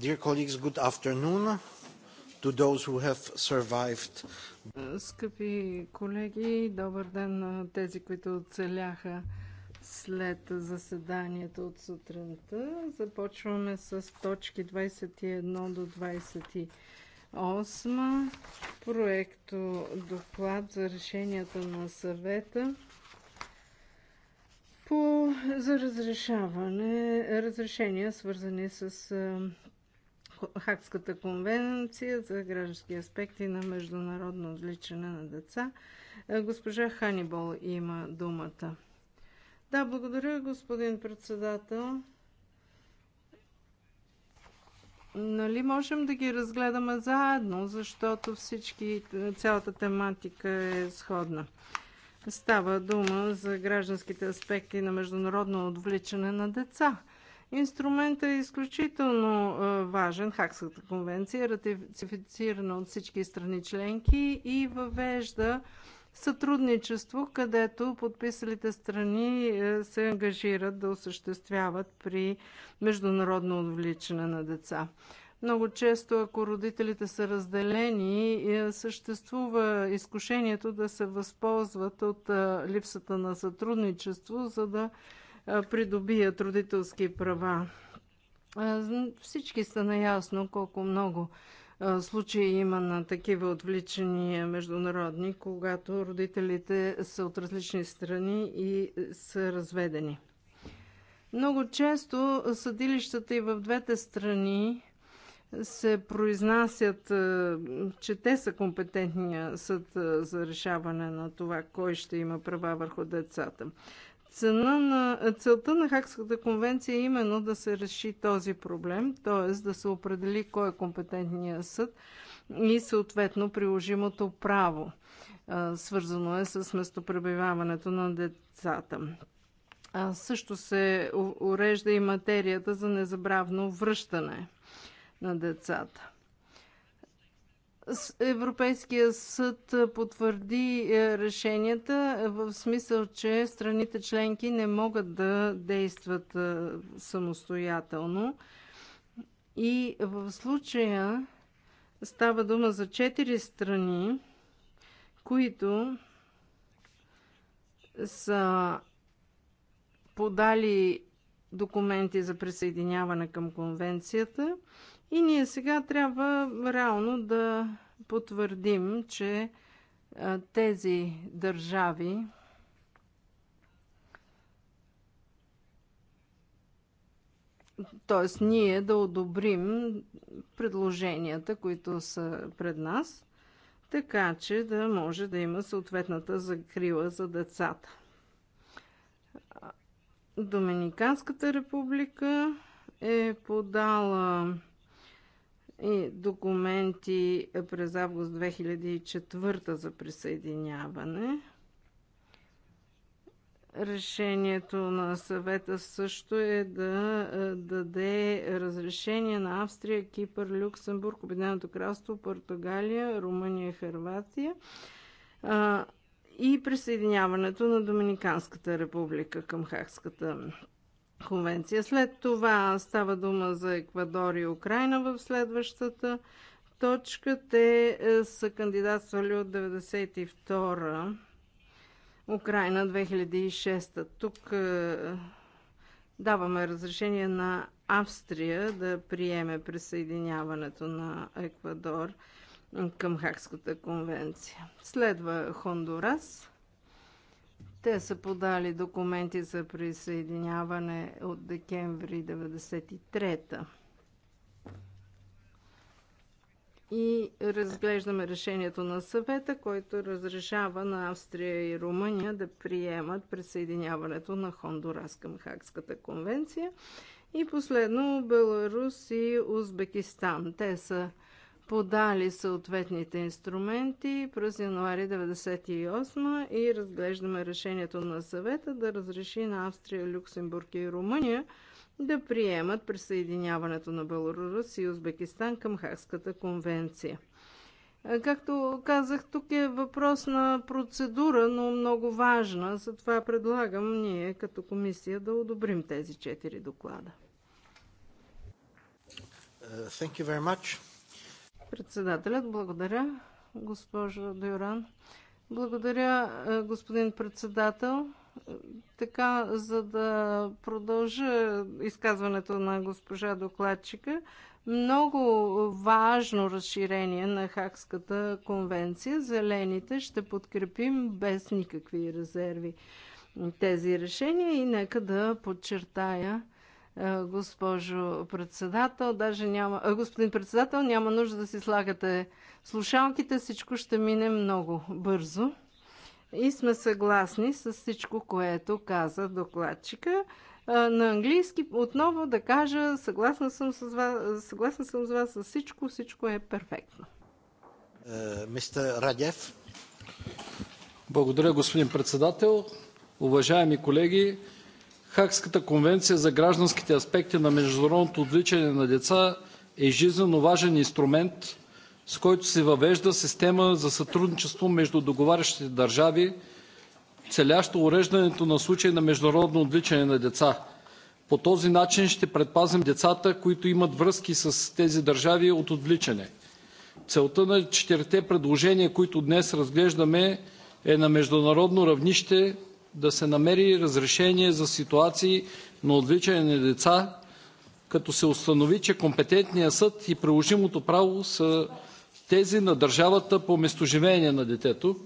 dear colleagues, good afternoon to those who have survived. Скъпи колеги, добър ден на тези, които оцеляха след заседанието от сутринта. Започваме с точки 21 до 28. Проекто доклад за решенията на съвета по, за разрешаване, разрешения свързани с Хакската конвенция за граждански аспекти на международно отличане на деца. Госпожа Ханибол има думата. Да, благодаря, господин председател. Нали можем да ги разгледаме заедно, защото всички, цялата тематика е сходна. Става дума за гражданските аспекти на международно отвличане на деца. Инструментът е изключително е, важен. Хакската конвенция е ратифицирана от всички страни членки и въвежда сътрудничество, където подписалите страни е, се ангажират да осъществяват при международно отвличане на деца. Много често, ако родителите са разделени, е, съществува изкушението да се възползват от е, липсата на сътрудничество, за да е, придобият родителски права. Всички са наясно колко много случаи има на такива отвличания международни, когато родителите са от различни страни и са разведени. Много често съдилищата и в двете страни се произнасят, е, че те са компетентния съд е, за решаване на това, кой ще има права върху децата. Цена на, целта на Хакската конвенция е именно да се реши този проблем, т.е. да се определи кой е компетентният съд и съответно приложимото право. Е, свързано е с местопребиваването на децата. Също се урежда и материята за незабравно връщане на децата. Европейския съд потвърди е, решенията в смисъл, че страните членки не могат да действат е, самостоятелно. И в случая става дума за четири страни, които са подали документи за присъединяване към конвенцията – и ние сега трябва реално да потвърдим, че тези държави т.е. ние да одобрим предложенията, които са пред нас, така че да може да има съответната закрила за децата. Доминиканската република е подала и документи през август 2004 за присъединяване. Решението на съвета също е да е, даде разрешение на Австрия, Кипър, Люксембург, Обединеното кралство, Португалия, Румъния и Хърватия и присъединяването на Доминиканската република към Хакската конвенция. След това става дума за Еквадор и Украина в следващата точка. Те е, са кандидатствали от 92-а, Украина 2006-та. Тук е, даваме разрешение на Австрия да приеме присъединяването на Еквадор към Хакската конвенция. Следва Хондурас. Те са подали документи за присъединяване от декември 1993 и разглеждаме решението на съвета, който разрешава на Австрия и Румъния да приемат присъединяването на Хондурас към Хакската конвенция. И последно Беларус и Узбекистан. Те са подали съответните инструменти през януари 1998 и разглеждаме решението на съвета да разреши на Австрия, Люксембург и Румъния да приемат присъединяването на Беларус и Узбекистан към Хагската конвенция. Както казах, тук е въпрос на процедура, но много важна, затова предлагам ние като комисия да одобрим тези четири доклада. Е, thank you very much. Председателят, благодаря. Госпожо Дойран. Благодаря, е, господин председател. Така, за да продължа изказването на госпожа докладчика, много важно разширение на Хакската конвенция. Зелените ще подкрепим без никакви резерви тези решения и нека да подчертая, е, госпожо председател. Даже няма... А, е, господин председател, няма нужда да си слагате слушалките. Всичко ще мине много бързо. И сме съгласни с всичко, което каза докладчика. Е, на английски отново да кажа, съгласна съм с вас, съгласна съм с вас с всичко, всичко е перфектно. Мистер Радев. Благодаря, господин председател. Уважаеми колеги, Хагската конвенция за гражданските аспекти на международното отвличане на деца е важен инструмент, с който се въвежда система за сътрудничество между договарящите държави, целяща уреждането на случаи на международно отвличане на деца. По този начин ще предпазим децата, които имат връзки с тези държави, от отвличане. Целта на четирите предложения, които днес разглеждаме, е на международно равнище да се намери разрешение за ситуации на отвличане на деца, като се установи, че компетентният съд и приложимото право са тези на държавата по местоживеене на детето.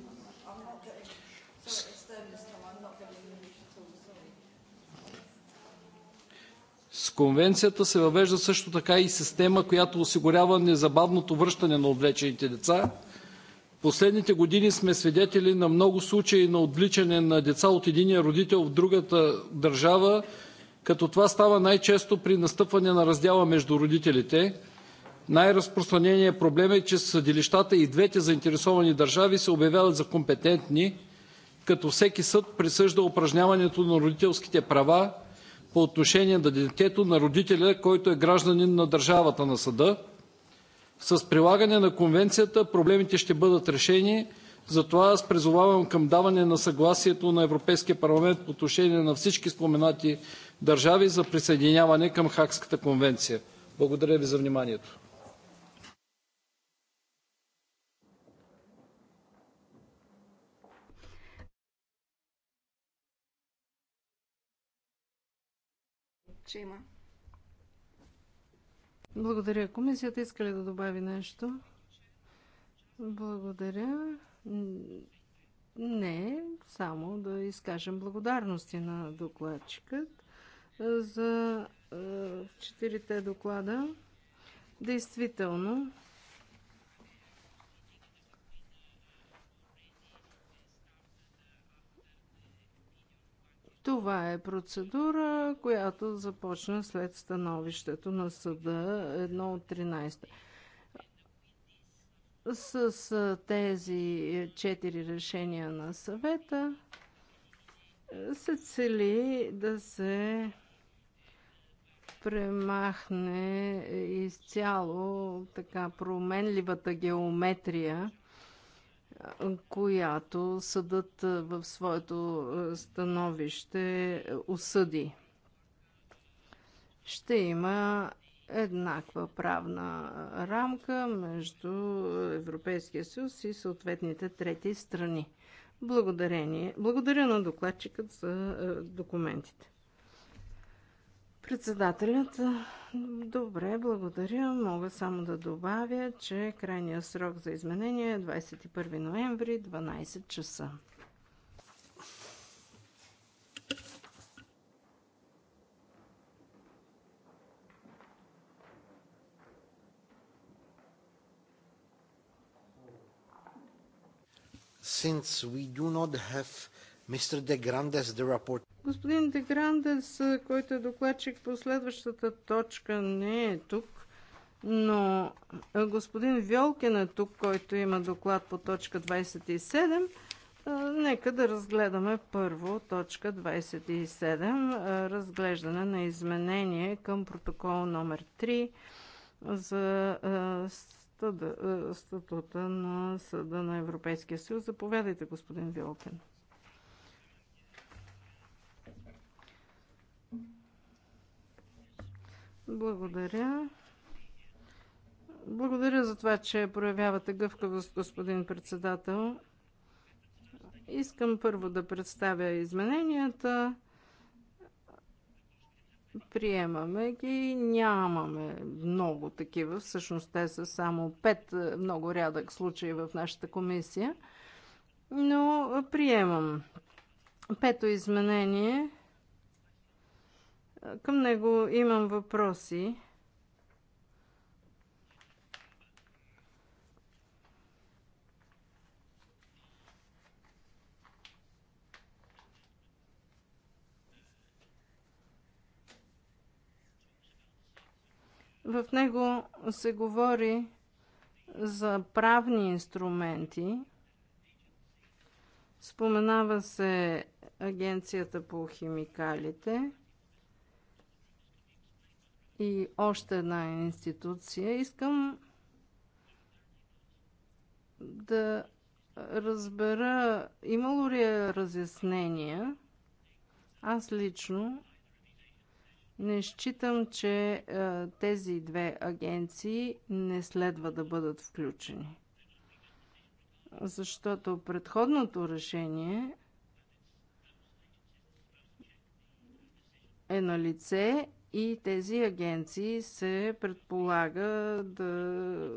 С Конвенцията се въвежда също така и система, която осигурява незабавното връщане на отвлечените деца последните години сме свидетели на много случаи на отвличане на деца от единия родител в другата държава, като това става най-често при настъпване на раздяла между родителите. Най-разпространеният е проблем е, че съдилищата и двете заинтересовани държави се обявяват за компетентни, като всеки съд присъжда упражняването на родителските права по отношение на детето на родителя, който е гражданин на държавата на съда, с прилагане на Конвенцията проблемите ще бъдат решени, затова аз призовавам към даване на съгласието на Европейския парламент по отношение на всички споменати държави за присъединяване към Хагската конвенция. Благодаря Ви за вниманието. че има благодаря. Комисията иска ли да добави нещо? Благодаря. Не, само да изкажем благодарности на докладчикът за четирите доклада. Действително, Това е процедура, която започна след становището на съда 1 от 13. С тези четири решения на съвета е, се цели да се премахне изцяло така променливата геометрия която съдът е, в своето е, становище осъди. Ще има еднаква правна рамка между Европейския съюз и съответните трети страни. Благодарение. Благодаря на докладчикът за е, документите. Председателят, добре, благодаря. Мога само да добавя, че крайният срок за изменение е 21 ноември, 12 часа. Since we do not have Мистер Де Грандес, the report... Господин Де Грандес, който е докладчик по следващата точка, не е тук, но господин Вьолкен е тук, който има доклад по точка 27. Нека да разгледаме първо точка 27, разглеждане на изменение към протокол номер 3 за статута на Съда на Европейския съюз. Заповядайте, господин Вилкин. Благодаря. Благодаря за това, че проявявате гъвкавост, господин председател. Искам първо да представя измененията. Приемаме ги. Нямаме много такива. Всъщност те са само пет е, много рядък случаи в нашата комисия. Но приемам. Пето изменение към него имам въпроси. В него се говори за правни инструменти. Споменава се Агенцията по химикалите – и още една институция. Искам да разбера, имало ли е разяснения? Аз лично не считам, че е, тези две агенции не следва да бъдат включени. Защото предходното решение е на лице и тези агенции се предполага да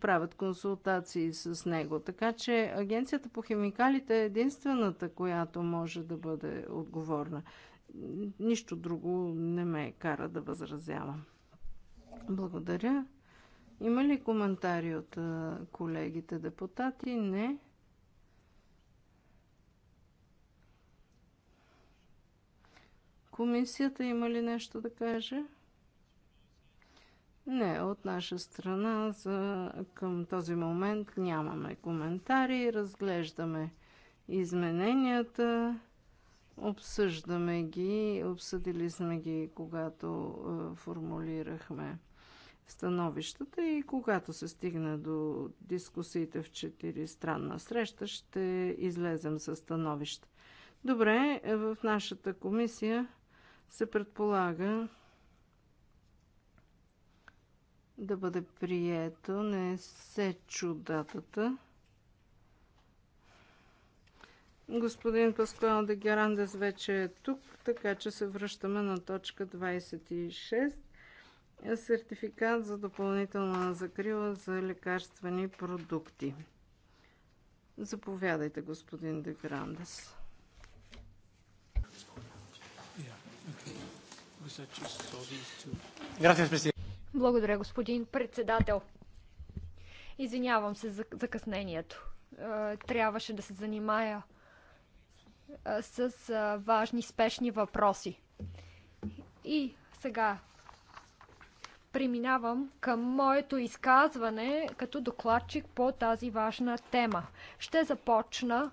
правят консултации с него. Така че Агенцията по химикалите е единствената, която може да бъде отговорна. Нищо друго не ме кара да възразявам. Благодаря. Има ли коментари от колегите депутати? Не. Комисията има ли нещо да каже? Не, от наша страна за, към този момент нямаме коментари, разглеждаме измененията, обсъждаме ги, обсъдили сме ги, когато е, формулирахме становищата и когато се стигне до дискусиите в странна среща, ще излезем със становище. Добре, е, в нашата комисия се предполага да бъде прието. Не се чу датата. Господин Паскуал де Герандес вече е тук, така че се връщаме на точка 26. Сертификат за допълнителна закрила за лекарствени продукти. Заповядайте, господин де Грандес. Благодаря, господин председател. Извинявам се за закъснението. Е, трябваше да се занимая е, с е, важни, спешни въпроси. И сега преминавам към моето изказване като докладчик по тази важна тема. Ще започна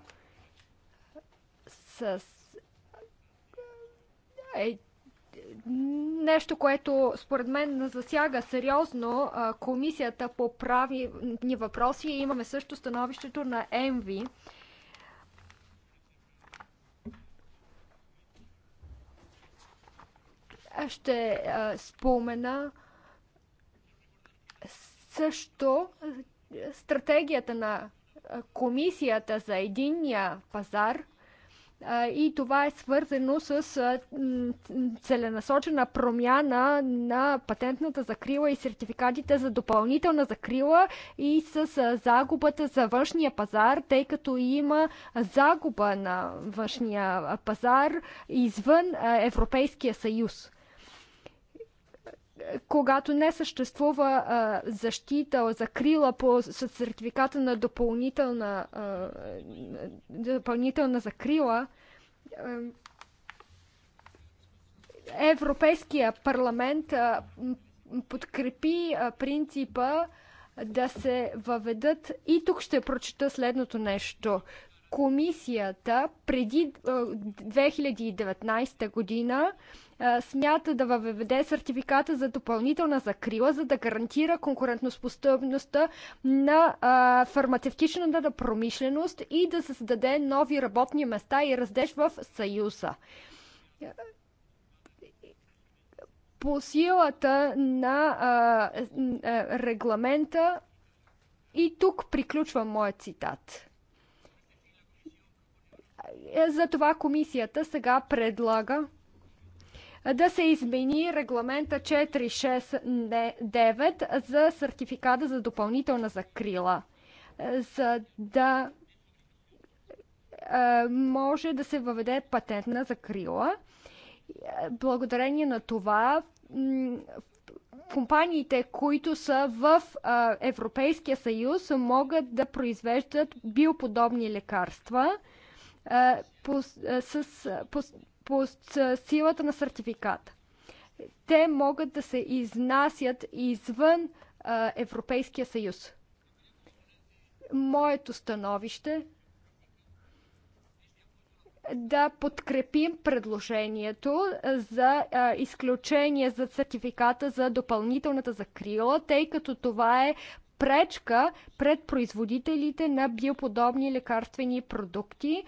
с нещо, което според мен засяга сериозно комисията по правни въпроси. Имаме също становището на ЕМВИ. Ще спомена също стратегията на комисията за единния пазар – и това е свързано с целенасочена промяна на патентната закрила и сертификатите за допълнителна закрила и с загубата за външния пазар, тъй като има загуба на външния пазар извън Европейския съюз когато не съществува а, защита, закрила по сертификата на допълнителна, а, допълнителна закрила, а, Европейския парламент а, подкрепи а, принципа да се въведат. И тук ще прочета следното нещо. Комисията преди а, 2019 година смята да въведе сертификата за допълнителна закрила, за да гарантира конкурентоспособността на фармацевтичната промишленост и да създаде нови работни места и раздеж в Съюза по силата на а, а, регламента. И тук приключвам моят цитат. Е, затова комисията сега предлага да се измени регламента 469 за сертификата за допълнителна закрила, е, за да е, може да се въведе патентна закрила. Е, благодарение на това компаниите, които са в Европейския съюз, могат да произвеждат биоподобни лекарства с, по силата на сертификата. Те могат да се изнасят извън а, Европейския съюз. Моето становище да подкрепим предложението за изключение за сертификата за допълнителната закрила, тъй като това е пречка пред производителите на биоподобни лекарствени продукти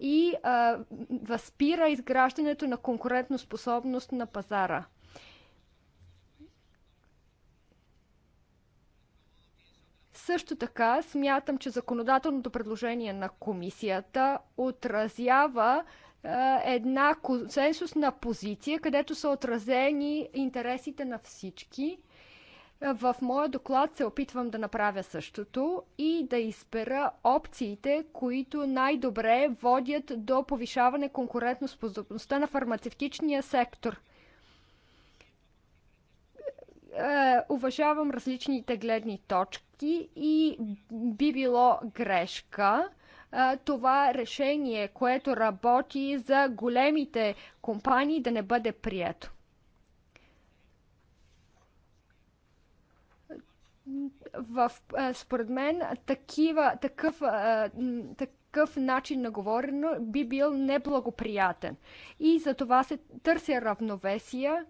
и а, възпира изграждането на способност на пазара. Също така смятам, че законодателното предложение на комисията отразява една консенсусна позиция, където са отразени интересите на всички в моя доклад се опитвам да направя същото и да избера опциите, които най-добре водят до повишаване конкурентоспособността на фармацевтичния сектор. Е, уважавам различните гледни точки и би било грешка е, това решение, което работи за големите компании, да не бъде прието. в, според мен такива, такъв, такъв начин на говорено би бил неблагоприятен. И за това се търся равновесие.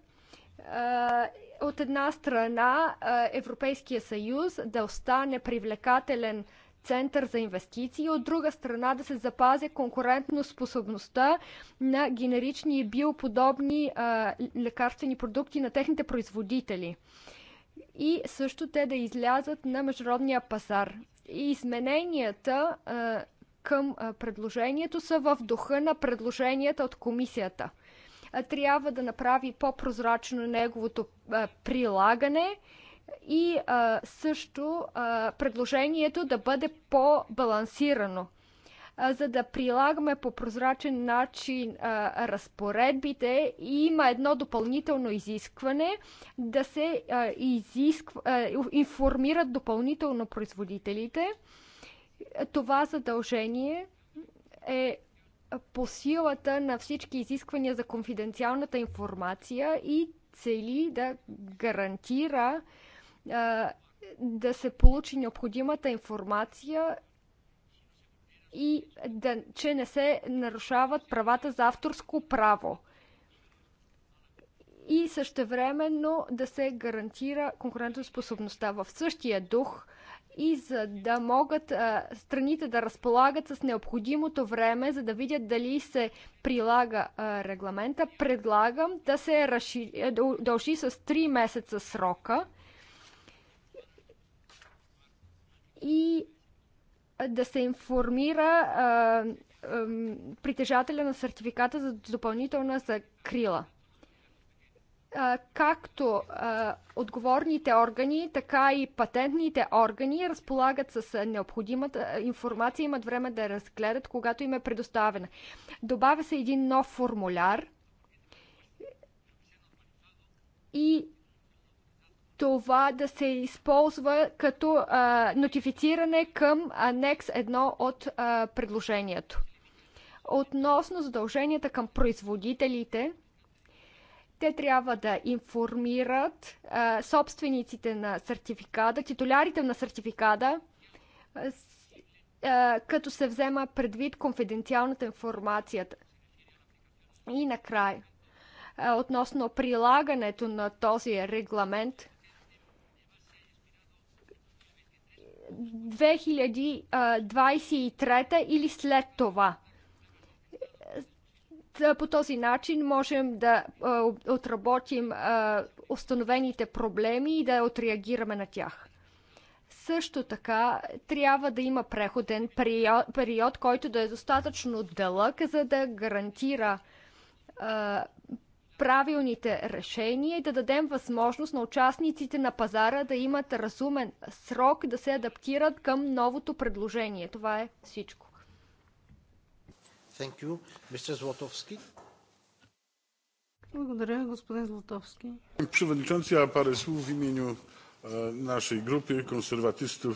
От една страна Европейския съюз да остане привлекателен център за инвестиции, от друга страна да се запази конкурентно способността на генерични и биоподобни лекарствени продукти на техните производители. А, и също те да излязат на международния пазар. И измененията а, към а, предложението са в духа на предложенията от комисията. А, трябва да направи по-прозрачно неговото а, прилагане и а, също а, предложението да бъде по-балансирано за да прилагаме по прозрачен начин а, разпоредбите. И има едно допълнително изискване да се а, изисква, а, информират допълнително производителите. Това задължение е по силата на всички изисквания за конфиденциалната информация и цели да гарантира а, да се получи необходимата информация и да, че не се нарушават правата за авторско право. И същевременно да се гарантира конкурентоспособността в същия дух и за да могат а, страните да разполагат с необходимото време, за да видят дали се прилага а, регламента, предлагам да се е, дължи с 3 месеца срока. И да се информира а, а, притежателя на сертификата за допълнителна закрила. А, както а, отговорните органи, така и патентните органи разполагат с необходимата информация, имат време да я разгледат, когато им е предоставена. Добавя се един нов формуляр и това да се използва като а, нотифициране към анекс 1 от а, предложението. Относно задълженията към производителите, те трябва да информират а, собствениците на сертификата, титулярите на сертификата, а, а, като се взема предвид конфиденциалната информация. И накрая, а, относно прилагането на този регламент, 2023 или след това. Е, е, по този начин можем да е, отработим установените проблеми и да отреагираме на тях. Също така трябва да има преходен период, период който да е достатъчно дълъг, за да гарантира правилните решения и да дадем възможност на участниците на пазара да имат разумен срок да се адаптират към новото предложение. Това е всичко. Thank you. Mr. Zlotowski. Благодаря, господин Златовски. Przewodniczący, я паре слов в имени нашей групи консерватистов.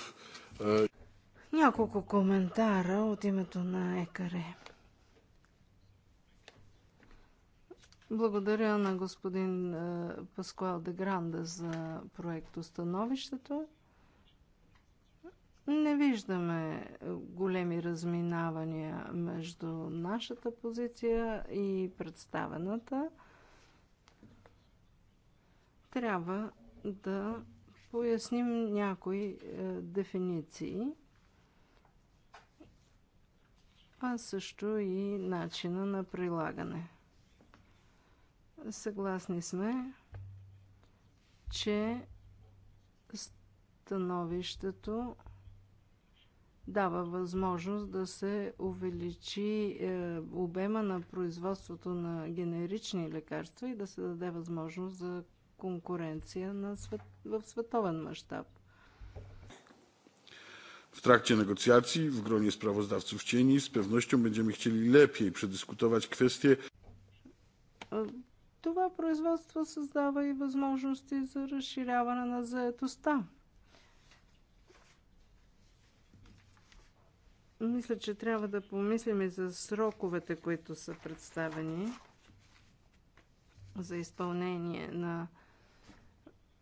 Няколко коментара от името на ЕКРЕ. Благодаря на господин е, Паскуал де Гранда за проектостановището. Не виждаме големи разминавания между нашата позиция и представената. Трябва да поясним някои е, дефиниции, а също и начина на прилагане. Съгласни сме, че становището дава възможност да се увеличи е, обема на производството на генерични лекарства и да се даде възможност за конкуренция на свет, в световен мащаб. В тракте negocjacji в gronie sprawozdawców cieni с pewnością będziemy chcieli lepiej przedyskutować квестия производство създава и възможности за разширяване на заетостта. Мисля, че трябва да помислим и за сроковете, които са представени за изпълнение на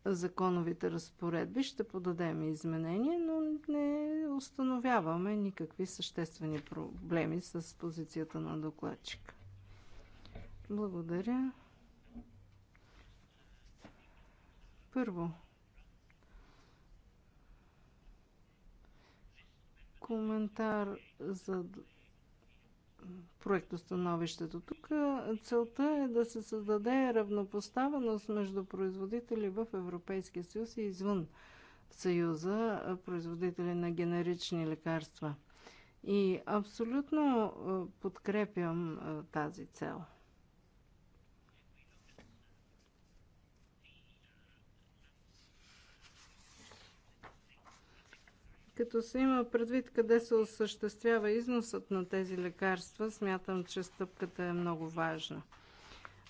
законовите разпоредби. Ще подадем изменения, но не установяваме никакви съществени проблеми с позицията на докладчика. Благодаря. Първо, коментар за проектостановището. Тук целта е да се създаде равнопоставеност между производители в Европейския съюз и извън съюза, производители на генерични лекарства. И абсолютно подкрепям тази цел – като се има предвид къде се осъществява износът на тези лекарства, смятам, че стъпката е много важна.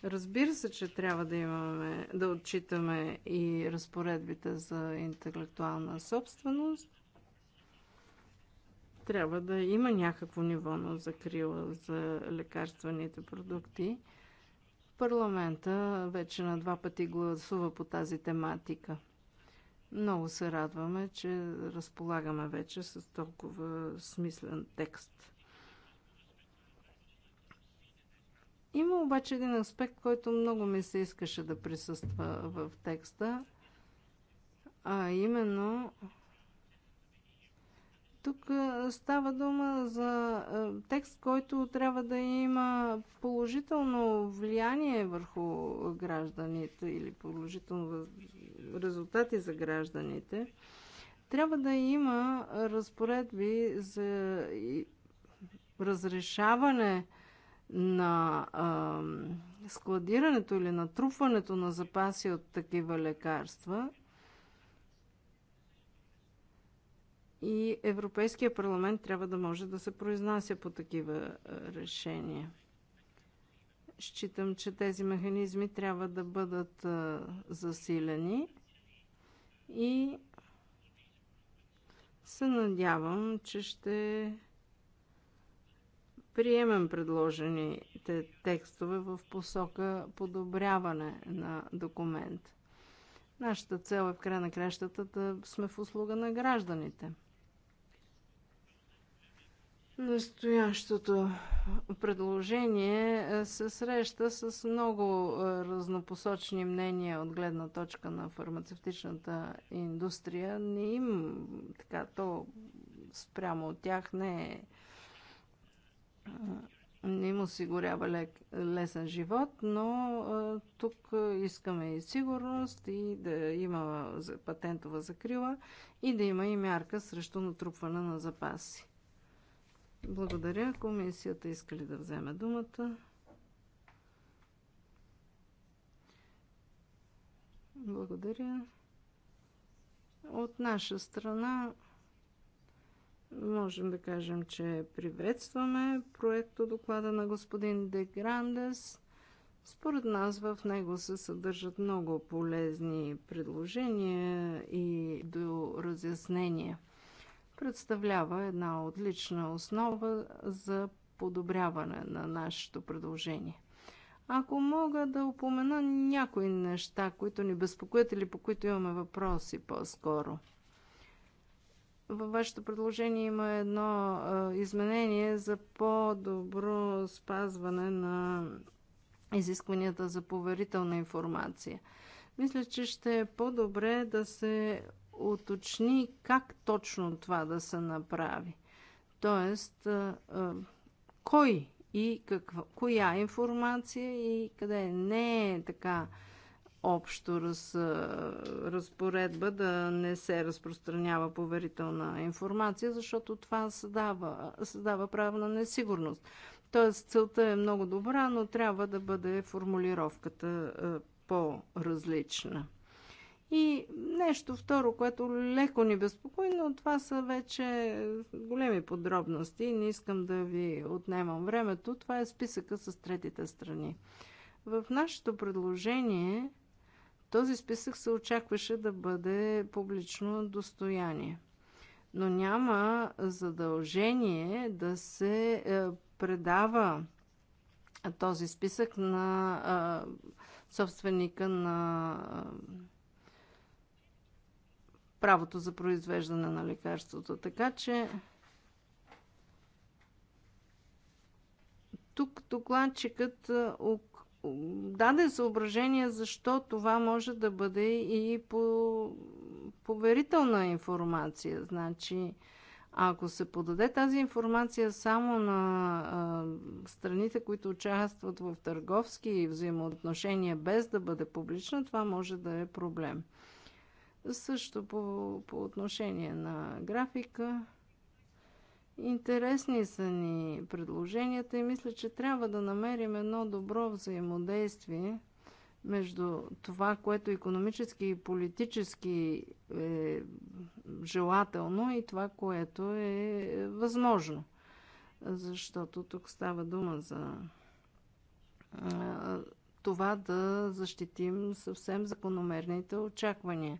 Разбира се, че трябва да имаме, да отчитаме и разпоредбите за интелектуална собственост. Трябва да има някакво ниво на закрила за лекарствените продукти. Парламента вече на два пъти гласува по тази тематика. Много се радваме, че разполагаме вече с толкова смислен текст. Има обаче един аспект, който много ми се искаше да присъства в текста, а именно тук става дума за текст, който трябва да има положително влияние върху гражданите или положително резултати за гражданите. Трябва да има разпоредби за разрешаване на складирането или натрупването на запаси от такива лекарства и Европейския парламент трябва да може да се произнася по такива е, решения. Считам, че тези механизми трябва да бъдат е, засилени и се надявам, че ще приемем предложените текстове в посока подобряване на документ. Нашата цел е в края на кращата да сме в услуга на гражданите – Настоящото предложение е, се среща с много е, разнопосочни мнения от гледна точка на фармацевтичната индустрия. Не им така, то спрямо от тях не е, е не им осигурява лек, лесен живот, но а, тук искаме и сигурност, и да има патентова закрила, и да има и мярка срещу натрупване на запаси. Благодаря. Комисията иска ли да вземе думата? Благодаря. От наша страна можем да кажем, че приветстваме проекто доклада на господин Де Грандес. Според нас в него се съдържат много полезни предложения и до разяснения представлява една отлична основа за подобряване на нашето предложение. Ако мога да упомена някои неща, които ни безпокоят или по които имаме въпроси по-скоро. Във вашето предложение има едно а, изменение за по-добро спазване на изискванията за поверителна информация. Мисля, че ще е по-добре да се уточни как точно това да се направи. Тоест, кой и каква, коя информация и къде не е така общо раз, разпоредба да не се разпространява поверителна информация, защото това създава, създава правна несигурност. Тоест целта е много добра, но трябва да бъде формулировката по-различна. И нещо второ, което леко ни безпокои, но това са вече големи подробности. Не искам да ви отнемам времето. Това е списъка с третите страни. В нашето предложение този списък се очакваше да бъде публично достояние. Но няма задължение да се е, предава този списък на е, собственика на е, правото за произвеждане на лекарството. Така че тук докладчикът е, даде съображение защо това може да бъде и по поверителна информация. Значи, ако се подаде тази информация само на а, страните, които участват в търговски взаимоотношения без да бъде публична, това може да е проблем. Също по, по отношение на графика. Интересни са ни предложенията и мисля, че трябва да намерим едно добро взаимодействие между това, което економически и политически е желателно и това, което е възможно. Защото тук става дума за това да защитим съвсем закономерните очаквания.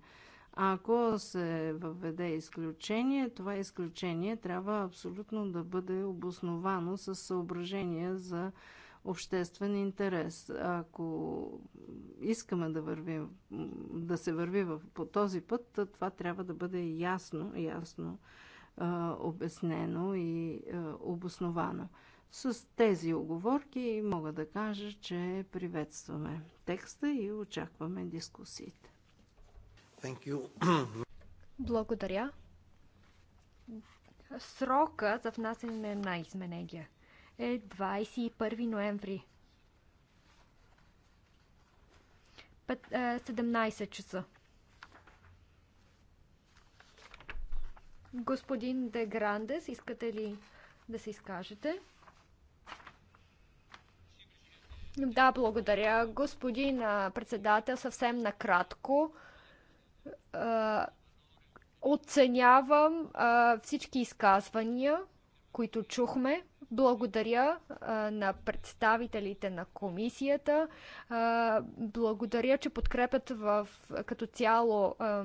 Ако се въведе изключение, това изключение трябва абсолютно да бъде обосновано с съображения за обществен интерес. Ако искаме да, вървим, да се върви по този път, това трябва да бъде ясно, ясно обяснено и обосновано. С тези оговорки мога да кажа, че приветстваме текста и очакваме дискусиите. Благодаря. Срока за внасяне на изменения е 21 ноември. 17 е, часа. Господин Де Грандес, искате ли да се изкажете? Да, благодаря. Господин председател, съвсем накратко. Оценявам а, всички изказвания, които чухме. Благодаря а, на представителите на комисията. А, благодаря, че подкрепят в, като цяло а,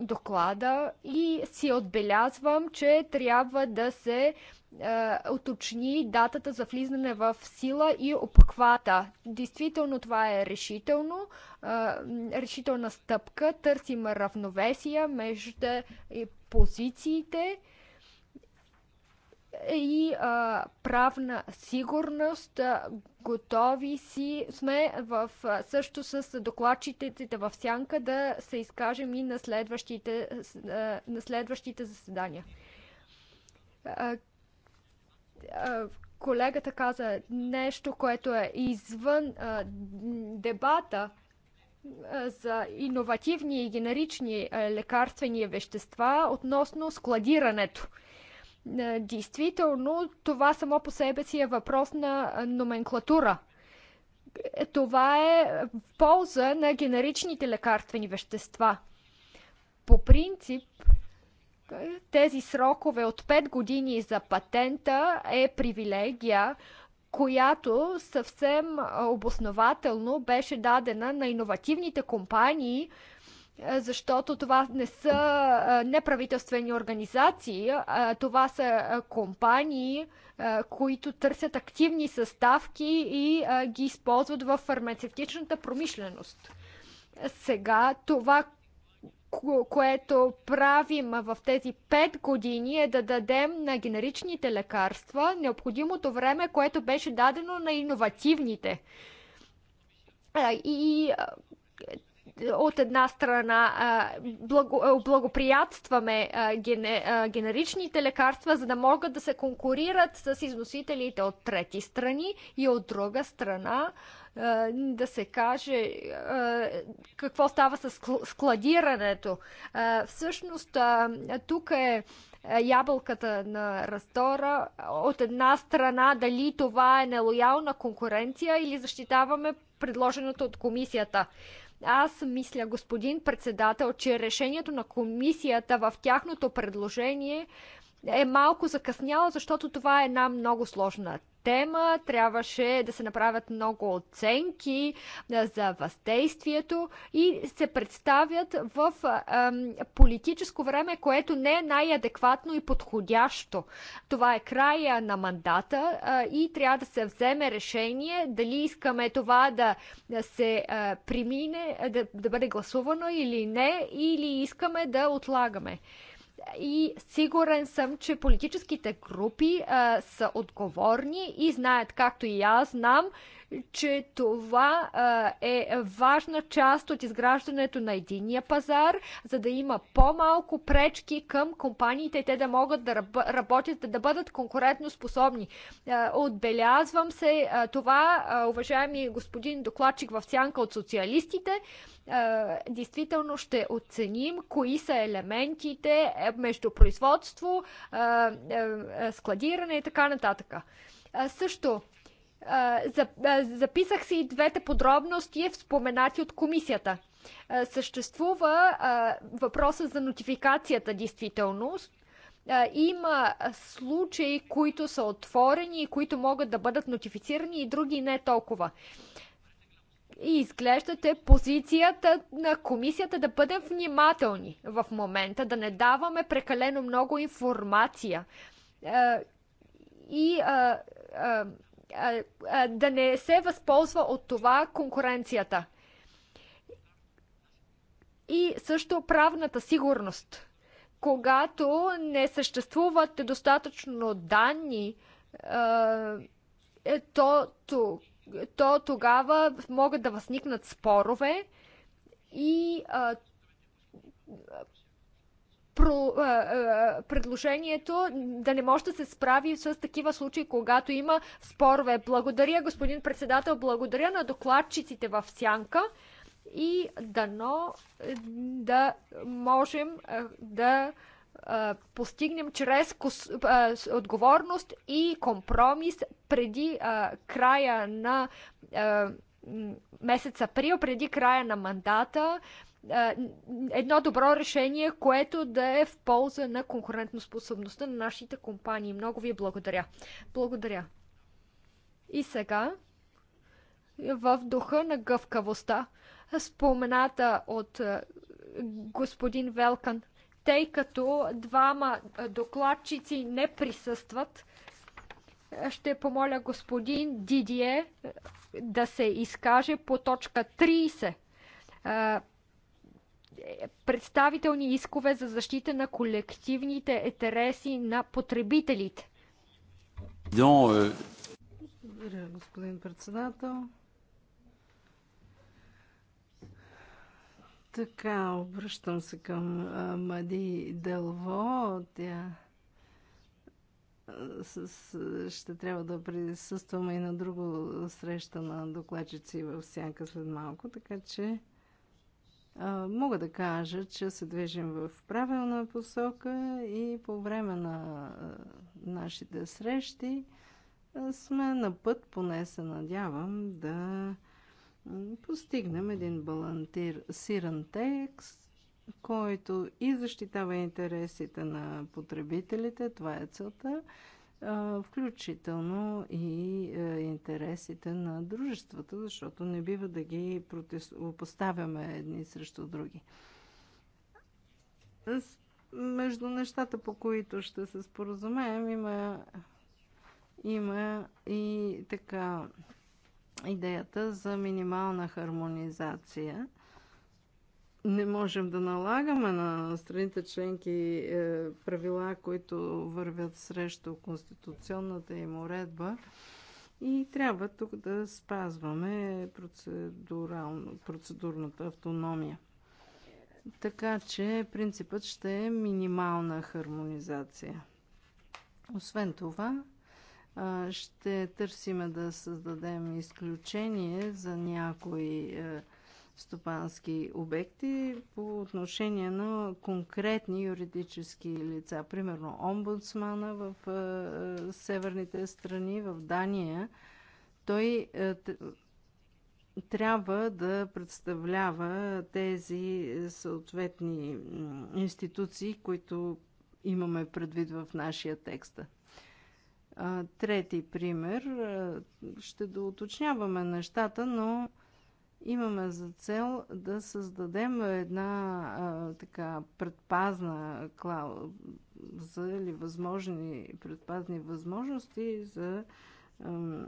доклада и си отбелязвам, че трябва да се е, уточни датата за влизане в сила и обхвата. Действително това е решително, е, решителна стъпка. Търсим равновесия между позициите и е, правна сигурност. Готови си сме в, също с докладчиците в сянка да се изкажем и на следващите, на следващите заседания колегата каза нещо, което е извън а, дебата а, за иновативни и генерични а, лекарствени вещества относно складирането. А, действително, това само по себе си е въпрос на а, номенклатура. Е, това е в полза на генеричните лекарствени вещества. По принцип, тези срокове от 5 години за патента е привилегия, която съвсем обоснователно беше дадена на иновативните компании, защото това не са неправителствени организации, това са компании, които търсят активни съставки и ги използват в фармацевтичната промишленост. Сега това, което правим в тези 5 години е да дадем на генеричните лекарства необходимото време, което беше дадено на иновативните. И от една страна благоприятстваме генеричните лекарства, за да могат да се конкурират с износителите от трети страни и от друга страна да се каже какво става с складирането. Всъщност, тук е ябълката на растора. От една страна, дали това е нелоялна конкуренция или защитаваме предложеното от комисията. Аз мисля, господин председател, че решението на комисията в тяхното предложение е малко закъсняло, защото това е една много сложна тема, трябваше да се направят много оценки за въздействието и се представят в политическо време, което не е най-адекватно и подходящо. Това е края на мандата и трябва да се вземе решение дали искаме това да се примине, да, да бъде гласувано или не, или искаме да отлагаме и сигурен съм, че политическите групи а, са отговорни и знаят, както и аз знам, че това е важна част от изграждането на единия пазар, за да има по-малко пречки към компаниите и те да могат да работят, да бъдат конкурентно способни. Отбелязвам се това, уважаеми господин докладчик в сянка от социалистите, действително ще оценим кои са елементите е, между производство, е, е, складиране и така нататък. Също Записах си и двете подробности, споменати от комисията. Съществува въпроса за нотификацията, действително. Има случаи, които са отворени и които могат да бъдат нотифицирани и други не толкова и изглеждате позицията на комисията да бъдем внимателни в момента, да не даваме прекалено много информация. И да не се възползва от това конкуренцията. И също правната сигурност. Когато не съществуват достатъчно данни, е, то, то, то тогава могат да възникнат спорове и про, а, предложението да не може да се справи с такива случаи, когато има спорове. Благодаря, господин председател, благодаря на докладчиците в Сянка и дано е, да можем е, да е, постигнем чрез отговорност и компромис преди края на месец април, преди края на мандата, едно добро решение, което да е в полза на конкурентоспособността на нашите компании. Много ви благодаря. Благодаря. И сега, в духа на гъвкавостта, спомената от господин Велкан, тъй като двама докладчици не присъстват, ще помоля господин Дидие да се изкаже по точка 30 представителни искове за защита на колективните интереси на потребителите. Е, Благодаря, господин председател. Така, обръщам се към Мади Дълво. Тя с, ще трябва да присъстваме и на друго среща на докладчици в сянка след малко, така че Мога да кажа, че се движим в правилна посока и по време на нашите срещи сме на път, поне се надявам, да постигнем един балансиран текст, който и защитава интересите на потребителите, това е целта, включително и е, интересите на дружествата, защото не бива да ги поставяме едни срещу други. Между нещата, по които ще се споразумеем, има, има и така идеята за минимална хармонизация не можем да налагаме на страните членки е, правила, които вървят срещу конституционната им уредба. И трябва тук да спазваме процедурната автономия. Така че принципът ще е минимална хармонизация. Освен това, ще търсиме да създадем изключение за някои е, стопански обекти по отношение на конкретни юридически лица. Примерно омбудсмана в е, е, северните страни, в Дания, той е, трябва да представлява тези съответни институции, които имаме предвид в нашия текст. Трети пример. Ще доуточняваме нещата, но имаме за цел да създадем една а, така предпазна клауза или възможни, предпазни възможности за а,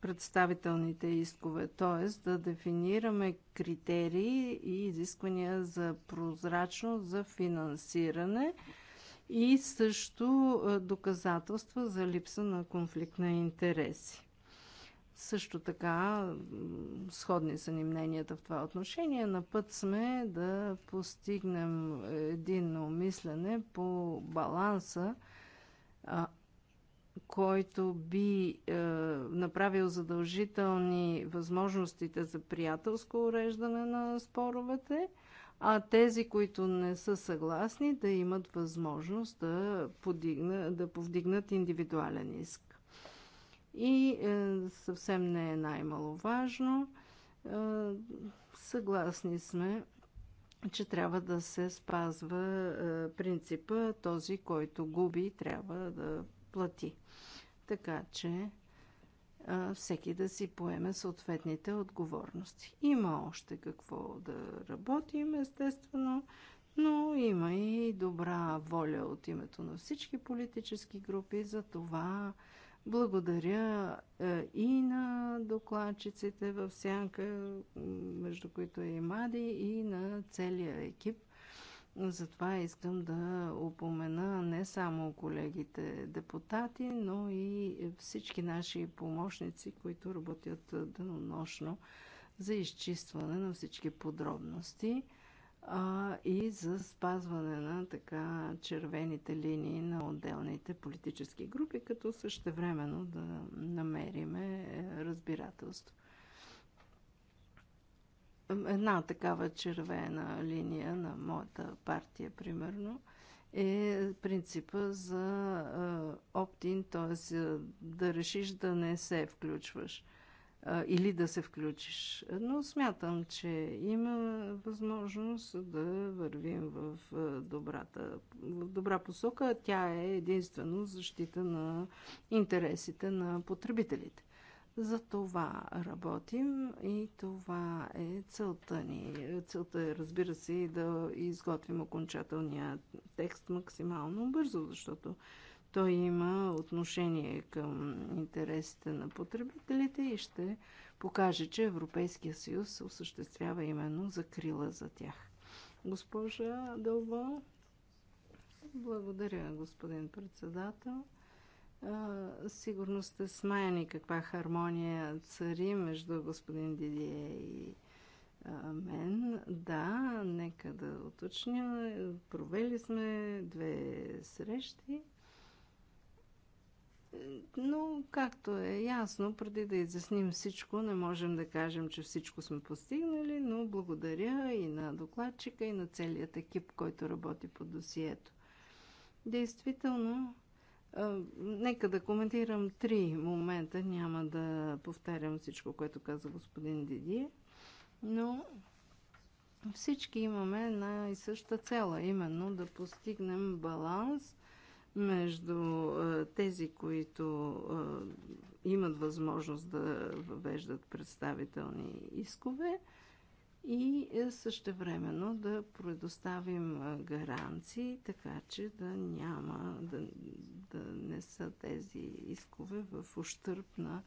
представителните искове, т.е. да дефинираме критерии и изисквания за прозрачност, за финансиране и също доказателства за липса на конфликт на интереси. Също така, сходни са ни мненията в това отношение. На път сме да постигнем единно мислене по баланса, който би а, е, направил задължителни възможностите за приятелско уреждане на споровете, а тези, които не са съгласни, да имат възможност да, подигна, да повдигнат индивидуален иск. И е, съвсем не е най-маловажно. Е, съгласни сме, че трябва да се спазва е, принципа този, който губи, трябва да плати. Така че е, всеки да си поеме съответните отговорности. Има още какво да работим, естествено, но има и добра воля от името на всички политически групи за това благодаря е, и на докладчиците в Сянка, между които е и Мади, и на целия екип. Затова искам да упомена не само колегите депутати, но и всички наши помощници, които работят денонощно за изчистване на всички подробности а и за спазване на така червените линии на отделните политически групи, като същевременно да намериме е, разбирателство. Една такава червена линия на моята партия, примерно, е принципа за е, оптин, т.е. да решиш да не се включваш – или да се включиш. Но смятам, че има възможност да вървим в, добрата, в добра посока. Тя е единствено защита на интересите на потребителите. За това работим и това е целта ни. Целта е, разбира се, да изготвим окончателния текст максимално бързо, защото той има отношение към интересите на потребителите и ще покаже, че Европейския съюз осъществява именно закрила за тях. Госпожа Дълбо, благодаря, господин председател. А, сигурно сте смаяни каква хармония цари между господин Дидие и а, мен. Да, нека да уточня. Провели сме две срещи но, както е ясно, преди да изясним всичко, не можем да кажем, че всичко сме постигнали, но благодаря и на докладчика, и на целият екип, който работи по досието. Действително, нека да коментирам три момента. Няма да повтарям всичко, което каза господин Дидие, но всички имаме една и съща цела, именно да постигнем баланс между е, тези, които е, имат възможност да въвеждат представителни искове и е, същевременно да предоставим гаранции, така че да няма, да, да не са тези искове в ущърп на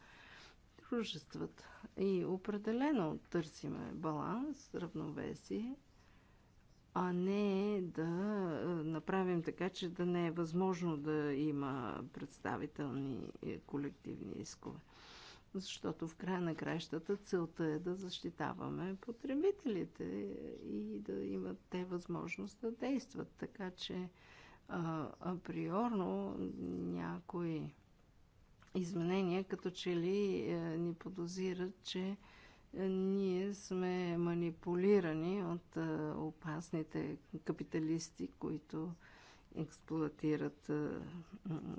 дружествата. И определено търсиме баланс, равновесие – а не да направим така, че да не е възможно да има представителни е, колективни искове. Защото в края на краищата, целта е да защитаваме потребителите и да имат те възможност да действат. Така че а, априорно някои изменения като че ли е, ни подозират, че ние сме манипулирани от опасните капиталисти, които експлуатират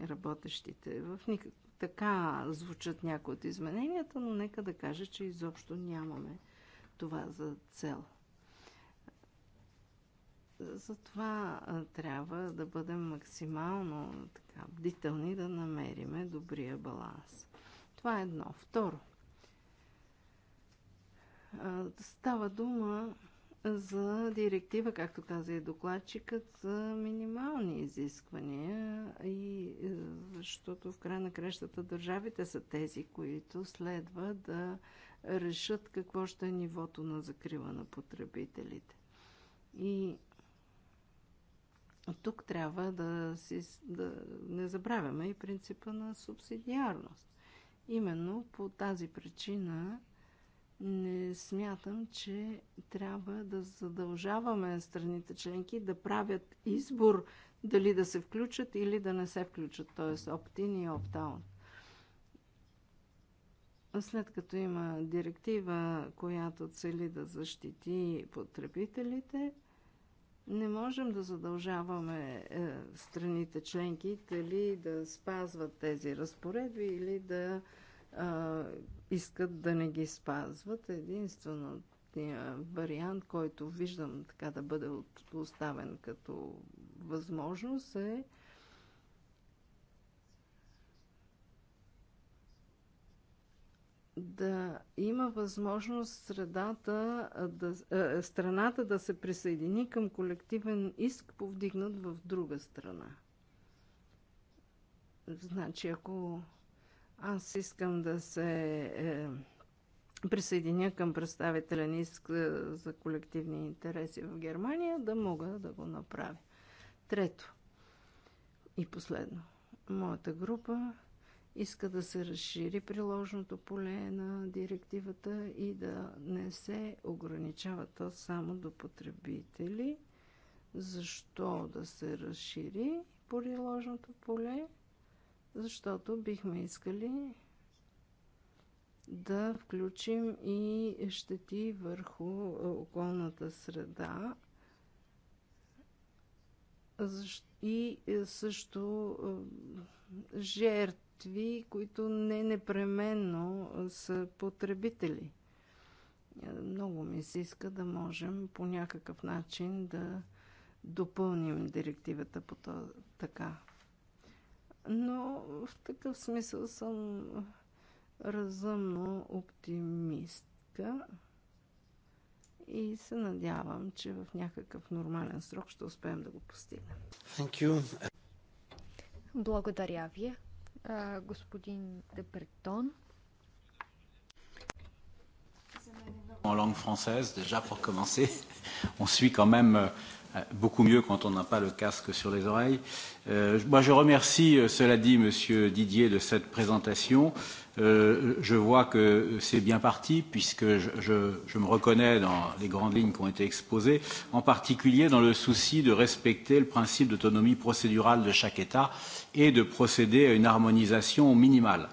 работещите. В никак... Така звучат някои от измененията, но нека да кажа, че изобщо нямаме това за цел. Затова трябва да бъдем максимално така, бдителни да намериме добрия баланс. Това е едно. Второ – Става дума за директива, както каза и докладчикът, за минимални изисквания и е, защото в края на крещата държавите са тези, които следва да решат какво ще е нивото на закрива на потребителите. И тук трябва да, си, да не забравяме и принципа на субсидиарност. Именно по тази причина не смятам, че трябва да задължаваме страните членки да правят избор дали да се включат или да не се включат, т.е. opt-in и opt-out. След като има директива, която цели да защити потребителите, не можем да задължаваме е, страните членки дали да спазват тези разпоредби или да е, а, искат да не ги спазват. Единствено вариант, който виждам така да бъде оставен като възможност е да има възможност средата, да, страната да се присъедини към колективен иск, повдигнат в друга страна. Значи, ако аз искам да се е, присъединя към представителя на иск е, за колективни интереси в Германия, да мога да го направя. Трето и последно. Моята група иска да се разшири приложното поле на директивата и да не се ограничава то само до потребители. Защо да се разшири приложното поле? защото бихме искали да включим и щети върху околната среда и е, също жертви, които не непременно са потребители. Е, много ми се иска да можем по някакъв начин да допълним директивата по то, така но в такъв смисъл съм разумно оптимистка и се надявам, че в някакъв нормален срок ще успеем да го постигнем. Thank you. Благодаря ви, господин Депретон. en langue française, déjà pour commencer. On suit quand même beaucoup mieux quand on n'a pas le casque sur les oreilles. Euh, moi, je remercie, cela dit, Monsieur Didier, de cette présentation. Euh, je vois que c'est bien parti, puisque je, je, je me reconnais dans les grandes lignes qui ont été exposées, en particulier dans le souci de respecter le principe d'autonomie procédurale de chaque État et de procéder à une harmonisation minimale.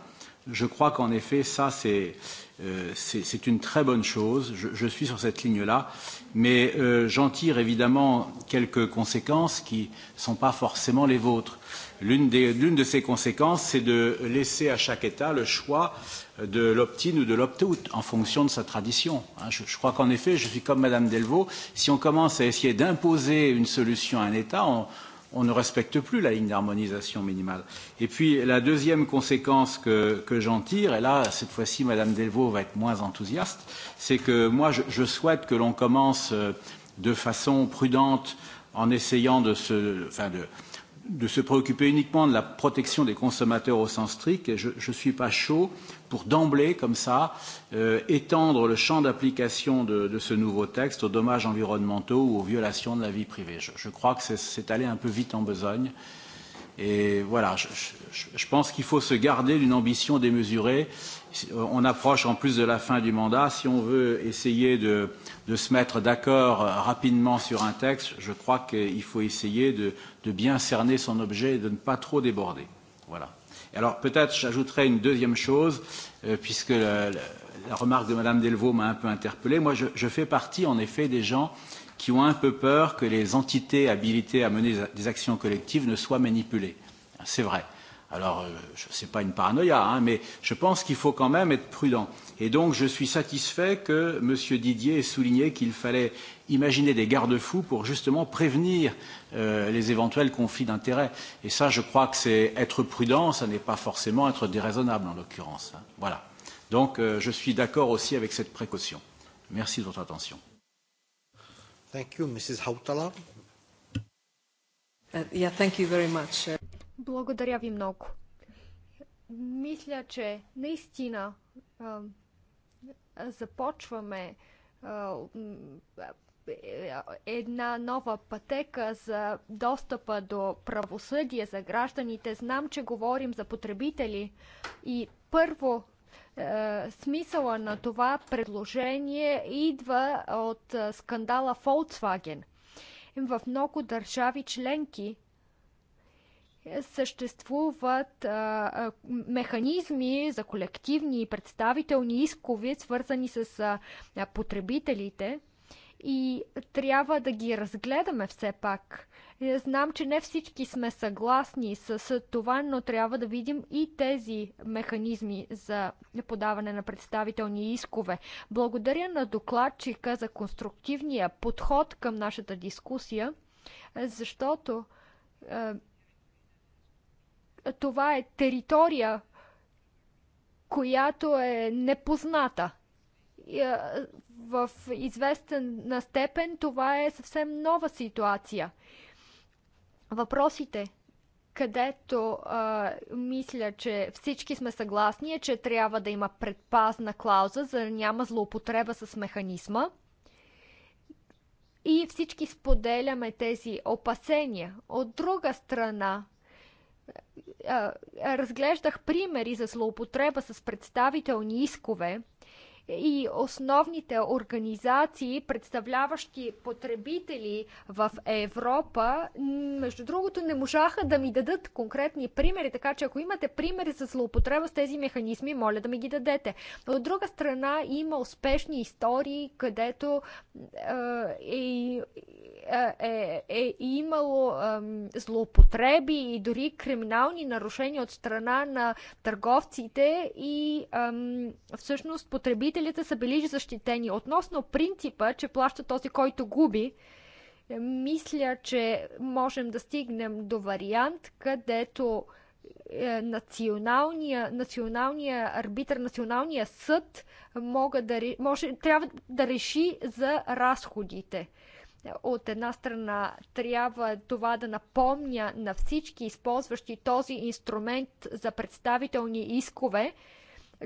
Je crois qu'en effet, ça, c'est euh, c'est une très bonne chose. Je, je suis sur cette ligne-là, mais euh, j'en tire évidemment quelques conséquences qui ne sont pas forcément les vôtres. L'une de ces conséquences, c'est de laisser à chaque État le choix de l'opt-in ou de l'opt-out en fonction de sa tradition. Je, je crois qu'en effet, je suis comme Madame Delvaux, si on commence à essayer d'imposer une solution à un État, on, on ne respecte plus la ligne d'harmonisation minimale. Et puis la deuxième conséquence que, que j'en tire, et là cette fois-ci Madame Delvaux va être moins enthousiaste, c'est que moi je, je souhaite que l'on commence de façon prudente en essayant de se, enfin de, euh, de se préoccuper uniquement de la protection des consommateurs au sens strict, et je ne suis pas chaud pour d'emblée, comme ça, étendre le champ d'application de, ce nouveau texte aux dommages environnementaux ou aux violations de la vie privée. Je, crois que c'est allé un peu vite en besogne. Et voilà, je, pense qu'il faut se garder d'une ambition démesurée on approche en plus de la fin du mandat. Si on veut essayer de, de se mettre d'accord rapidement sur un texte, je crois qu'il faut essayer de, de bien cerner son objet et de ne pas trop déborder. Voilà. Alors peut-être j'ajouterai une deuxième chose, euh, puisque la, la remarque de Madame Delvaux m'a un peu interpellé. Moi, je, je fais partie en effet des gens qui ont un peu peur que les entités habilitées à mener des actions collectives ne soient manipulées. C'est vrai. Euh, Alors, ce n'est pas une paranoïa, hein, mais je pense qu'il faut quand même être prudent. Et donc, je suis satisfait que M. Didier ait souligné qu'il fallait imaginer des garde-fous pour justement prévenir euh, les éventuels conflits d'intérêts. Et ça, je crois que c'est être prudent, ça n'est pas forcément être déraisonnable en l'occurrence. Hein. Voilà. Donc, euh, je suis d'accord aussi avec cette précaution. Merci de votre attention. Thank you, Mrs. Hautala. Uh, yeah, thank you very much. Благодаря ви много. Мисля, че наистина а, започваме а, една нова пътека за достъпа до правосъдие за гражданите. Знам, че говорим за потребители и първо смисъла на това предложение идва от скандала Volkswagen. В много държави членки съществуват а, механизми за колективни и представителни искови, свързани с а, потребителите. И трябва да ги разгледаме все пак. Е, знам, че не всички сме съгласни с, с това, но трябва да видим и тези механизми за подаване на представителни искове. Благодаря на докладчика за конструктивния подход към нашата дискусия, защото е, това е територия, която е непозната. В известна степен това е съвсем нова ситуация. Въпросите, където а, мисля, че всички сме съгласни, е, че трябва да има предпазна клауза, за да няма злоупотреба с механизма. И всички споделяме тези опасения. От друга страна, разглеждах примери за злоупотреба с представителни искове и основните организации, представляващи потребители в Европа, между другото, не можаха да ми дадат конкретни примери, така че ако имате примери за злоупотреба с тези механизми, моля да ми ги дадете. От друга страна, има успешни истории, където е, е, е, е имало е, злоупотреби и дори криминални нарушения от страна на търговците и е, всъщност потребителите потребителите са били защитени. Относно принципа, че плаща този, който губи, е, мисля, че можем да стигнем до вариант, където е, националния, националния арбитър, националния съд мога да, може, трябва да реши за разходите. От една страна трябва това да напомня на всички, използващи този инструмент за представителни искове,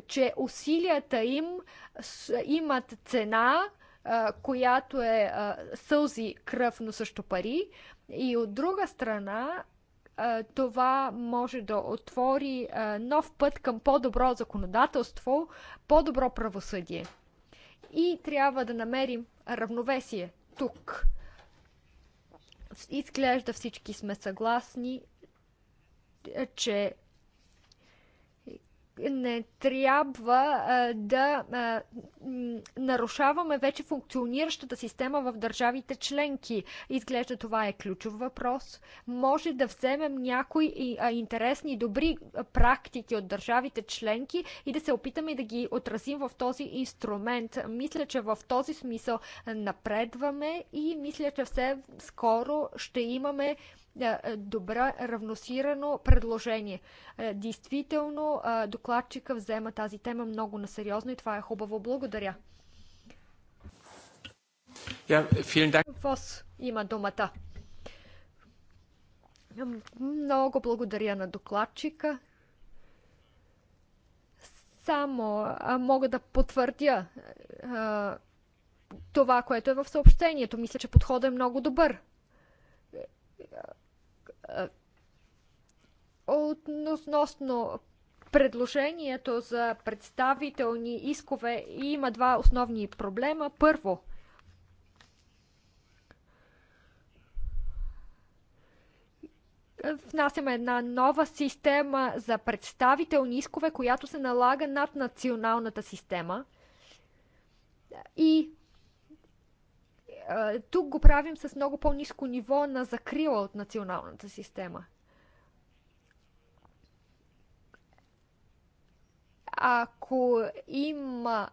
че усилията им имат цена, която е сълзи, кръв, но също пари. И от друга страна, това може да отвори нов път към по-добро законодателство, по-добро правосъдие. И трябва да намерим равновесие тук. Изглежда всички сме съгласни, че не трябва а, да а, нарушаваме вече функциониращата система в държавите членки. Изглежда това е ключов въпрос. Може да вземем някои а, интересни, добри практики от държавите членки и да се опитаме да ги отразим в този инструмент. Мисля, че в този смисъл напредваме и мисля, че все скоро ще имаме е, добре равносирано предложение. Е, действително, е, докладчика взема тази тема много насериозно и това е хубаво. Благодаря. Yeah, има думата. Много благодаря на докладчика. Само мога да потвърдя това, което е в съобщението. Мисля, че подходът е много добър Относно предложението за представителни искове има два основни проблема. Първо, внасяме една нова система за представителни искове, която се налага над националната система. И тук го правим с много по-низко ниво на закрила от националната система. Ако има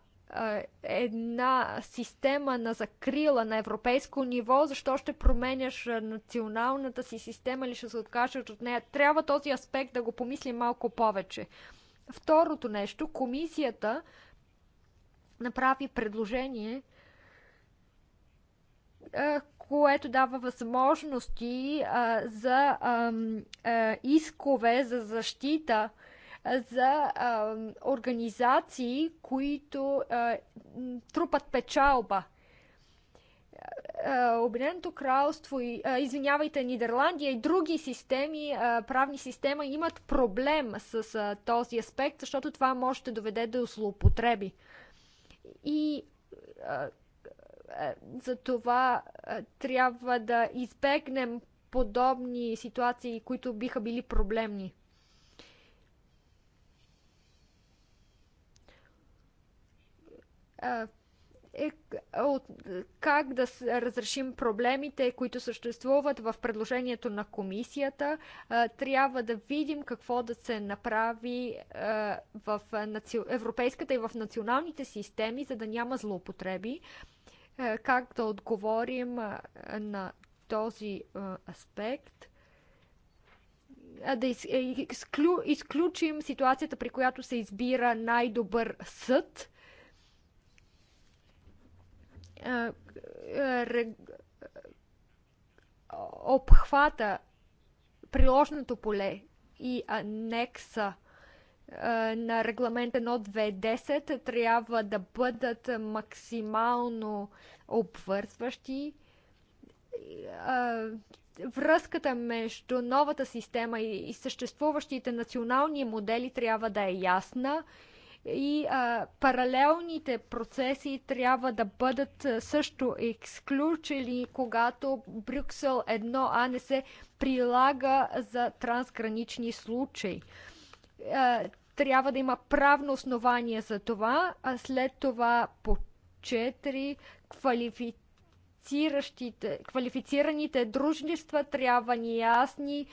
една система на закрила на европейско ниво, защо ще променяш националната си система или ще се откажеш от нея. Трябва този аспект да го помислим малко повече. Второто нещо, комисията направи предложение което дава възможности за искове за защита за организации, които трупат печалба. Обединеното кралство, извинявайте, Нидерландия и други системи, правни система имат проблем с този аспект, защото това може да доведе до злоупотреби. И е, за това е, трябва да избегнем подобни ситуации, които биха били проблемни. Е, е от, как да разрешим проблемите, които съществуват в предложението на комисията. Трябва да видим какво да се направи в европейската и в националните системи, за да няма злоупотреби. Е, как да отговорим на този аспект. Да е, изклю, изключим ситуацията, при която се избира най-добър съд. Е, обхвата, приложното поле и анекса на регламент 1210 трябва да бъдат максимално обвързващи. Връзката между новата система и съществуващите национални модели трябва да е ясна и а, паралелните процеси трябва да бъдат също изключени, когато Брюксел 1А не се прилага за трансгранични случаи трябва да има правно основание за това, а след това по 4 квалифицираните дружества трябва ни ясни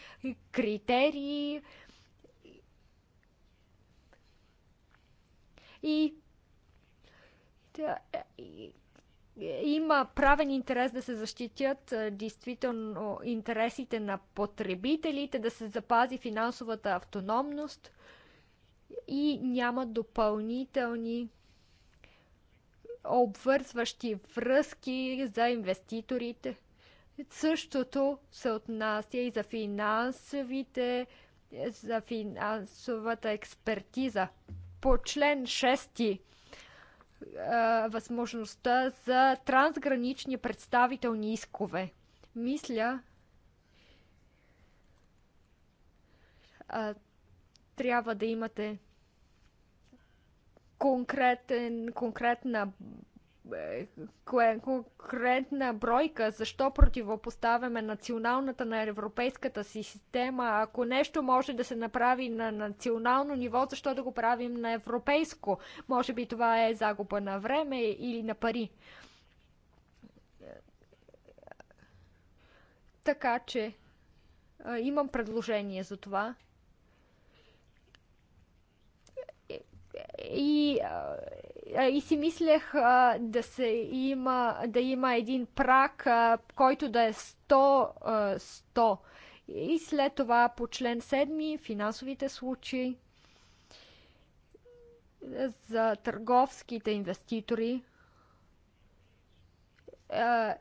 критерии и да, и, има правен интерес да се защитят действително интересите на потребителите, да се запази финансовата автономност – и няма допълнителни обвързващи връзки за инвеститорите. Същото се отнася и за финансовите, за финансовата експертиза. По член 6 възможността за трансгранични представителни искове. Мисля, трябва да имате конкретен, конкретна е, конкретна бройка, защо противопоставяме националната на европейската си система. Ако нещо може да се направи на национално ниво, защо да го правим на европейско? Може би това е загуба на време или на пари. Така че е, имам предложение за това. и, и си мислех да, се има, да има един прак, който да е 100, 100. И след това по член 7 финансовите случаи за търговските инвеститори е,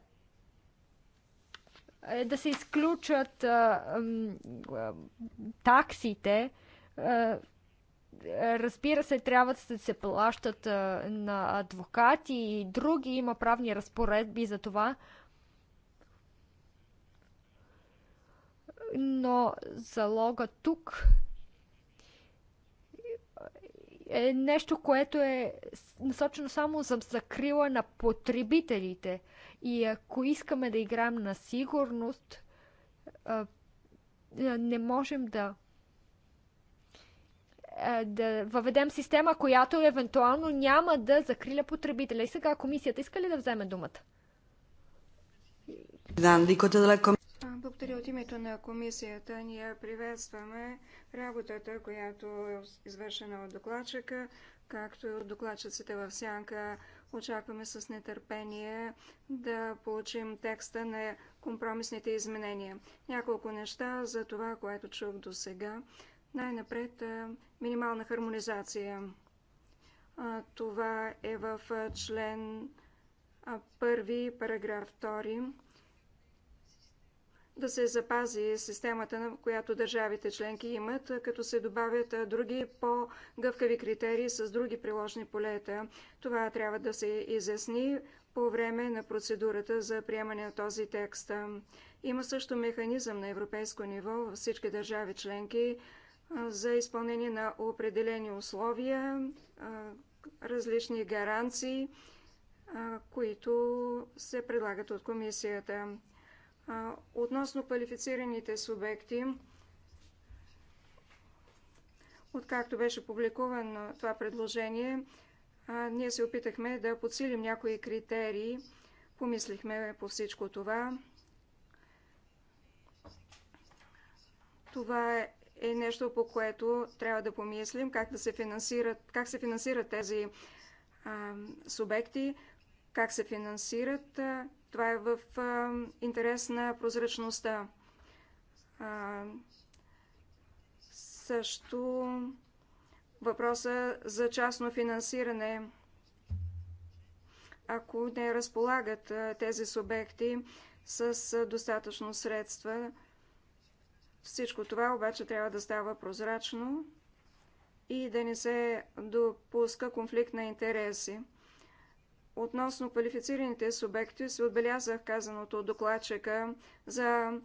да се изключат таксите Разбира се, трябва да се плащат на адвокати и други. Има правни разпоредби за това. Но залога тук е нещо, което е насочено само за закрила на потребителите. И ако искаме да играем на сигурност, не можем да е, да въведем система, която евентуално няма да закриля потребителя. И сега комисията иска ли да вземе думата? Е благодаря от името на комисията. Ние приветстваме работата, която е извършена от докладчика, както и от докладчиците в сянка. Очакваме с нетърпение да получим текста на компромисните изменения. Няколко неща за това, което чух до сега. Най-напред е, минимална хармонизация. Е, това е в е, член 1, параграф 2 да се запази системата, на която държавите членки имат, като се добавят други по-гъвкави критерии с други приложни полета. Това трябва да се изясни по време на процедурата за приемане на този текст. Има също механизъм на европейско ниво във всички държави членки за изпълнение на определени условия, различни гаранции, които се предлагат от комисията. Относно квалифицираните субекти, откакто беше публикувано това предложение, ние се опитахме да подсилим някои критерии, помислихме по всичко това. Това е е нещо, по което трябва да помислим как, да се, финансират, как се финансират тези а, субекти, как се финансират. А, това е в а, интерес на прозрачността. А, също въпроса за частно финансиране. Ако не разполагат тези субекти с достатъчно средства, всичко това обаче трябва да става прозрачно и да не се допуска конфликт на интереси. Относно квалифицираните субекти се отбелязах казаното от докладчика за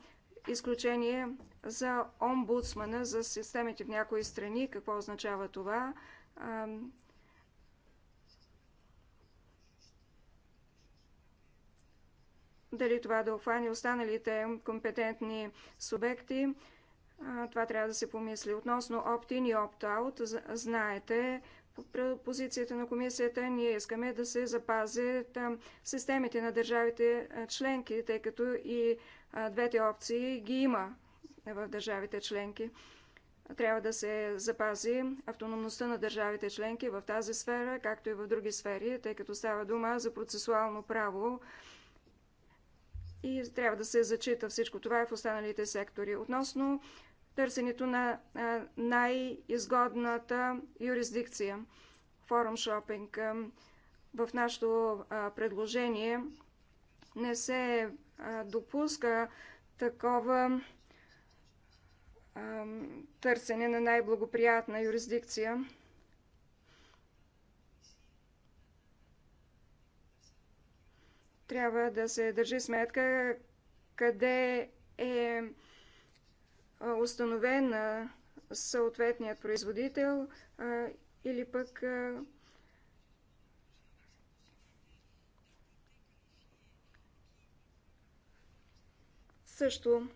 изключение за омбудсмана за системите в някои страни. Какво означава това? Дали това да охване останалите компетентни субекти, това трябва да се помисли. Относно opt-in и opt-out, знаете, позицията на комисията ние искаме да се запазят системите на държавите членки, тъй като и двете опции ги има в държавите членки. Трябва да се запази автономността на държавите членки в тази сфера, както и в други сфери, тъй като става дума за процесуално право и трябва да се зачита всичко това е в останалите сектори. Относно търсенето на най-изгодната юрисдикция, форум шопинг, в нашето предложение не се допуска такова търсене на най-благоприятна юрисдикция. трябва да се държи сметка къде е установен съответният производител или пък също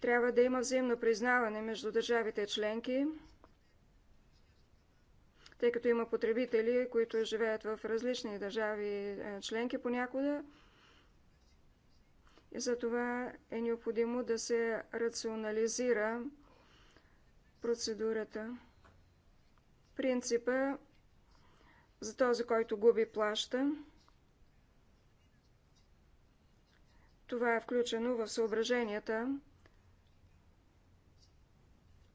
трябва да има взаимно признаване между държавите членки тъй като има потребители, които живеят в различни държави е, членки понякога. И за това е необходимо да се рационализира процедурата. Принципа за този, който губи плаща. Това е включено в съображенията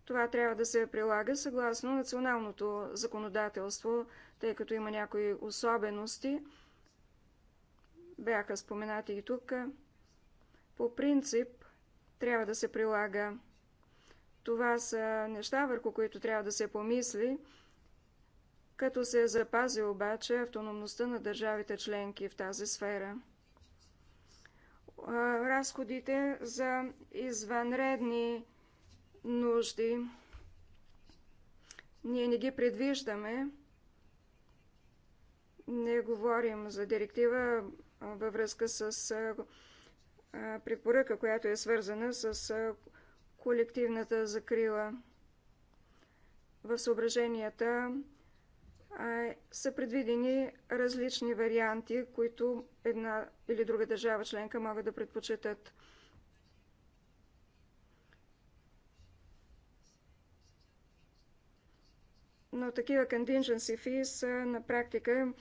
това трябва да се прилага съгласно националното законодателство, тъй като има някои особености. Бяха споменати и тук. По принцип трябва да се прилага. Това са неща, върху които трябва да се помисли, като се запази обаче автономността на държавите членки в тази сфера. Разходите за извънредни нужди. Ние не ги предвиждаме. Не говорим за директива във връзка с препоръка, която е свързана с колективната закрила. В съображенията са предвидени различни варианти, които една или друга държава членка могат да предпочитат. но такива contingency fees на практика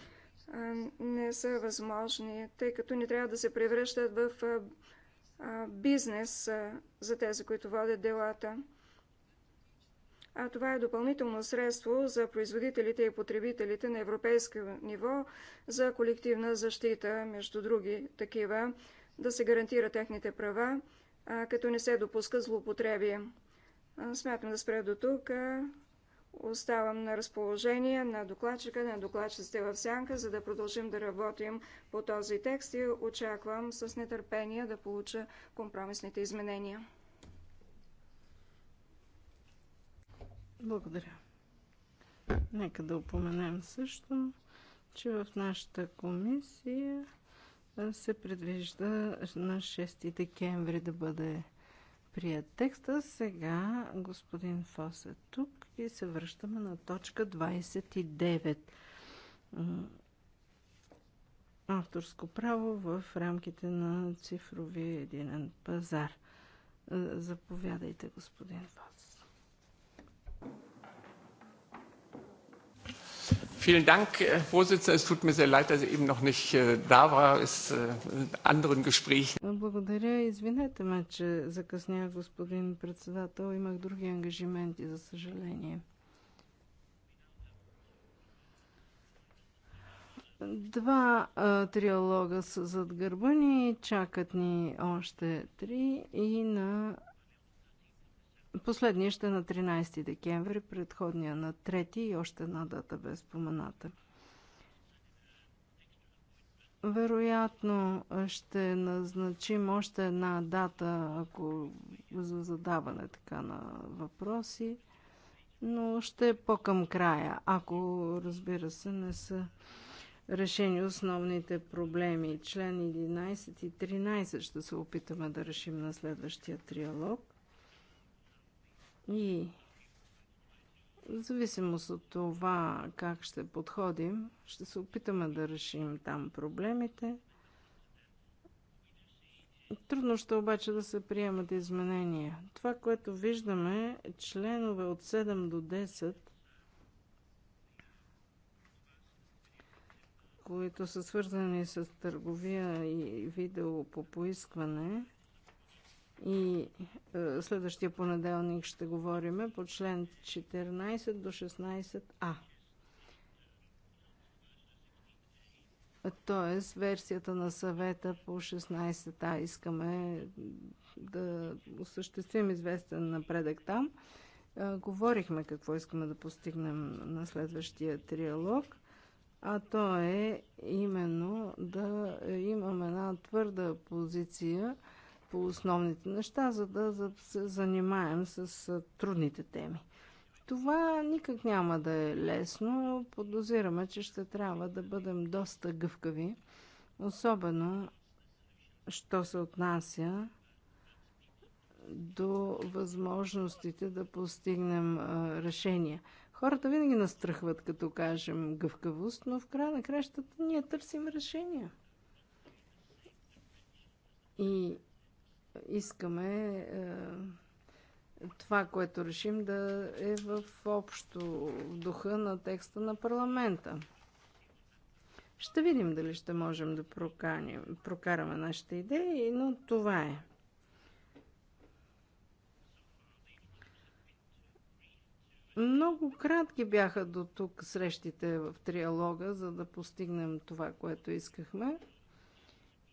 не са възможни, тъй като не трябва да се превръщат в бизнес за тези, които водят делата. А това е допълнително средство за производителите и потребителите на европейско ниво за колективна защита, между други такива, да се гарантира техните права, като не се допуска злоупотреби. Смятам да спре до тук. Оставам на разположение на докладчика, на докладчиците в сянка, за да продължим да работим по този текст и очаквам с нетърпение да получа компромисните изменения. Благодаря. Нека да упоменем също, че в нашата комисия се предвижда на 6 декември да бъде прият текста. Сега господин Фос е тук и се връщаме на точка 29. Авторско право в рамките на цифровия единен пазар. Е, заповядайте, господин Фос. Vielen Dank, Herr Vorsitzender. Es tut mir sehr leid, dass ich eben noch nicht da war. Es in anderen Gesprächen. Благодаря. Два а, триалога са зад гърба ни, чакат ни още три и на Последния ще е на 13 декември, предходния на 3 и още една дата без спомената. Вероятно ще назначим още една дата ако за задаване така на въпроси, но ще е по-към края, ако разбира се не са решени основните проблеми. Член 11 и 13 ще се опитаме да решим на следващия триалог. И в зависимост от това как ще подходим, ще се опитаме да решим там проблемите. Трудно ще обаче да се приемат изменения. Това, което виждаме, е членове от 7 до 10, които са свързани с търговия и видео по поискване, и е, следващия понеделник ще говорим по член 14 до 16а. Тоест, версията на съвета по 16а искаме да осъществим известен напредък там. Е, говорихме какво искаме да постигнем на следващия триалог – а то е именно да имаме една твърда позиция по основните неща, за да се занимаем с трудните теми. Това никак няма да е лесно. Подозираме, че ще трябва да бъдем доста гъвкави, особено що се отнася до възможностите да постигнем решения. Хората винаги настръхват, като кажем гъвкавост, но в края на кращата ние търсим решения. И искаме е, това, което решим, да е в общо духа на текста на парламента. Ще видим дали ще можем да проканим, прокараме нашите идеи, но това е. Много кратки бяха до тук срещите в триалога, за да постигнем това, което искахме.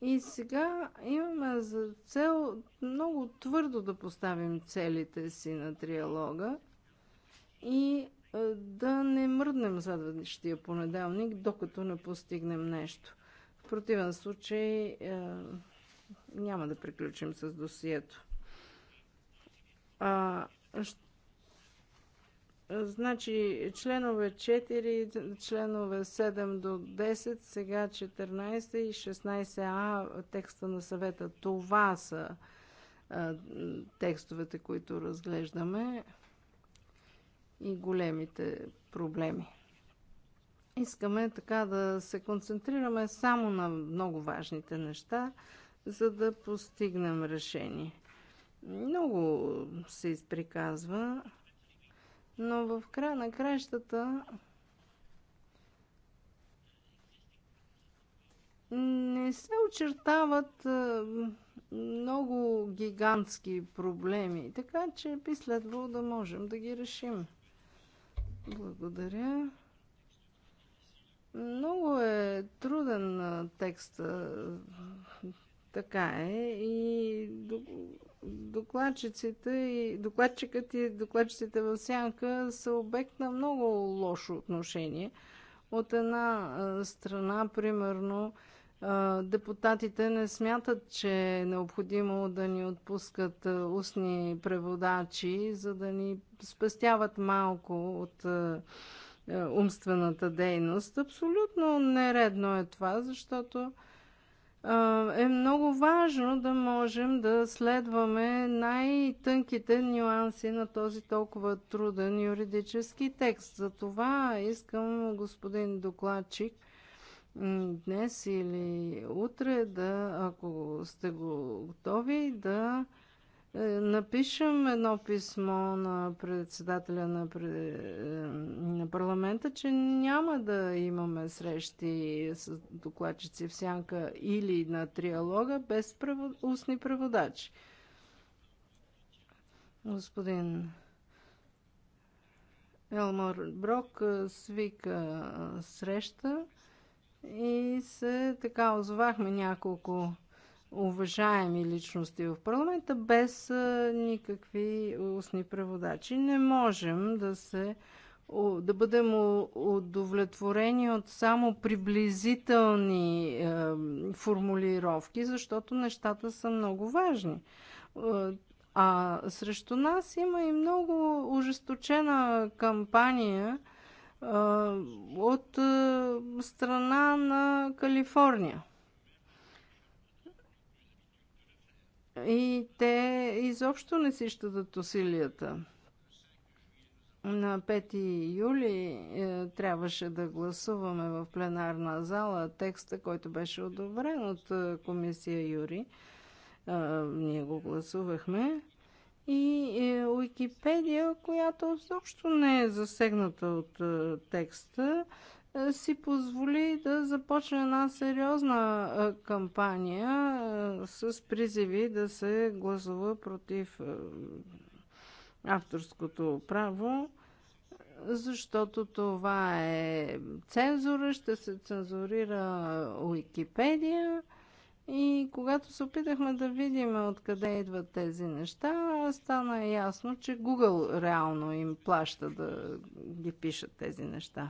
И сега имаме за цел много твърдо да поставим целите си на триалога и е, да не мръднем следващия понеделник, докато не постигнем нещо. В противен случай е, няма да приключим с досието. А, ще Значи членове 4, членове 7 до 10, сега 14 и 16а текста на съвета. Това са а, текстовете, които разглеждаме и големите проблеми. Искаме така да се концентрираме само на много важните неща, за да постигнем решение. Много се изприказва но в края на краищата не се очертават е, много гигантски проблеми, така че би следвало да можем да ги решим. Благодаря. Много е труден е, текст. Така е. И докладчиците и докладчикът и докладчиците в сянка са обект на много лошо отношение. От една страна, примерно, депутатите не смятат, че е необходимо да ни отпускат устни преводачи, за да ни спестяват малко от умствената дейност. Абсолютно нередно е това, защото е много важно да можем да следваме най-тънките нюанси на този толкова труден юридически текст. Затова искам господин докладчик днес или утре, да, ако сте готови, да е, напишем едно писмо на председателя на, е, на парламента, че няма да имаме срещи с докладчици в сянка или на триалога без превод, устни преводачи. Господин Елмор Брок е, свика среща и се така озвахме няколко уважаеми личности в парламента без никакви устни преводачи. Не можем да се да бъдем удовлетворени от само приблизителни е, формулировки, защото нещата са много важни. Е, а срещу нас има и много ожесточена кампания е, от страна на Калифорния. И те изобщо не си щадат усилията. На 5 юли е, трябваше да гласуваме в пленарна зала текста, който беше одобрен от е, комисия Юри. Е, ние го гласувахме. И е, Уикипедия, която изобщо не е засегната от е, текста, е, си позволи да започне една сериозна е, кампания е, с призиви да се гласува против авторското право, защото това е цензура, ще се цензурира Уикипедия. И когато се опитахме да видим откъде идват тези неща, стана ясно, че Google реално им плаща да ги пишат тези неща.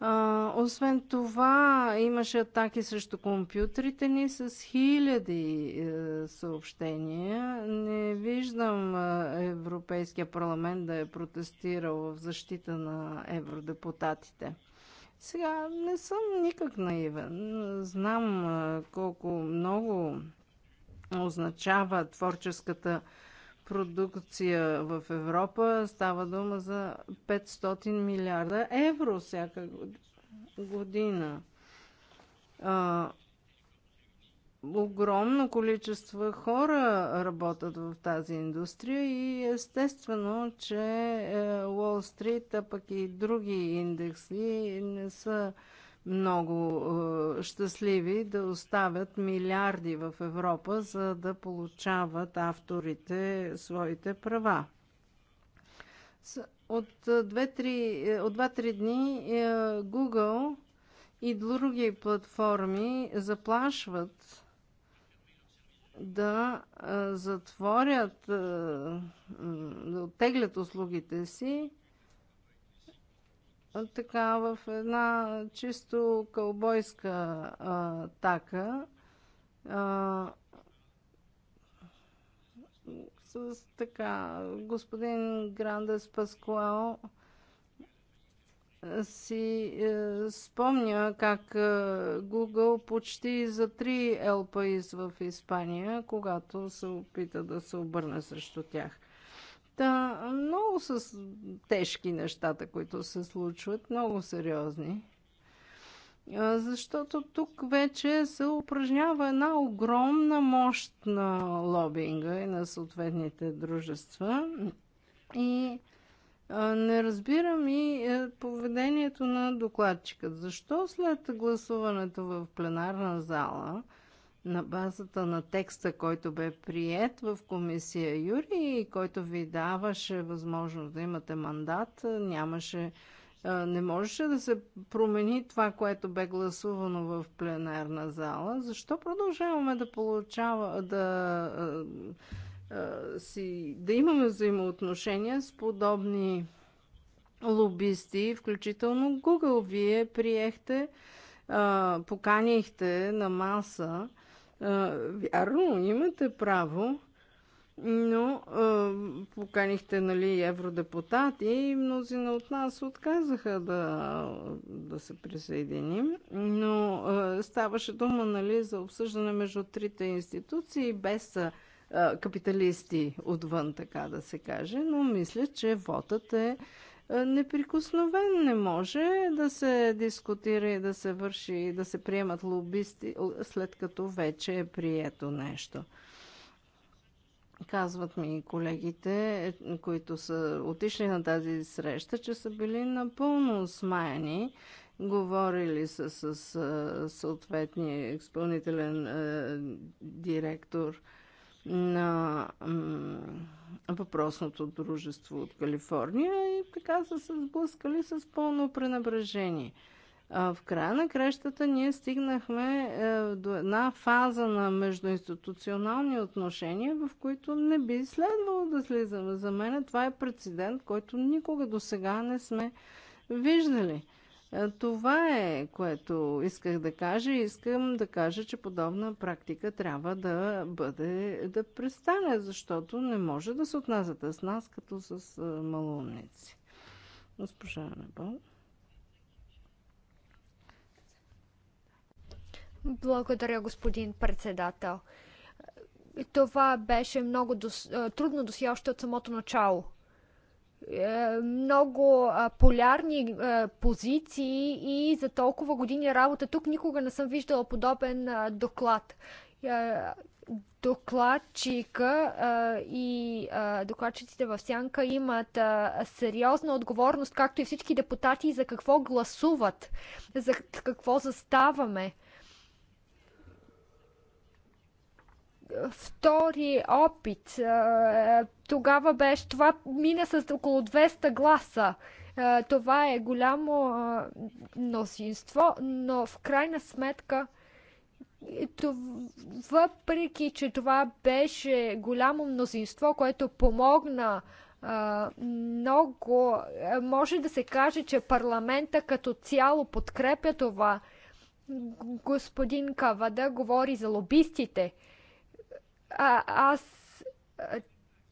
А, освен това, имаше атаки срещу компютрите ни с хиляди е, съобщения. Не виждам е, Европейския парламент да е протестирал в защита на евродепутатите. Сега не съм никак наивен. Знам е, колко много означава творческата продукция в Европа. Става дума за 500 милиарда евро всяка година. А, огромно количество хора работят в тази индустрия и естествено, че е, Уолл Стрит, а пък и други индекси не са много е, щастливи да оставят милиарди в Европа, за да получават авторите своите права. От 2-3 е, е, дни е, Google и други платформи заплашват да е, затворят, да оттеглят услугите си така в една чисто кълбойска А, с така, господин Грандес Паскуал си е, спомня как е, Google почти за три ЛПИС в Испания, когато се опита да се обърне срещу тях. Та, много са тежки нещата, които се случват, много сериозни. Защото тук вече се упражнява една огромна мощ на лобинга и на съответните дружества. И не разбирам и е, поведението на докладчикът. Защо след гласуването в пленарна зала на базата на текста, който бе прият в комисия Юри и който ви даваше възможност да имате мандат, нямаше, не можеше да се промени това, което бе гласувано в пленарна зала. Защо продължаваме да получава, да, си, да имаме взаимоотношения с подобни лобисти, включително Google. Вие приехте поканихте на маса Вярно, имате право, но а, поканихте нали, евродепутати и мнозина от нас отказаха да, да се присъединим. Но а, ставаше дума нали, за обсъждане между трите институции без а, капиталисти отвън, така да се каже. Но мисля, че вотът е е, неприкосновен. Не може да се дискутира и да се върши, да се приемат лобисти, след като вече е прието нещо. Казват ми колегите, е, които са отишли на тази среща, че са били напълно смаяни, говорили са с е, съответния изпълнителен е, директор на въпросното дружество от Калифорния и така са се сблъскали с пълно пренабрежение. В края на крещата ние стигнахме е, до една фаза на междуинституционални отношения, в които не би следвало да слизаме. За мен това е прецедент, който никога до сега не сме виждали. Е, това е, което исках да кажа. Искам да кажа, че подобна практика трябва да бъде, да престане, защото не може да се отнасяте с нас като с е, малоумници. Госпожа Небол. Благодаря, господин председател. Това беше много дос... Е, трудно досия още от самото начало. Е, много полярни е, позиции и за толкова години работа тук никога не съм виждала подобен доклад е, докладчика и докладчиците в Сянка имат сериозна отговорност, както и всички депутати, за какво гласуват, за какво заставаме. втори опит. Тогава беше, това мина с около 200 гласа. Това е голямо мнозинство, но в крайна сметка въпреки, че това беше голямо мнозинство, което помогна много, може да се каже, че парламента като цяло подкрепя това. Господин Кавада говори за лобистите а, аз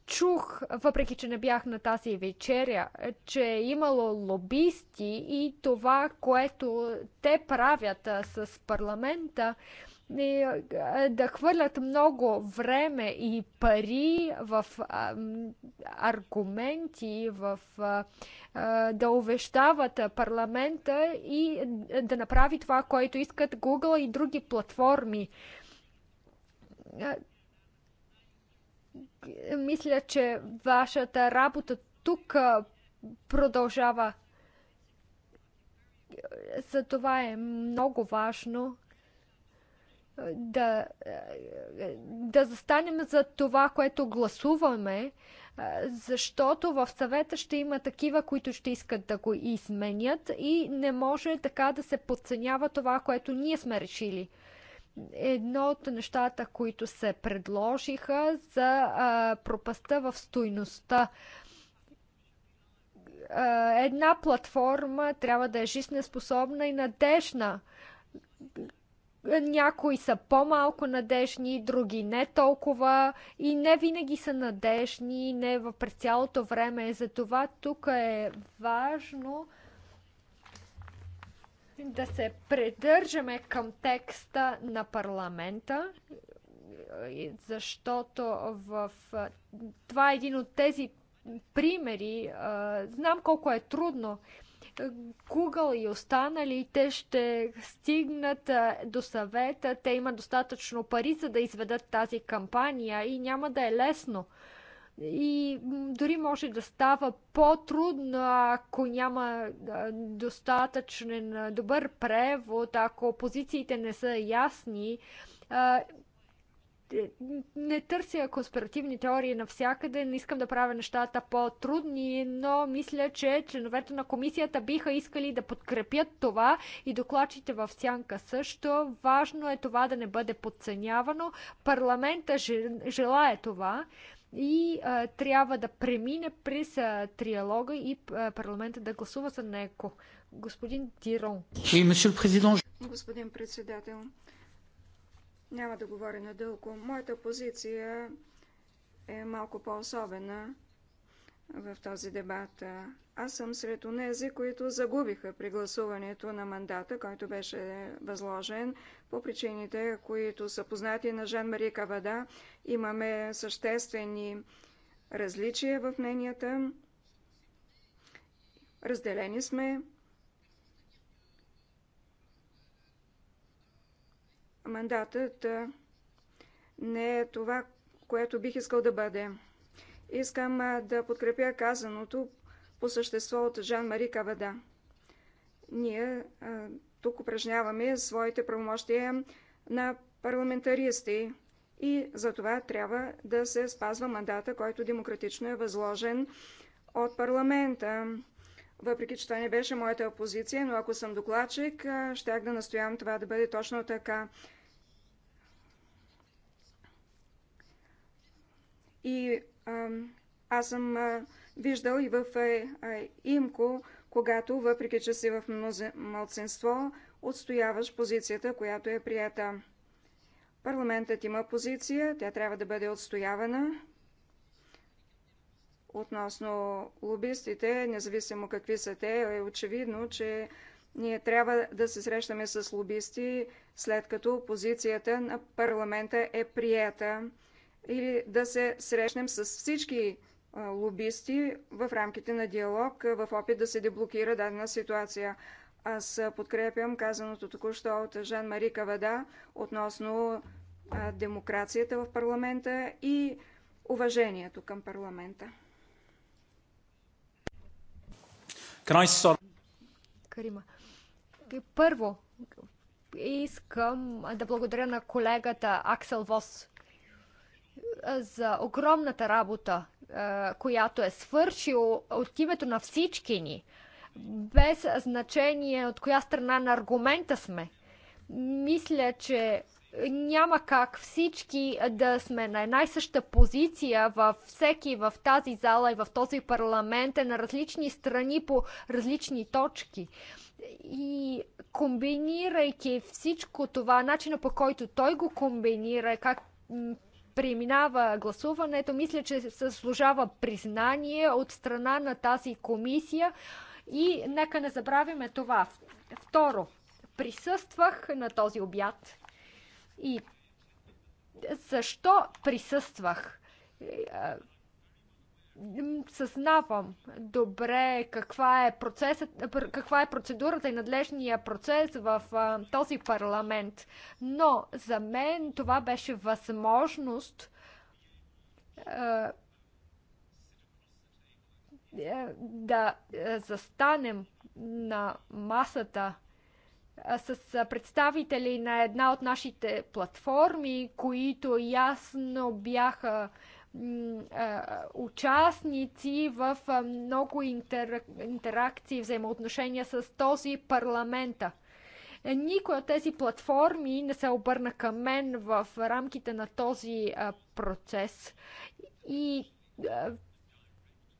чух, въпреки че не бях на тази вечеря, че е имало лобисти и това, което те правят с парламента, и, е, да хвърлят много време и пари в а, аргументи, в а, да увещават парламента и да направи това, което искат Google и други платформи мисля, че вашата работа тук продължава. За това е много важно да, да застанем за това, което гласуваме, защото в съвета ще има такива, които ще искат да го изменят и не може така да се подценява това, което ние сме решили едно от нещата, които се предложиха за а, пропаста в стойността. А, една платформа трябва да е жизнеспособна и надежна. Някои са по-малко надежни, други не толкова и не винаги са надежни, не през цялото време. Затова тук е важно да се придържаме към текста на парламента, защото в... това е един от тези примери. Знам колко е трудно. Google и останалите ще стигнат до съвета. Те имат достатъчно пари, за да изведат тази кампания и няма да е лесно и дори може да става по-трудно, ако няма достатъчен добър превод, ако позициите не са ясни. Е, не търся конспиративни теории навсякъде, не искам да правя нещата по-трудни, но мисля, че членовете на комисията биха искали да подкрепят това и докладчите в сянка също. Важно е това да не бъде подценявано. Парламента желая това и а, трябва да премине през а, триалога и а, парламента да гласува за него. Господин Тирон. Господин председател, няма да говоря надълго. Моята позиция е малко по-особена в този дебат. Аз съм сред онези, които загубиха при гласуването на мандата, който беше възложен по причините, които са познати на Жан-Мари Кавада. Имаме съществени различия в мненията. Разделени сме. Мандатът не е това, което бих искал да бъде. Искам да подкрепя казаното по същество от Жан-Мари Кавада. Ние тук упражняваме своите правомощия на парламентаристи и за това трябва да се спазва мандата, който демократично е възложен от парламента. Въпреки, че това не беше моята опозиция, но ако съм докладчик, щях да настоявам това да бъде точно така. И аз съм виждал и в а, е, а, ИМКО когато, въпреки че си в мълцинство, отстояваш позицията, която е прията. Парламентът има позиция, тя трябва да бъде отстоявана. Относно лобистите, независимо какви са те, е очевидно, че ние трябва да се срещаме с лобисти, след като позицията на парламента е приета, или да се срещнем с всички лобисти в рамките на диалог в опит да се деблокира дадена ситуация. Аз подкрепям казаното току-що от Жан-Мари Кавада относно демокрацията в парламента и уважението към парламента. Карима. Първо, искам да благодаря на колегата Аксел Вос за огромната работа, е, която е свършил от името на всички ни, без значение от коя страна на аргумента сме. Мисля, че няма как всички да сме на една и съща позиция във всеки в тази зала и в този парламент е на различни страни по различни точки. И комбинирайки всичко това, начина по който той го комбинира, как преминава гласуването. Мисля, че се служава признание от страна на тази комисия и нека не забравяме това. Второ, присъствах на този обяд и защо присъствах? Е, съзнавам добре каква е, процесът, каква е процедурата и надлежния процес в а, този парламент. Но за мен това беше възможност а, е, да е, застанем на масата с представители на една от нашите платформи, които ясно бяха а, участници в много интер... интеракции, взаимоотношения с този парламента. Е, никой от тези платформи не се обърна към мен в рамките на този процес. И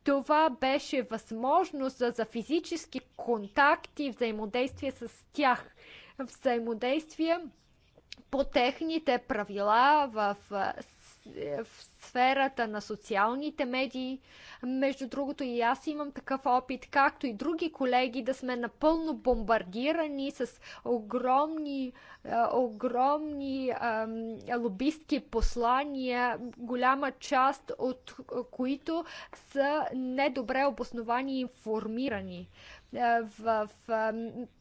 това беше възможност за, за физически контакти, взаимодействие с тях. Взаимодействие по техните правила в е, в сферата на социалните медии. Между другото и аз имам такъв опит, както и други колеги, да сме напълно бомбардирани с огромни, е, огромни лобистки послания, голяма част от е, които са недобре обосновани и информирани. Е, в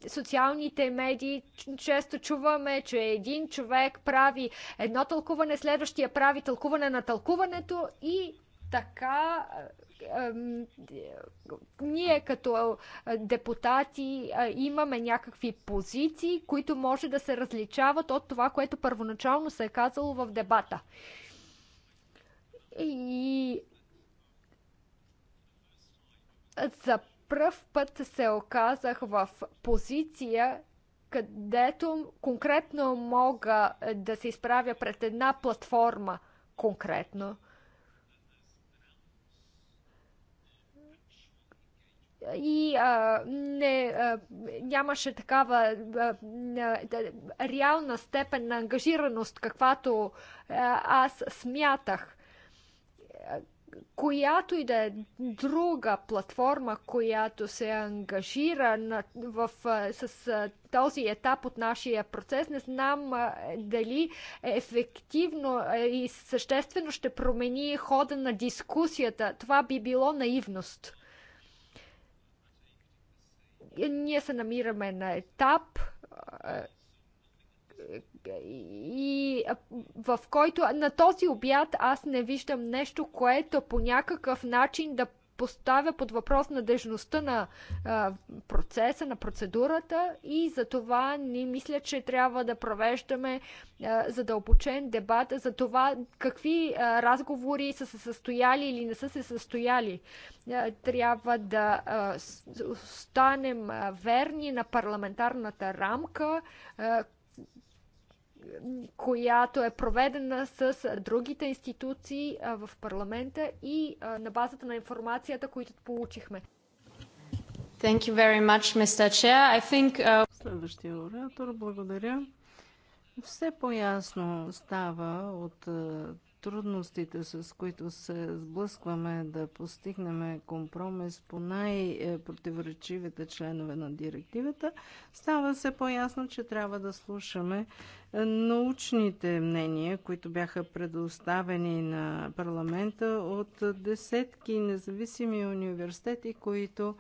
социалните медии често чуваме, че един човек прави едно тълкуване, следващия прави тълкуване на тълкуването и така е, е, ние като депутати имаме някакви позиции, които може да се различават от това, което първоначално се е казало в дебата. И за пръв път се оказах в позиция, където конкретно мога да се изправя пред една платформа конкретно. и а, не, а, нямаше такава а, реална степен на ангажираност, каквато а, аз смятах която и да е друга платформа, която се ангажира на, в, с този етап от нашия процес, не знам а, дали ефективно и съществено ще промени хода на дискусията. Това би било наивност. Ние се намираме на етап и в който на този обяд аз не виждам нещо, което по някакъв начин да поставя под въпрос надежността на а, процеса, на процедурата и за това ни мисля, че трябва да провеждаме а, задълбочен дебат за това какви а, разговори са се състояли или не са се състояли. А, трябва да а, останем а, верни на парламентарната рамка, а, която е проведена с другите институции в парламента и на базата на информацията, които получихме. Thank you very much, Mr. Chair. I think, uh... Следващия оратор, благодаря. Все по-ясно става от трудностите, с които се сблъскваме да постигнем компромис по най-противоречивите членове на директивата, става се по-ясно, че трябва да слушаме е, научните мнения, които бяха предоставени на парламента от десетки независими университети, които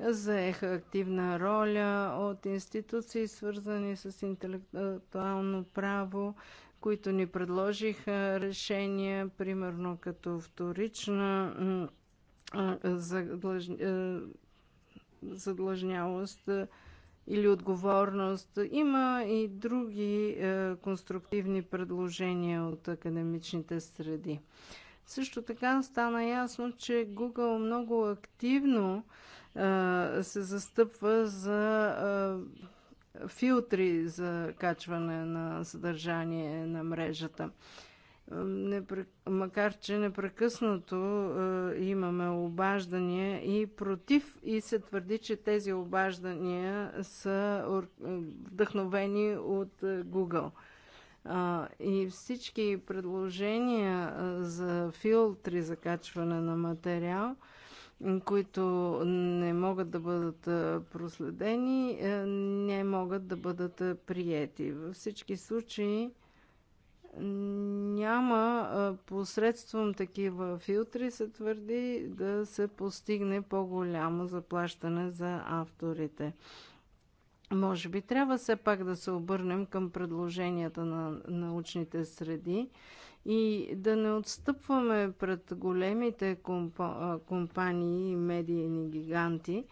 заеха активна роля от институции, свързани с интелектуално право, които ни предложиха решения, примерно като вторична задлъжнялост или отговорност. Има и други конструктивни предложения от академичните среди. Също така стана ясно, че Google много активно се застъпва за филтри за качване на съдържание на мрежата. Макар, че непрекъснато имаме обаждания и против, и се твърди, че тези обаждания са вдъхновени от Google. И всички предложения за филтри за качване на материал – които не могат да бъдат проследени, не могат да бъдат приети. Във всички случаи няма посредством такива филтри, се твърди, да се постигне по-голямо заплащане за авторите. Може би трябва все пак да се обърнем към предложенията на научните среди и да не отстъпваме пред големите компании и медийни гиганти,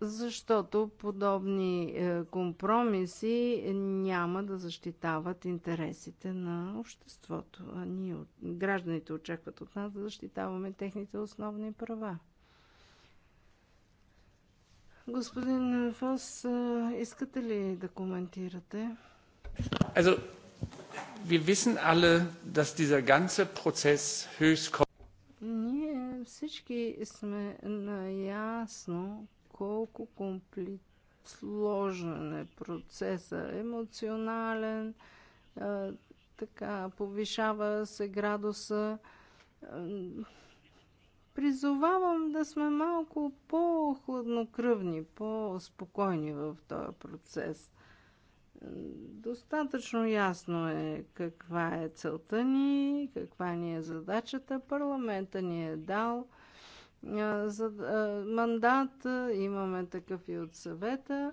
защото подобни е, компромиси няма да защитават интересите на обществото. А ние, гражданите очакват от нас да защитаваме техните основни права. Господин Фос, е, искате ли да коментирате? Also, wir wissen alle, dass dieser ganze Prozess höchst Ние всички сме наясно колко компли... сложен е процеса, емоционален, е, така, повишава се градуса. Е, призовавам да сме малко по-хладнокръвни, по-спокойни в този процес – Достатъчно ясно е каква е целта ни, каква ни е задачата. Парламента ни е дал за, мандат, имаме такъв и от съвета.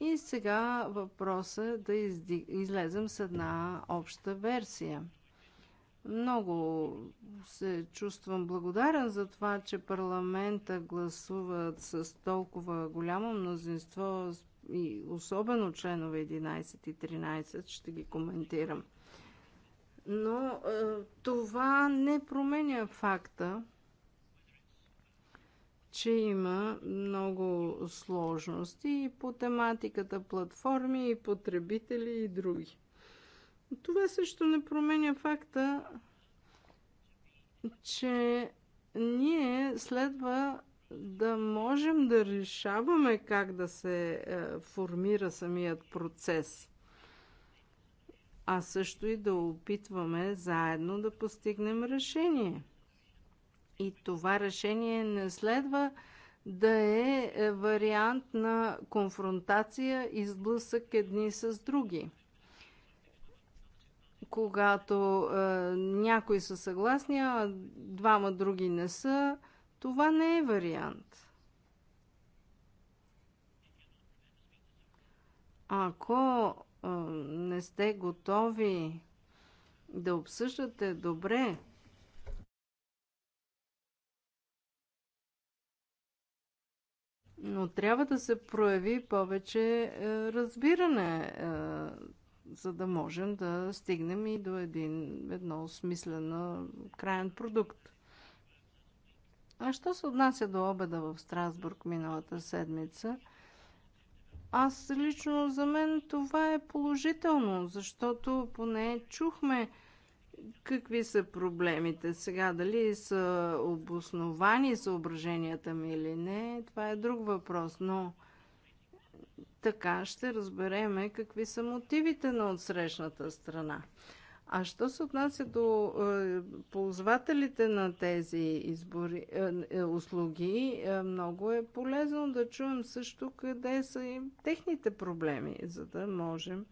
И сега въпросът е да изди, излезем с една обща версия. Много се чувствам благодарен за това, че парламента гласуват с толкова голямо мнозинство с и особено членове 11 и 13, ще ги коментирам. Но е, това не променя факта, че има много сложности и по тематиката платформи, и потребители, и други. Това също не променя факта, че ние следва да можем да решаваме как да се е, формира самият процес, а също и да опитваме заедно да постигнем решение. И това решение не следва да е, е вариант на конфронтация и сблъсък едни с други когато е, някои са съгласни, а двама други не са, това не е вариант. Ако не сте готови да обсъждате добре Но трябва да се прояви повече е, разбиране, е, за да можем да стигнем и до един, едно смислено крайен продукт. А що се отнася до обеда в Страсбург миналата седмица, аз лично за мен това е положително, защото поне чухме какви са проблемите сега, дали са обосновани съображенията ми или не, това е друг въпрос, но така ще разбереме какви са мотивите на отсрещната страна. А що се отнася до е, ползвателите на тези избори, е, е, услуги, е, много е полезно да чуем също къде са и техните проблеми, за да можем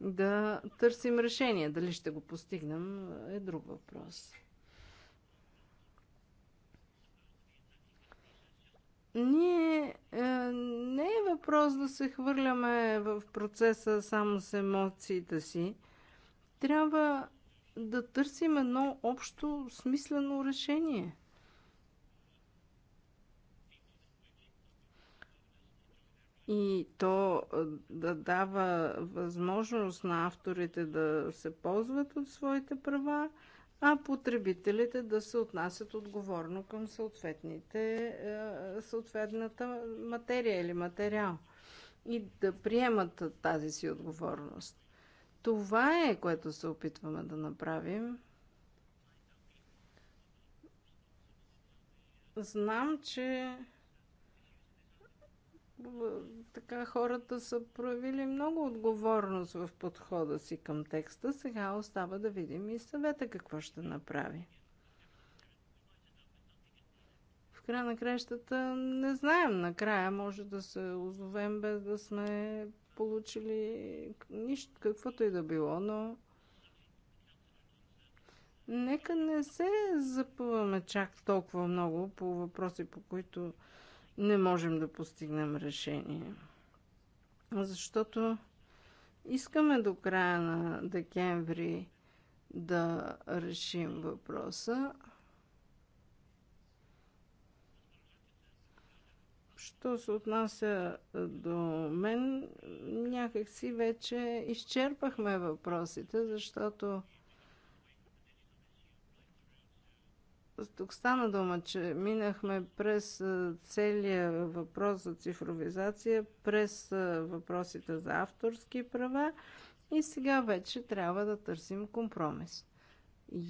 да търсим решение. Дали ще го постигнем е друг въпрос. Ние е, не е въпрос да се хвърляме в процеса само с емоциите си трябва да търсим едно общо смислено решение. И то да дава възможност на авторите да се ползват от своите права, а потребителите да се отнасят отговорно към съответните, съответната материя или материал и да приемат тази си отговорност. Това е, което се опитваме да направим. Знам, че е, така хората са проявили много отговорност в подхода си към текста. Сега остава да видим и съвета какво ще направи. В края на кращата не знаем. Накрая може да се озовем без да сме получили нищо, каквото и да било, но нека не се запъваме чак толкова много по въпроси, по които не можем да постигнем решение. Защото искаме до края на декември да решим въпроса. Що се отнася до мен, някакси вече изчерпахме въпросите, защото тук стана дума, че минахме през целия въпрос за цифровизация, през въпросите за авторски права и сега вече трябва да търсим компромис.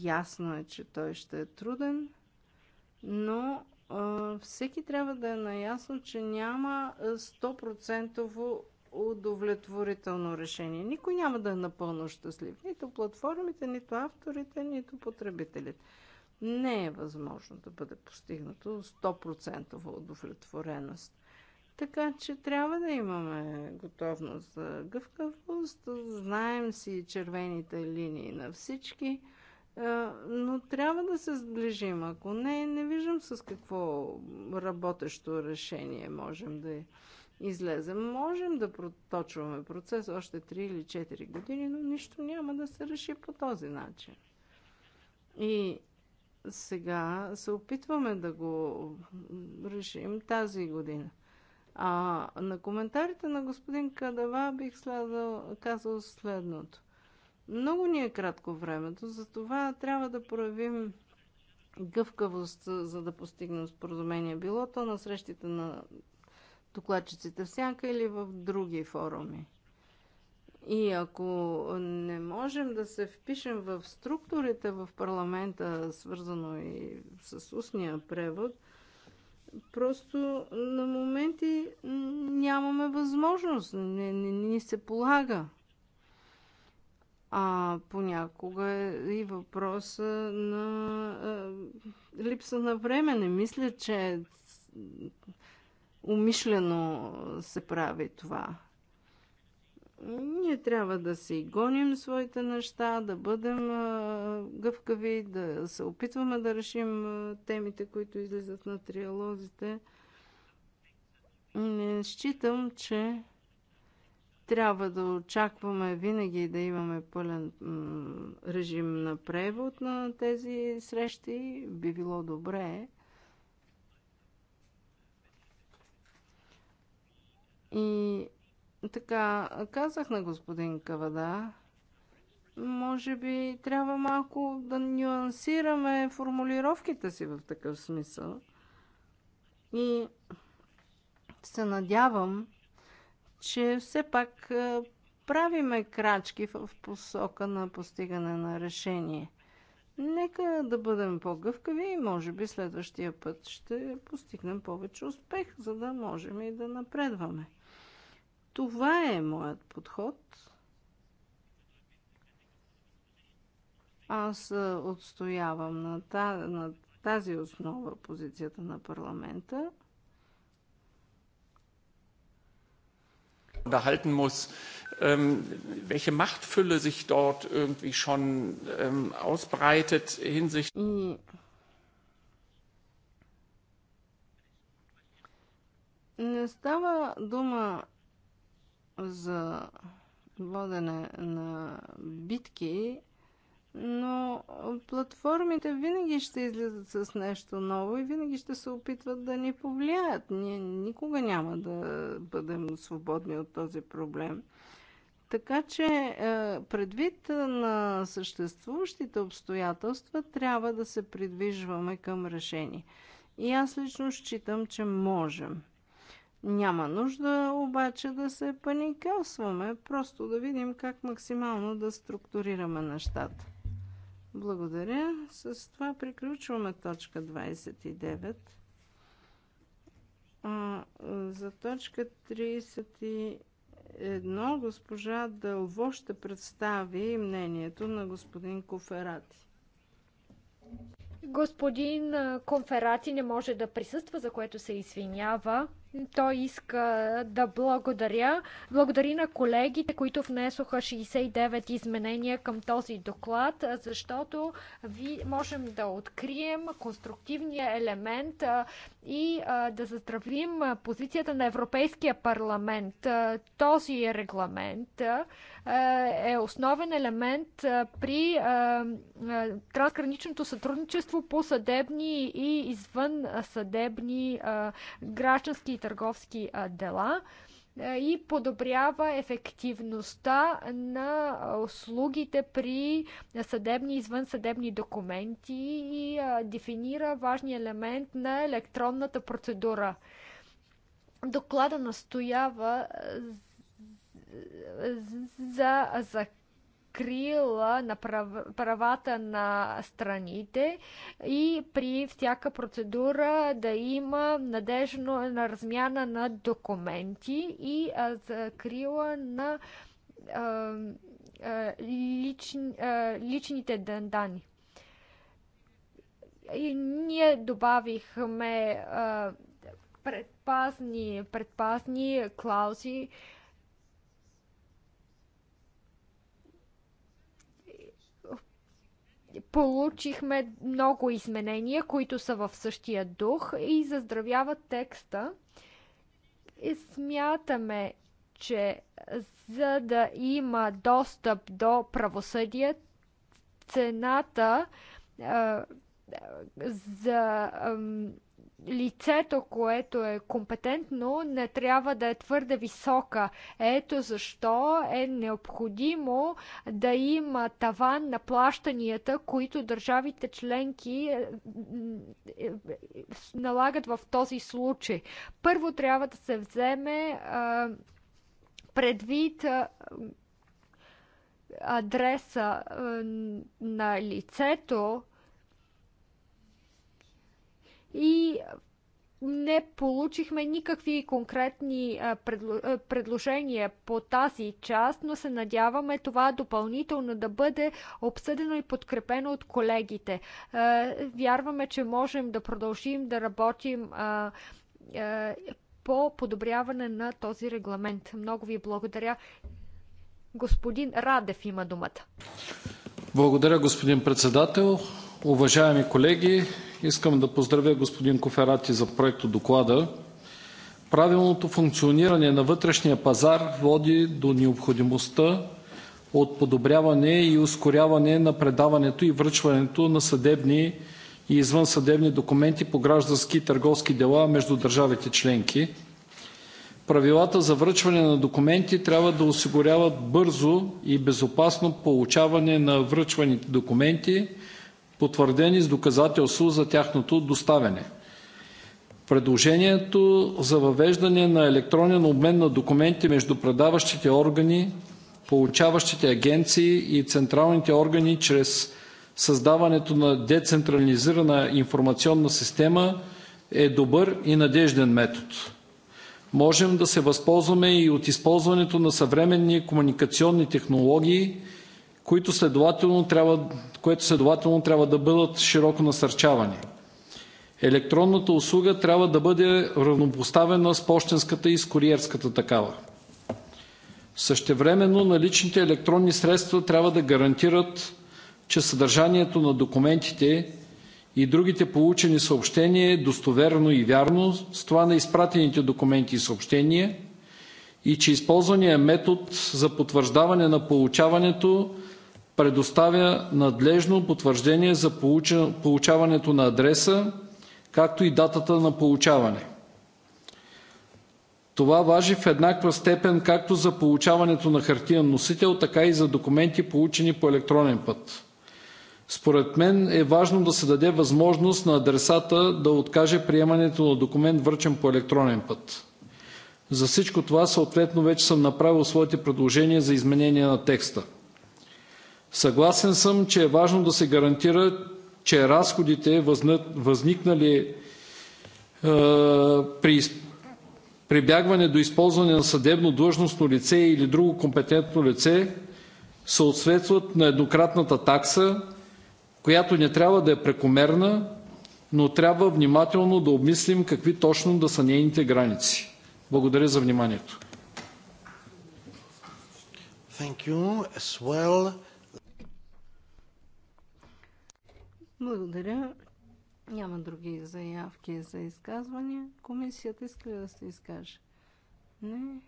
Ясно е, че той ще е труден, но всеки трябва да е наясно, че няма 100% удовлетворително решение. Никой няма да е напълно щастлив. Нито платформите, нито авторите, нито потребителите. Не е възможно да бъде постигнато 100% удовлетвореност. Така че трябва да имаме готовност за гъвкавост, знаем си червените линии на всички – е, но трябва да се сближим. Ако не, не виждам с какво работещо решение можем да излезем. Можем да проточваме процес още 3 или 4 години, но нищо няма да се реши по този начин. И сега се опитваме да го решим тази година. А на коментарите на господин Кадава бих следал, казал следното. Много ни е кратко времето, затова трябва да проявим гъвкавост, за да постигнем споразумение. Било то на срещите на докладчиците в сянка или в други форуми. И ако не можем да се впишем в структурите в парламента, свързано и с устния превод, просто на моменти нямаме възможност, не, ни се полага. А понякога е и въпроса на а, е, липса на време. Не мисля, че е умишлено се прави това. Ние трябва да си гоним своите неща, да бъдем е, гъвкави, да се опитваме да решим темите, които излизат на триалозите. Не считам, че трябва да очакваме винаги да имаме пълен режим на превод на тези срещи. Би било добре. И така, казах на господин Кавада, може би трябва малко да нюансираме формулировките си в такъв смисъл. И се надявам, че все пак е, правиме крачки в посока на постигане на решение. Нека да бъдем по-гъвкави и може би следващия път ще постигнем повече успех, за да можем и да напредваме. Това е моят подход. Аз е, отстоявам на тази основа позицията на парламента. unterhalten muss, welche Machtfülle sich dort irgendwie schon ausbreitet hinsichtlich. Не става дума за водене на битки, но платформите винаги ще излизат с нещо ново и винаги ще се опитват да ни повлияят. Ние никога няма да бъдем свободни от този проблем. Така че предвид на съществуващите обстоятелства трябва да се придвижваме към решение. И аз лично считам, че можем. Няма нужда обаче да се паникосваме, просто да видим как максимално да структурираме нещата. Благодаря. С това приключваме точка 29. А, за точка 31 госпожа Дълво ще представи мнението на господин Коферати. Господин Конферати не може да присъства, за което се извинява. Той иска да благодаря. Благодари на колегите, които внесоха 69 изменения към този доклад, защото ви можем да открием конструктивния елемент и да заздравим позицията на Европейския парламент. Този регламент е основен елемент при трансграничното сътрудничество по съдебни и извън съдебни граждански търговски дела е, и подобрява ефективността на услугите при съдебни и извънсъдебни документи и дефинира важния елемент на електронната процедура. Доклада настоява за, за закрила на правата на страните и при всяка процедура да има надежно на размяна на документи и закрила на лични, личните данни. И ние добавихме предпазни, предпазни клаузи, получихме много изменения, които са в същия дух и заздравяват текста. И смятаме, че за да има достъп до правосъдие, цената а, за а, лицето, което е компетентно, не трябва да е твърде висока. Ето защо е необходимо да има таван на плащанията, които държавите членки е, е, е, налагат в този случай. Първо трябва да се вземе предвид адреса на лицето, и не получихме никакви конкретни предложения по тази част, но се надяваме това допълнително да бъде обсъдено и подкрепено от колегите. Вярваме, че можем да продължим да работим по подобряване на този регламент. Много ви благодаря. Господин Радев има думата. Благодаря, господин председател. Уважаеми колеги, искам да поздравя господин Коферати за доклада. Правилното функциониране на вътрешния пазар води до необходимостта от подобряване и ускоряване на предаването и връчването на съдебни и извънсъдебни документи по граждански и търговски дела между държавите членки. Правилата за връчване на документи трябва да осигуряват бързо и безопасно получаване на връчваните документи потвърдени с доказателство за тяхното доставяне. Предложението за въвеждане на електронен обмен на документи между предаващите органи, получаващите агенции и централните органи чрез създаването на децентрализирана информационна система е добър и надежден метод. Можем да се възползваме и от използването на съвременни комуникационни технологии които следователно трябва да бъдат широко насърчавани. Електронната услуга трябва да бъде равнопоставена с пощенската и с куриерската такава. Същевременно наличните електронни средства трябва да гарантират, че съдържанието на документите и другите получени съобщения е достоверно и вярно с това на изпратените документи и съобщения и че използвания метод за потвърждаване на получаването предоставя надлежно потвърждение за получаването на адреса, както и датата на получаване. Това важи в еднаква степен както за получаването на хартиен носител, така и за документи, получени по електронен път. Според мен е важно да се даде възможност на адресата да откаже приемането на документ, връчен по електронен път. За всичко това съответно вече съм направил своите предложения за изменение на текста. Съгласен съм, че е важно да се гарантира, че разходите, възникнали е, при прибягване до използване на съдебно длъжностно лице или друго компетентно лице, съответстват на еднократната такса, която не трябва да е прекомерна, но трябва внимателно да обмислим какви точно да са нейните граници. Благодаря за вниманието. Thank you as well. Благодаря. Няма други заявки за изказвания. Комисията иска да се изкаже? Не.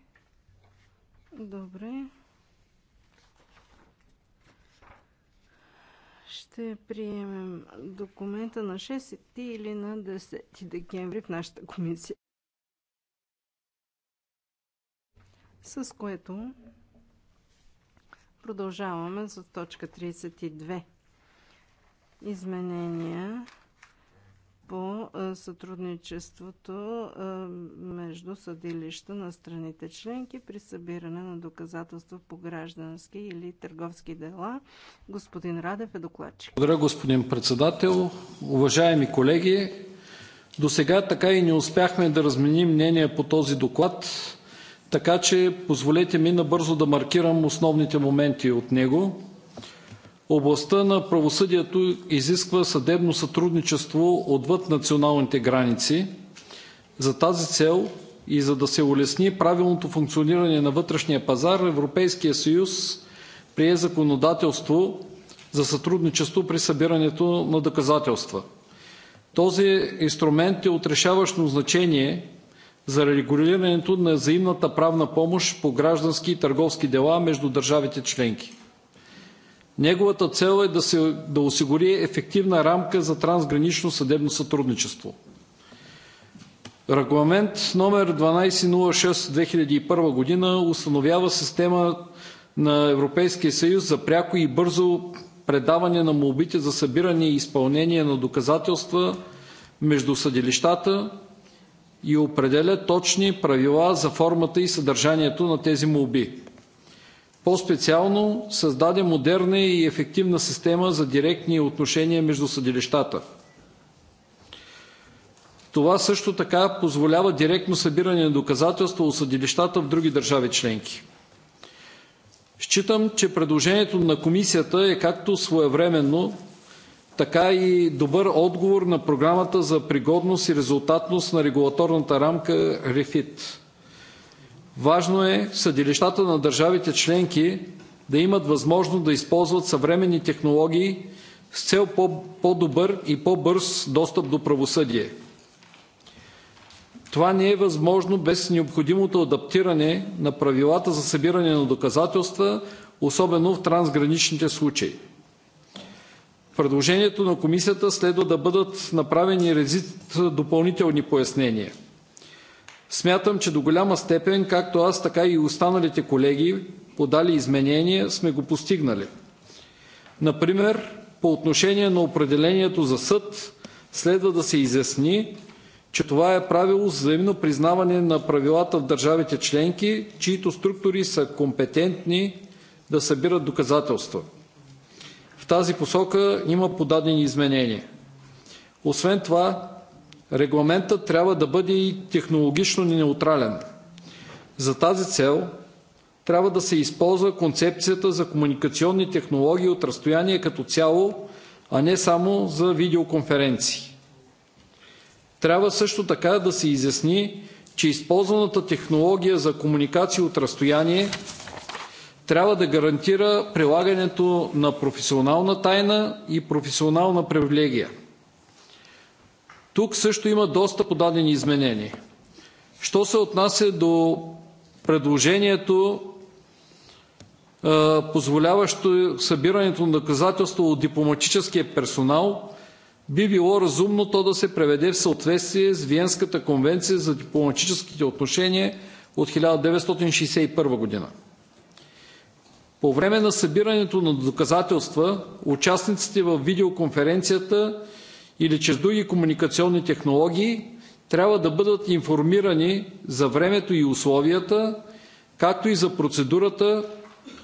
Добре. Ще приемем документа на 6 или на 10 декември в нашата комисия. С което продължаваме с точка 32 изменения по сътрудничеството между съдилища на страните членки при събиране на доказателства по граждански или търговски дела. Господин Радев е докладчик. Благодаря, господин председател. Уважаеми колеги, до сега така и не успяхме да разменим мнение по този доклад, така че позволете ми набързо да маркирам основните моменти от него. Областта на правосъдието изисква съдебно сътрудничество отвъд националните граници. За тази цел и за да се улесни правилното функциониране на вътрешния пазар Европейския съюз прие законодателство за сътрудничество при събирането на доказателства. Този инструмент е от решаващо значение за регулирането на взаимната правна помощ по граждански и търговски дела между държавите членки. Неговата цел е да, се, да осигури ефективна рамка за трансгранично съдебно сътрудничество. Регламент номер 1206-2001 година установява система на Европейския съюз за пряко и бързо предаване на молбите за събиране и изпълнение на доказателства между съдилищата и определя точни правила за формата и съдържанието на тези молби. По-специално създаде модерна и ефективна система за директни отношения между съдилищата. Това също така позволява директно събиране на доказателства от съдилищата в други държави членки. Считам, че предложението на комисията е както своевременно, така и добър отговор на програмата за пригодност и резултатност на регулаторната рамка REFIT. Важно е съдилищата на държавите членки да имат възможност да използват съвременни технологии с цел по-добър и по-бърз достъп до правосъдие. Това не е възможно без необходимото адаптиране на правилата за събиране на доказателства, особено в трансграничните случаи. В предложението на комисията следва да бъдат направени редица допълнителни пояснения – Смятам, че до голяма степен, както аз, така и останалите колеги, подали изменения, сме го постигнали. Например, по отношение на определението за съд следва да се изясни, че това е правило за взаимно признаване на правилата в държавите членки, чиито структури са компетентни да събират доказателства. В тази посока има подадени изменения. Освен това, Регламентът трябва да бъде и технологично неутрален. За тази цел трябва да се използва концепцията за комуникационни технологии от разстояние като цяло, а не само за видеоконференции. Трябва също така да се изясни, че използваната технология за комуникация от разстояние трябва да гарантира прилагането на професионална тайна и професионална привилегия. Тук също има доста подадени изменения. Що се отнася до предложението, позволяващо събирането на доказателство от дипломатическия персонал, би било разумно то да се преведе в съответствие с Виенската конвенция за дипломатическите отношения от 1961 година. По време на събирането на доказателства участниците в видеоконференцията или чрез други комуникационни технологии, трябва да бъдат информирани за времето и условията, както и за процедурата,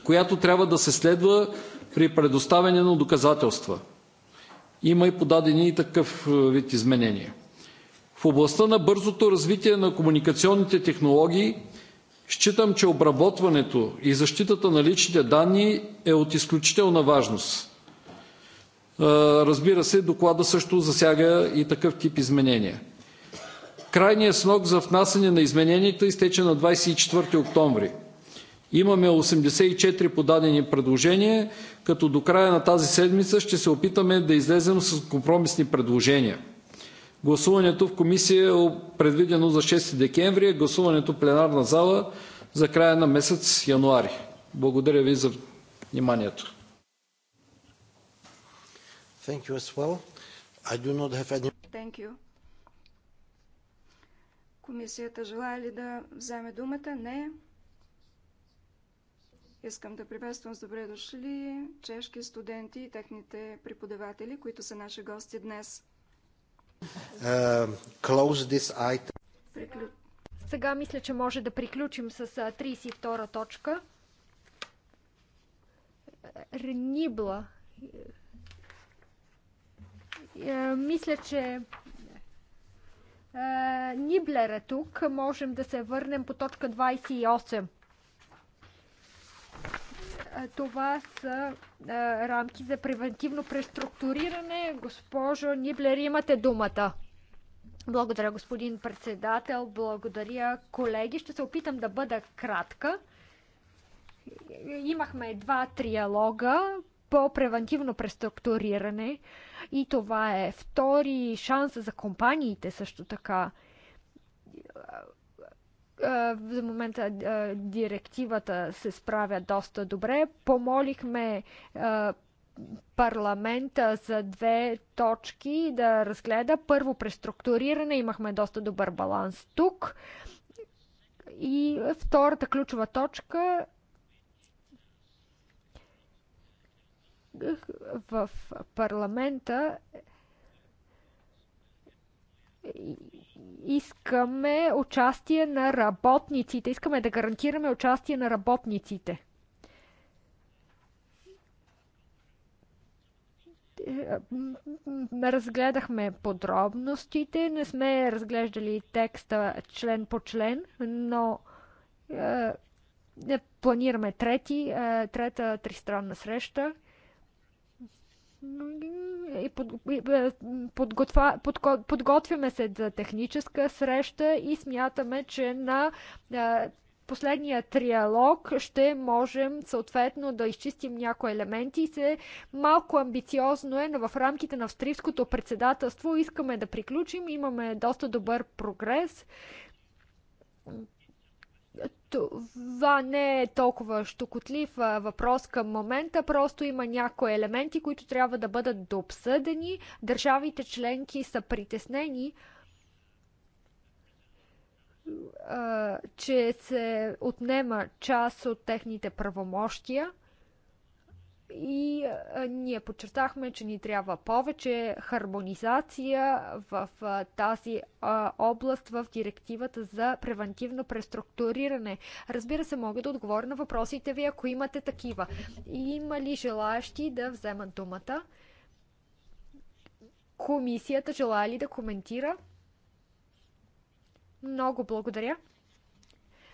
която трябва да се следва при предоставяне на доказателства. Има и подадени и такъв е, вид изменения. В областта на бързото развитие на комуникационните технологии считам, че обработването и защитата на личните данни е от изключителна важност. Разбира се, докладът също засяга и такъв тип изменения. Крайният срок за внасяне на измененията изтече на 24 октомври. Имаме 84 подадени предложения, като до края на тази седмица ще се опитаме да излезем с компромисни предложения. Гласуването в комисия е предвидено за 6 декември, а гласуването в пленарна зала за края на месец януари. Благодаря ви за вниманието. Thank you as well. I do not have any... Thank you. Комисията желая ли да вземе думата? Не. Искам да приветствам с добре дошли чешки студенти и техните преподаватели, които са наши гости днес. Uh, close this item. Приклю... Сега мисля, че може да приключим с 32 точка. Ренибла е, мисля, че Ниблер е тук. Можем да се върнем по точка 28. Е, това са е, рамки за превентивно преструктуриране. Госпожо Ниблер, имате думата. Благодаря, господин председател. Благодаря, колеги. Ще се опитам да бъда кратка. Имахме два триалога по превентивно преструктуриране. И това е втори шанс за компаниите също така. За момента директивата се справя доста добре. Помолихме парламента за две точки да разгледа. Първо преструктуриране, имахме доста добър баланс тук. И втората ключова точка в парламента искаме участие на работниците. Искаме да гарантираме участие на работниците. разгледахме подробностите, не сме разглеждали текста член по член, но е, е планираме трети, е, трета тристранна среща и е, подготва, под, подготвяме се за техническа среща и смятаме, че на е, последния триалог ще можем съответно да изчистим някои елементи и се малко амбициозно е, но в рамките на австрийското председателство искаме да приключим, имаме доста добър прогрес това не е толкова щукотлив въпрос към момента, просто има някои елементи, които трябва да бъдат дообсъдени. Държавите членки са притеснени че се отнема част от техните правомощия и ние подчертахме, че ни трябва повече хармонизация в тази област в директивата за превентивно преструктуриране. Разбира се, мога да отговоря на въпросите ви, ако имате такива. Има ли желаящи да вземат думата? Комисията желая ли да коментира? Много благодаря.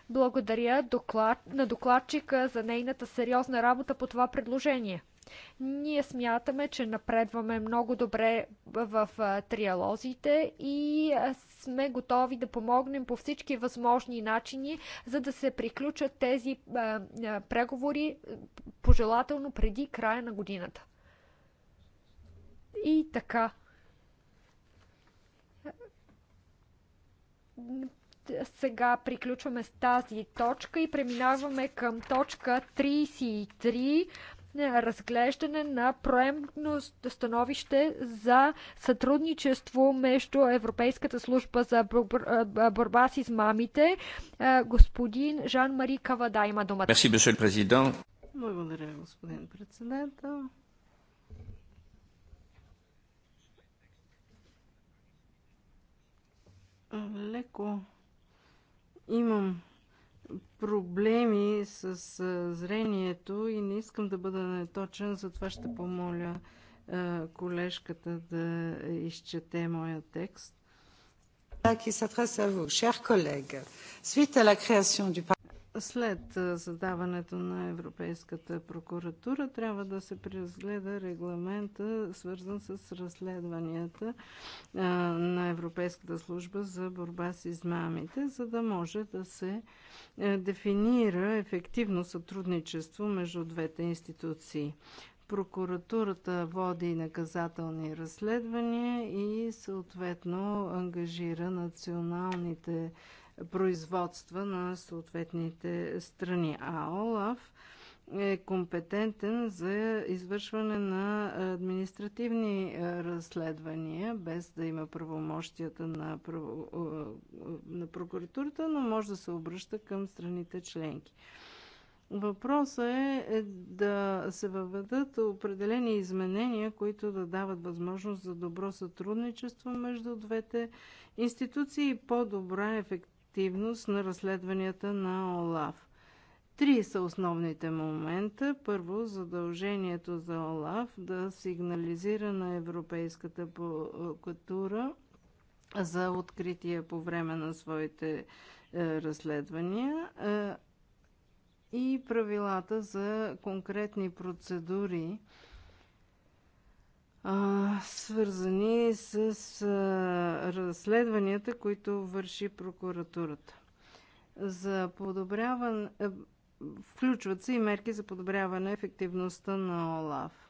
Благодаря доклад, на докладчика за нейната сериозна работа по това предложение. Ние смятаме, че напредваме много добре в триалозите и сме готови да помогнем по всички възможни начини, за да се приключат тези преговори пожелателно преди края на годината. И така. Сега приключваме с тази точка и преминаваме към точка 33 разглеждане на проемно становище за сътрудничество между Европейската служба за борба с измамите. Господин Жан-Мари Кавада има думата. Благодаря, господин председател. Леко имам проблеми с зрението и не искам да бъда неточен, затова ще помоля колежката да изчете моя текст. qui s'adresse à vous, chers collègues. Suite à la création du след създаването на Европейската прокуратура трябва да се преразгледа регламента, свързан с разследванията на Европейската служба за борба с измамите, за да може да се дефинира ефективно сътрудничество между двете институции. Прокуратурата води наказателни разследвания и съответно ангажира националните производства на съответните страни. А ОЛАФ е компетентен за извършване на административни е, разследвания, без да има правомощията на, е, на прокуратурата, но може да се обръща към страните членки. Въпросът е, е да се въведат определени изменения, които да дават възможност за добро сътрудничество между двете институции и по-добра ефективност ефективност на разследванията на ОЛАФ. Три са основните момента. Първо, задължението за ОЛАФ да сигнализира на Европейската прокуратура за откритие по време на своите е, разследвания е, и правилата за конкретни процедури а, свързани с а, разследванията, които върши прокуратурата. За подобряване, включват се и мерки за подобряване ефективността на ОЛАФ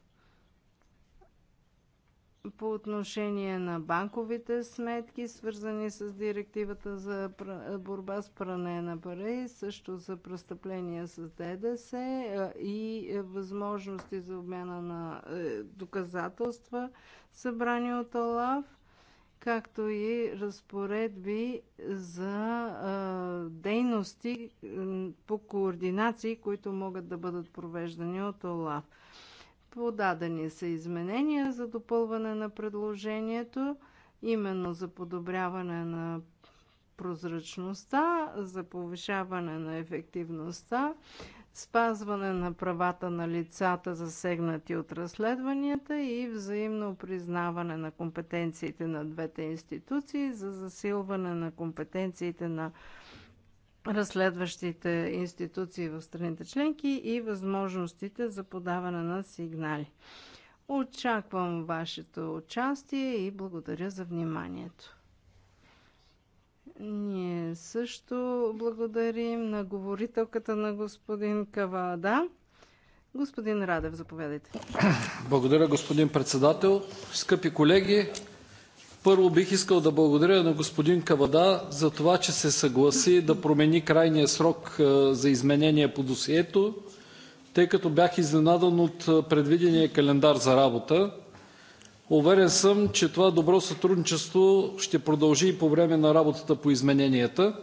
по отношение на банковите сметки, свързани с директивата за борба с пране на пари, също за престъпления с ДДС и е, възможности за обмяна на е, доказателства, събрани от ОЛАВ, както и разпоредби за дейности по координации, които могат да бъдат провеждани от ОЛАВ. Подадени са изменения за допълване на предложението, именно за подобряване на прозрачността, за повишаване на ефективността, спазване на правата на лицата, засегнати от разследванията и взаимно признаване на компетенциите на двете институции, за засилване на компетенциите на разследващите институции в страните членки и възможностите за подаване на сигнали. Очаквам вашето участие и благодаря за вниманието. Ние също благодарим на говорителката на господин Кавада. Господин Радев, заповядайте. Благодаря, господин председател. Скъпи колеги, първо бих искал да благодаря на господин Кавада за това, че се съгласи да промени крайния срок е, за изменение по досието, тъй като бях изненадан от е, предвидения календар за работа. Уверен съм, че това добро сътрудничество ще продължи и по време на работата по измененията.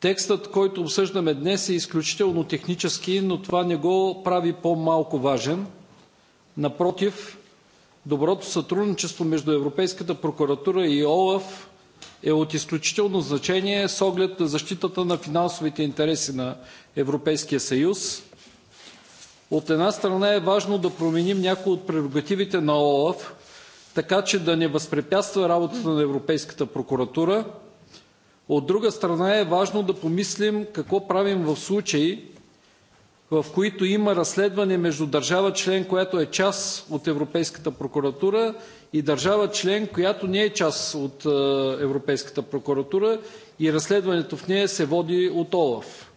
Текстът, който обсъждаме днес, е изключително технически, но това не го прави по-малко важен. Напротив, доброто сътрудничество между Европейската прокуратура и ОЛАФ е от изключително значение с оглед на защитата на финансовите интереси на Европейския съюз. От една страна е важно да променим някои от прерогативите на ОЛАФ, така че да не възпрепятства работата на Европейската прокуратура. От друга страна е важно да помислим какво правим в случаи, в които има разследване между държава член, която е част от Европейската прокуратура, и държава член, която не е част от е, Европейската прокуратура и разследването в нея се води от ОЛАФ.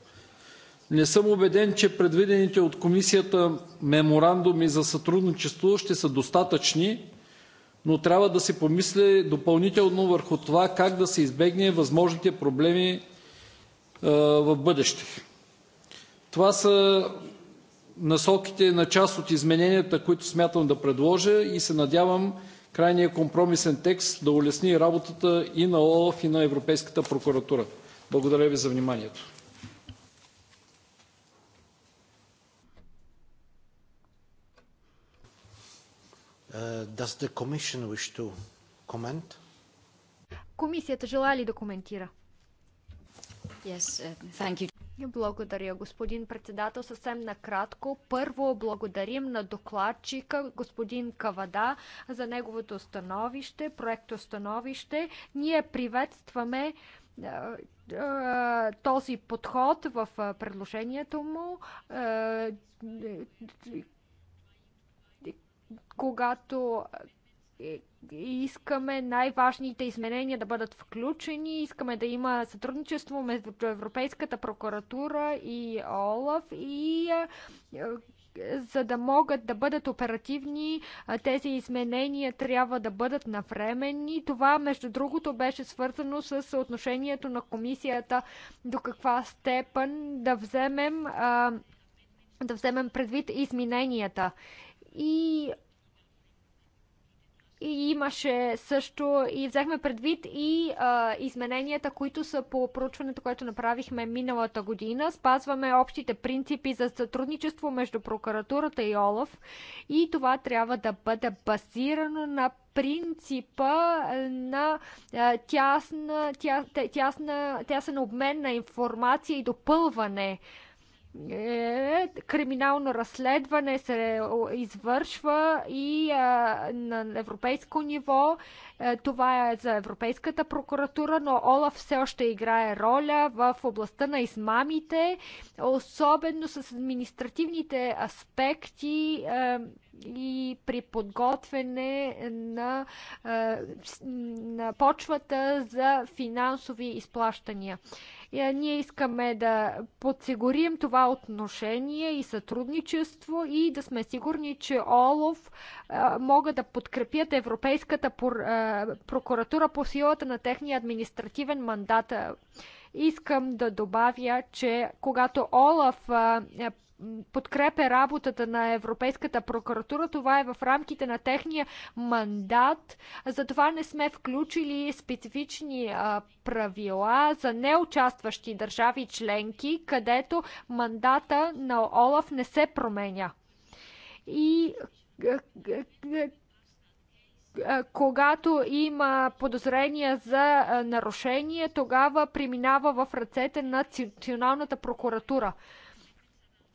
Не съм убеден, че предвидените от комисията меморандуми за сътрудничество ще са достатъчни, но трябва да се помисли допълнително върху това как да се избегне възможните проблеми е, в бъдеще. Това са насоките на част от измененията, които смятам да предложа и се надявам крайният компромисен текст да улесни работата и на ОЛАФ, и на Европейската прокуратура. Благодаря ви за вниманието. Uh, does the commission wish to comment? Комисията желая ли да коментира? Uh, Благодаря, господин председател. Съвсем накратко. Първо благодарим на докладчика, господин Кавада, за неговото становище, проекто становище. Ние приветстваме този подход в предложението му, когато е, искаме най-важните изменения да бъдат включени, искаме да има сътрудничество между Европейската прокуратура и ОЛАФ и е, е, за да могат да бъдат оперативни, тези изменения трябва да бъдат навременни. Това, между другото, беше свързано с отношението на комисията до каква степен да вземем, да вземем предвид измененията. И и имаше също и взехме предвид и а, измененията, които са по проучването, което направихме миналата година. Спазваме общите принципи за сътрудничество между прокуратурата и ОЛАФ и това трябва да бъде базирано на принципа на тясна, тя, тясна, тясен обмен на информация и допълване. Е, криминално разследване се извършва и на европейско ниво. Е, това е за Европейската прокуратура, но Олаф все още играе роля в областта на измамите, особено с административните аспекти е, и при подготвяне на, на почвата за финансови изплащания. Е, ние искаме да подсигурим това отношение и сътрудничество и да сме сигурни, че ОЛОВ е, могат да подкрепят Европейската е, прокуратура по силата на техния административен мандат. Искам да добавя, че когато Олаф подкрепя работата на Европейската прокуратура. Това е в рамките на техния мандат. Затова не сме включили специфични а, правила за неучастващи държави членки, където мандата на ОЛАФ не се променя. И когато има подозрения за нарушение, тогава преминава в ръцете на Националната прокуратура.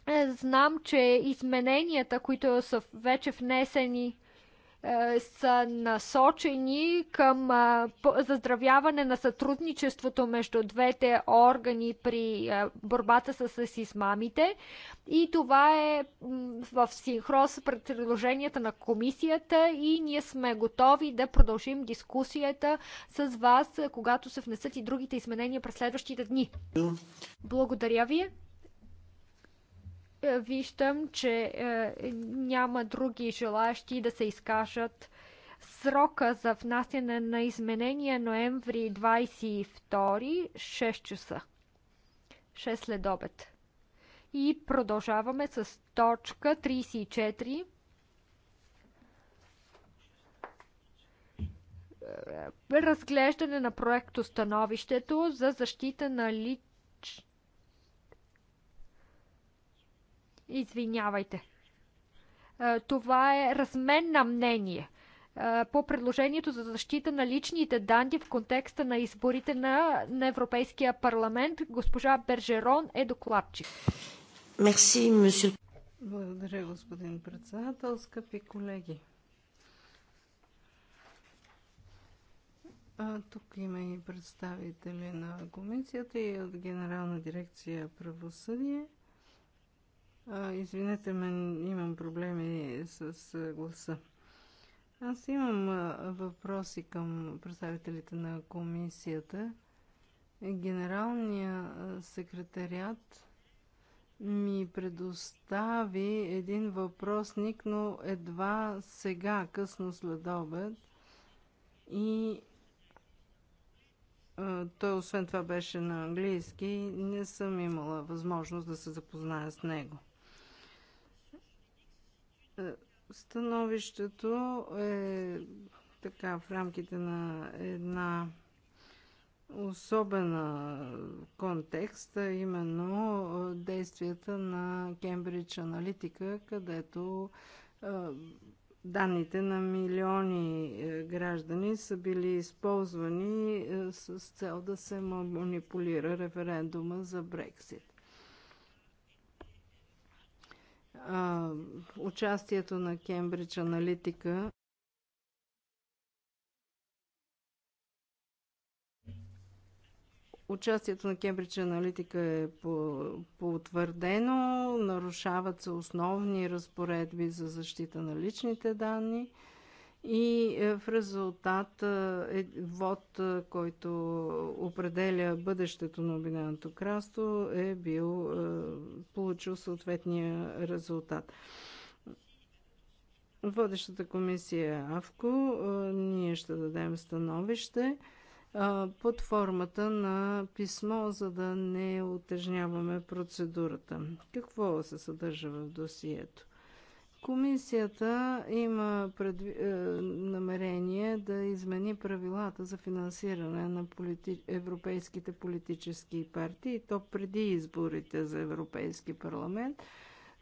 Е, знам, че измененията, които са вече внесени, е, са насочени към е, заздравяване на сътрудничеството между двете органи при борбата с, измамите. И това е в синхрон с предложенията на комисията и ние сме готови да продължим дискусията с вас, когато се внесат и другите изменения през следващите дни. Благодаря ви. Е, виждам, че е, няма други желащи да се изкажат. Срока за внасяне на изменения е ноември 22, 6 часа. 6 след обед. И продължаваме с точка 34. Разглеждане на проекто становището за защита на лич... Извинявайте. Това е размен на мнение по предложението за защита на личните данни в контекста на изборите на, на Европейския парламент. Госпожа Бержерон е докладчик. Мерси, месье. Благодаря, господин председател, скъпи колеги. А, тук има и представители на комисията и от Генерална дирекция правосъдие. Извинете мен, имам проблеми с гласа. Аз имам въпроси към представителите на комисията. Генералният секретариат ми предостави един въпросник, но едва сега, късно след обед. И той освен това беше на английски не съм имала възможност да се запозная с него. Е, становището е така в рамките на една особена контекст, именно е, действията на Кембридж Аналитика, където е, данните на милиони граждани са били използвани с цел да се манипулира референдума за Брексит. а, участието на Кембридж Аналитика Участието на Кембридж Аналитика е потвърдено, нарушават се основни разпоредби за защита на личните данни – и е, в резултат е, е вод, е, който определя бъдещето на Обединеното кралство, е бил получил съответния резултат. Водещата комисия АВКО ние ще дадем становище под формата на писмо, за да не отежняваме процедурата. Какво се съдържа в досието? Комисията има предви... Е, намерение да измени правилата за финансиране на полити... европейските политически партии, то преди изборите за Европейски парламент,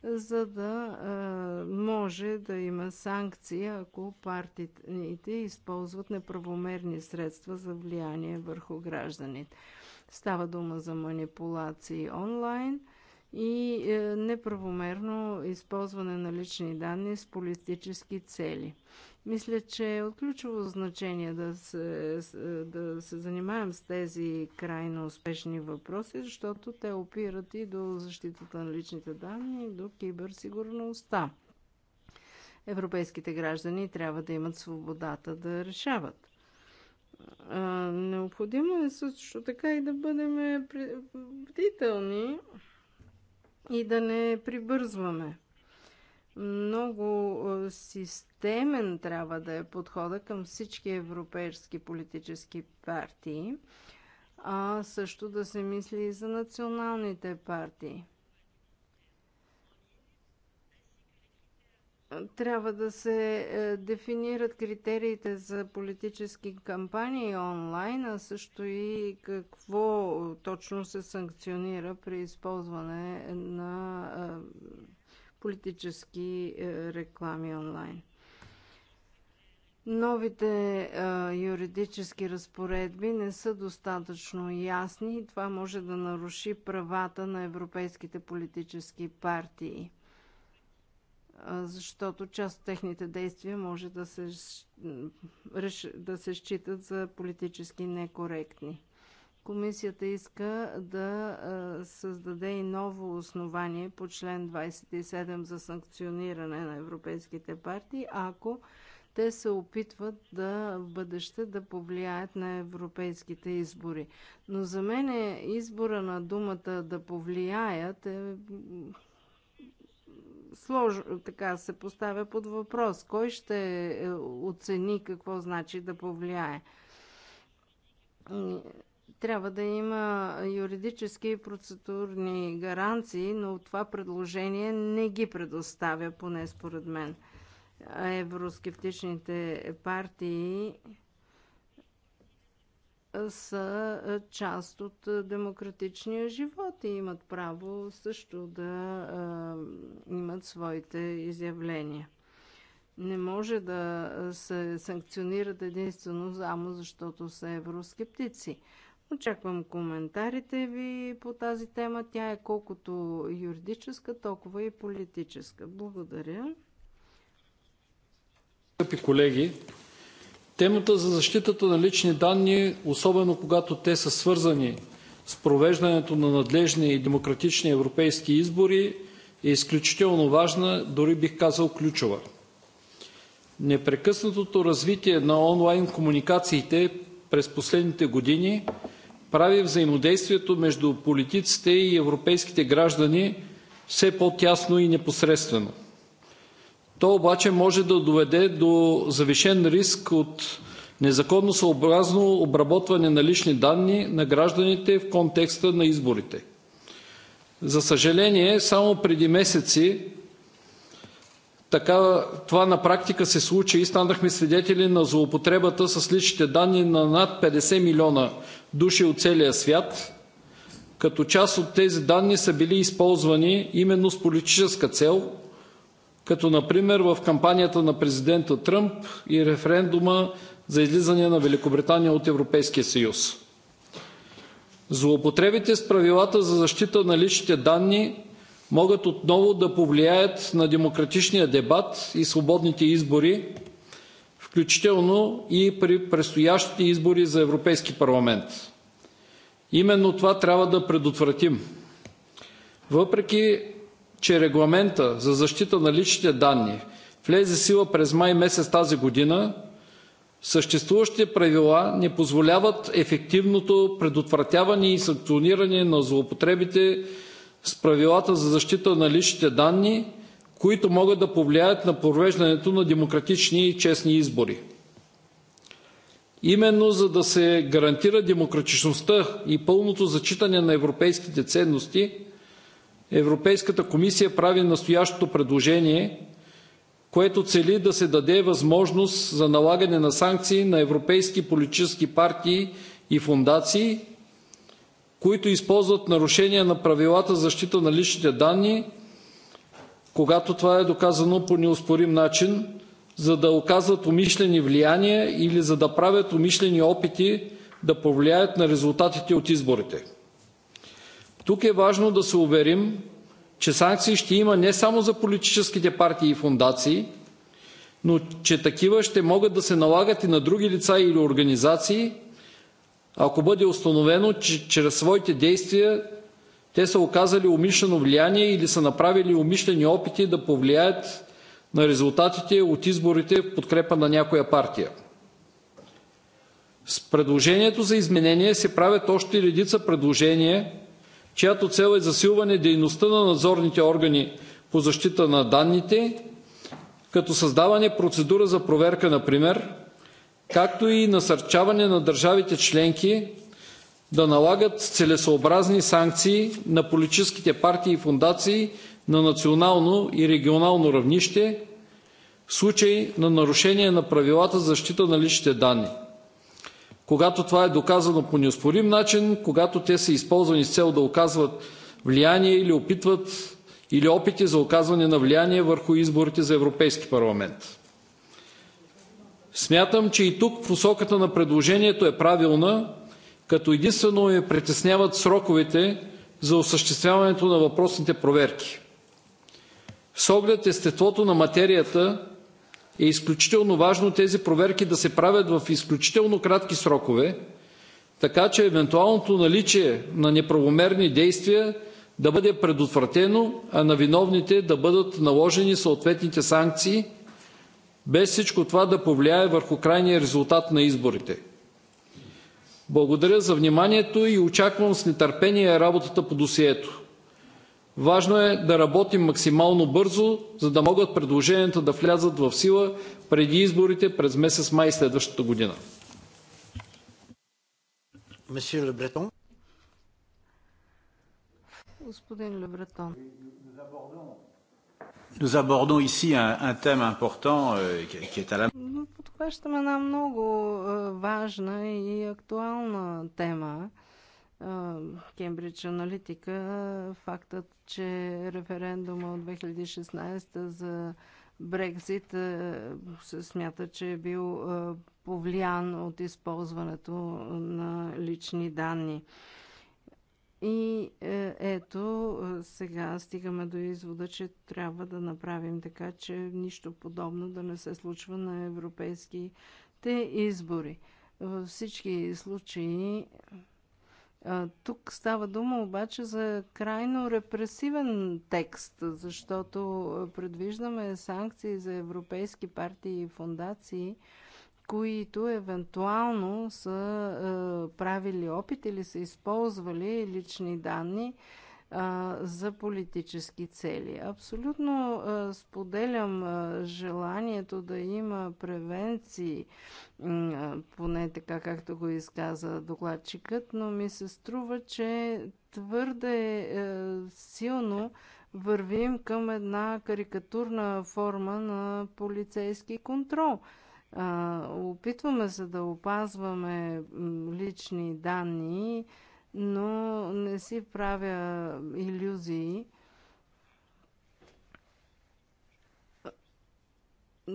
за да е, може да има санкции, ако партиите използват неправомерни средства за влияние върху гражданите. Става дума за манипулации онлайн – и е, неправомерно използване на лични данни с политически цели. Мисля, че е от ключово значение да се, е, да се занимаем с тези крайно успешни въпроси, защото те опират и до защитата на личните данни, и до киберсигурността. Европейските граждани трябва да имат свободата да решават. необходимо е също така и да бъдем бдителни и да не прибързваме. Много е, системен трябва да е подхода към всички европейски политически партии, а също да се мисли и за националните партии. трябва да се е, дефинират критериите за политически кампании онлайн, а също и какво точно се санкционира при използване на е, политически е, реклами онлайн. Новите а, юридически разпоредби не са достатъчно ясни и това може да наруши правата на европейските политически партии защото част от техните действия може да се, да се считат за политически некоректни. Комисията иска да създаде и ново основание по член 27 за санкциониране на европейските партии, ако те се опитват да в бъдеще да повлияят на европейските избори. Но за мен е избора на думата да повлияят е сложно, така се поставя под въпрос. Кой ще е, оцени какво значи да повлияе? Трябва да има юридически и процедурни гаранции, но това предложение не ги предоставя, поне според мен. Евроскептичните партии са е, част от е, демократичния живот и имат право също да е, имат своите изявления. Не може да се санкционират единствено само защото са евроскептици. Очаквам коментарите ви по тази тема. Тя е колкото юридическа, толкова и политическа. Благодаря. Скъпи колеги, Темата за защитата на лични данни, особено когато те са свързани с провеждането на надлежни и демократични европейски избори, е изключително важна, дори бих казал ключова. Непрекъснатото развитие на онлайн комуникациите през последните години прави взаимодействието между политиците и европейските граждани все по-тясно и непосредствено. То обаче може да доведе до завишен риск от незаконно съобразно обработване на лични данни на гражданите в контекста на изборите. За съжаление, само преди месеци така, това на практика се случи и станахме свидетели на злоупотребата с личните данни на над 50 милиона души от целия свят, като част от тези данни са били използвани именно с политическа цел като например в кампанията на президента Тръмп и референдума за излизане на Великобритания от Европейския съюз. Злоупотребите с правилата за защита на личните данни могат отново да повлияят на демократичния дебат и свободните избори, включително и при предстоящите избори за Европейски парламент. Именно това трябва да предотвратим. Въпреки че регламента за защита на личните данни влезе в сила през май месец тази година, съществуващите правила не позволяват ефективното предотвратяване и санкциониране на злоупотребите с правилата за защита на личните данни, които могат да повлияят на провеждането на демократични и честни избори. Именно за да се гарантира демократичността и пълното зачитане на европейските ценности, Европейската комисия прави настоящото предложение, което цели да се даде възможност за налагане на санкции на европейски политически партии и фундации, които използват нарушения на правилата за защита на личните данни, когато това е доказано по неоспорим начин, за да оказват умишлени влияния или за да правят умишлени опити да повлияят на резултатите от изборите. Тук е важно да се уверим, че санкции ще има не само за политическите партии и фондации, но че такива ще могат да се налагат и на други лица или организации, ако бъде установено, че чрез своите действия те са оказали умишлено влияние или са направили умишлени опити да повлияят на резултатите от изборите в подкрепа на някоя партия. С предложението за изменение се правят още редица предложения, чиято цел е засилване дейността на надзорните органи по защита на данните, като създаване процедура за проверка например, както и насърчаване на държавите членки да налагат целесообразни санкции на политическите партии и фундации на национално и регионално равнище в случай на нарушение на правилата за защита на личните данни когато това е доказано по неоспорим начин, когато те са използвани с цел да оказват влияние или опитват или опити за оказване на влияние върху изборите за Европейски парламент. Смятам, че и тук посоката на предложението е правилна, като единствено ме притесняват сроковете за осъществяването на въпросните проверки. С оглед естеството на материята е изключително важно тези проверки да се правят в изключително кратки срокове, така че евентуалното наличие на неправомерни действия да бъде предотвратено, а на виновните да бъдат наложени съответните санкции, без всичко това да повлияе върху крайния резултат на изборите. Благодаря за вниманието и очаквам с нетърпение работата по досието. Важно е да работим максимално бързо, за да могат предложенията да влязат в сила преди изборите през месец май следващата година. Господин Лебретон. Nous abordons ici un, un thème important euh, qui est à la... Подхващаме една много важна и актуална тема. Кембридж Аналитика, фактът, че референдума от 2016 за Брекзит е, се смята, че е бил е, повлиян от използването на лични данни. И е, ето, сега стигаме до извода, че трябва да направим така, че нищо подобно да не се случва на европейските избори. Във всички случаи тук става дума обаче за крайно репресивен текст, защото предвиждаме санкции за европейски партии и фундации, които евентуално са правили опит или са използвали лични данни за политически цели. Абсолютно споделям желанието да има превенции, поне така както го изказа докладчикът, но ми се струва, че твърде е, силно вървим към една карикатурна форма на полицейски контрол. Опитваме се да опазваме лични данни, но не си правя иллюзии.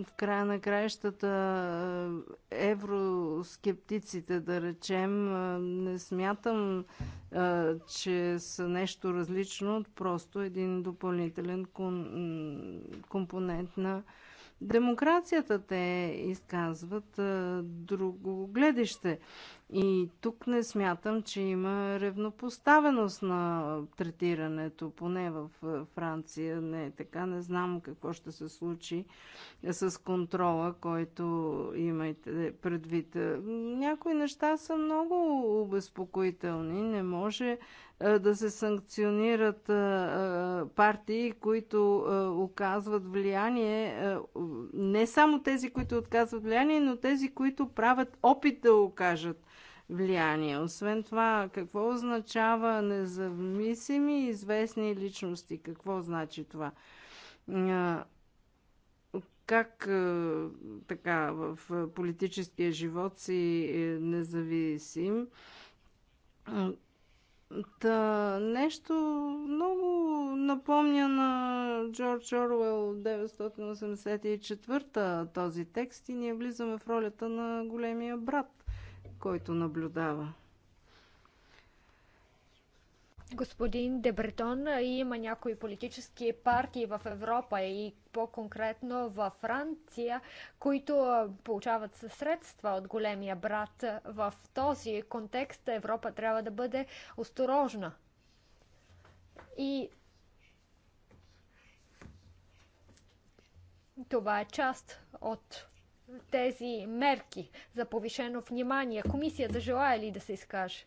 в края на краищата е, евроскептиците, да речем, не смятам, е, че са нещо различно от просто един допълнителен компонент на демокрацията. Те изказват е, друго гледище. И тук не смятам, че има ревнопоставеност на третирането, поне в е, Франция. Не е така. Не знам какво ще се случи е, с контрола, който имайте предвид. Е, някои неща са много обезпокоителни. Не може да се санкционират партии, които оказват влияние, не само тези, които отказват влияние, но тези, които правят опит да окажат влияние. Освен това, какво означава независими известни личности? Какво значи това? Как така в политическия живот си е независим? Та, нещо много напомня на Джордж Оруел 1984 този текст и ние влизаме в ролята на големия брат който наблюдава. Господин Дебретон, има някои политически партии в Европа и по-конкретно във Франция, които получават средства от големия брат. В този контекст Европа трябва да бъде осторожна. И това е част от тези мерки за повишено внимание. Комисията желая ли да се изкаже?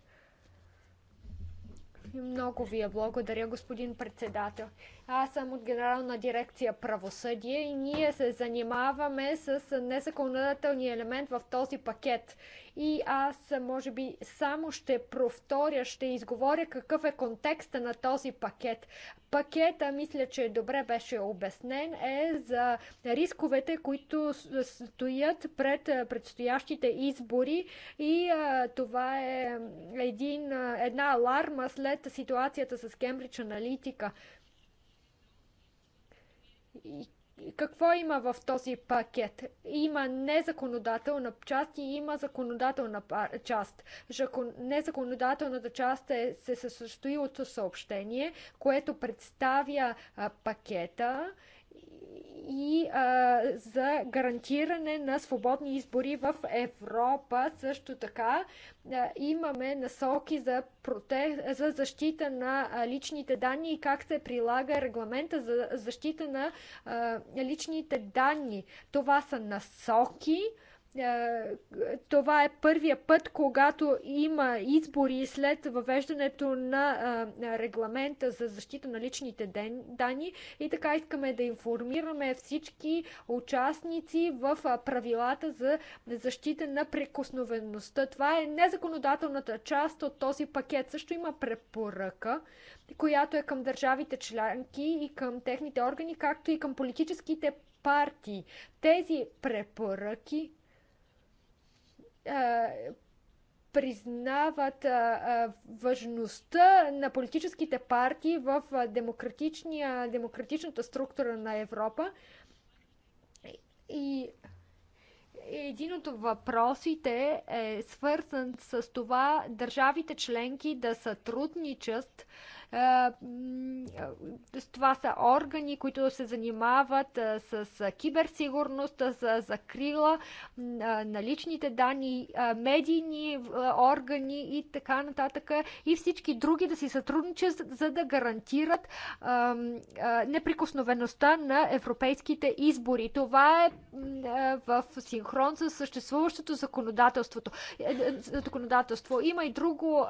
Много ви я благодаря, господин председател. Аз съм от Генерална дирекция правосъдие и ние се занимаваме с незаконодателния елемент в този пакет. И аз може би само ще повторя, ще изговоря какъв е контекста на този пакет. Пакета, мисля, че е добре беше обяснен, е за рисковете, които стоят пред предстоящите избори и а, това е един, една аларма след ситуацията с Кембридж Аналитика какво има в този пакет? Има незаконодателна част и има законодателна част. Незаконодателната част е, се състои от съобщение, което представя пакета и а, за гарантиране на свободни избори в Европа. Също така а, имаме насоки за, проте... за защита на личните данни и как се прилага регламента за защита на а, личните данни. Това са насоки. А, е, това е първия път, когато има избори след въвеждането на е, регламента за защита на личните данни и така искаме да информираме всички участници в е, правилата за защита на прекосновеността. Това е незаконодателната част от този пакет. Също има препоръка, която е към държавите членки и към техните органи, както и към политическите партии. Тези препоръки признават важността на политическите партии в демократичната структура на Европа. И един от въпросите е свързан с това държавите членки да сътрудничат това са органи, които се занимават с киберсигурност, с закрила на личните данни, медийни органи и така нататък. И всички други да си сътрудничат, за да гарантират неприкосновеността на европейските избори. Това е в синхрон с съществуващото законодателството. Е, е, законодателство. Има и друго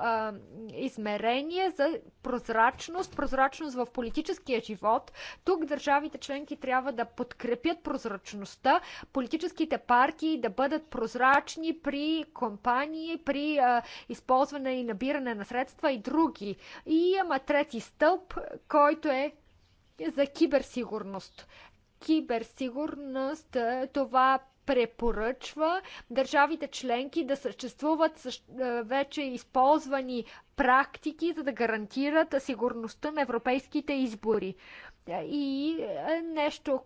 измерение за прозрачност прозрачност, прозрачност в политическия живот. Тук държавите членки трябва да подкрепят прозрачността, политическите партии да бъдат прозрачни при компании, при а, използване и набиране на средства и други. И има трети стълб, който е за киберсигурност киберсигурност, това препоръчва държавите членки да съществуват е, вече използвани практики, за да гарантират сигурността на европейските избори. Е, и е, нещо,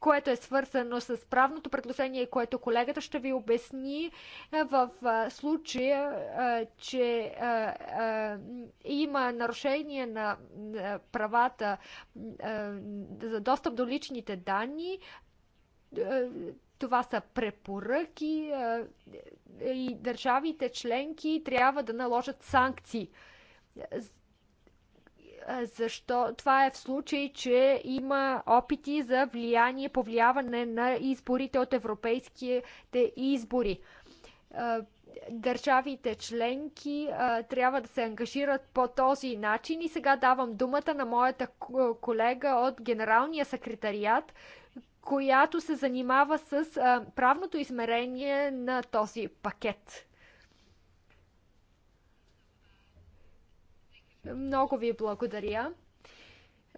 което е свързано с правното предложение, което колегата ще ви обясни в случая, че има нарушение на правата за достъп до личните данни, това са препоръки е, и държавите членки трябва да наложат санкции. Защо? Това е в случай, че има опити за влияние, повлияване на изборите от европейските избори държавите членки трябва да се ангажират по този начин. И сега давам думата на моята колега от Генералния секретариат, която се занимава с правното измерение на този пакет. Много ви благодаря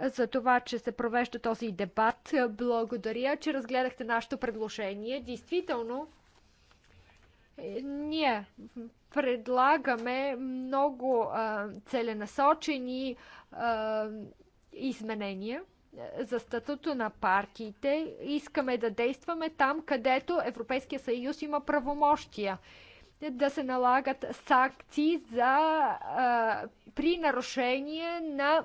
за това, че се провежда този дебат. Благодаря, че разгледахте нашето предложение. Действително, ние предлагаме много а, целенасочени а, изменения за статуто на партиите. Искаме да действаме там, където Европейския съюз има правомощия да се налагат санкции за, а, при нарушение на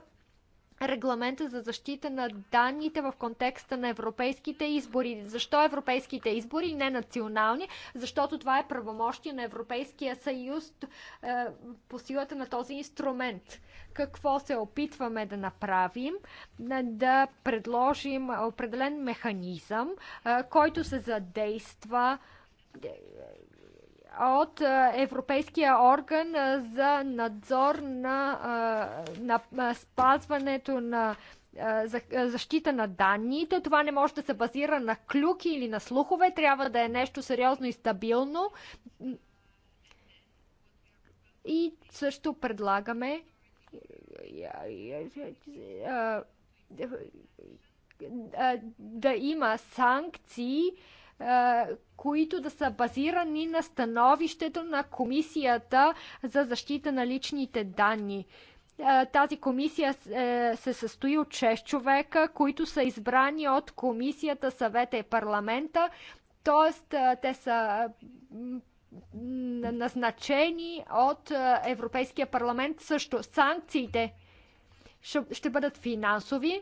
регламента за защита на данните в контекста на европейските избори. Защо европейските избори, не национални? Защото това е правомощие на Европейския съюз е, по силата на този инструмент. Какво се опитваме да направим? Да предложим определен механизъм, е, който се задейства е, от Европейския орган за надзор на, на спазването на защита на данните. Това не може да се базира на клюки или на слухове. Трябва да е нещо сериозно и стабилно. И също предлагаме да има санкции които да са базирани на становището на Комисията за защита на личните данни. Тази комисия е, се състои от 6 човека, които са избрани от Комисията, съвета и парламента. т.е. те са назначени от Европейския парламент също. Санкциите ще бъдат финансови,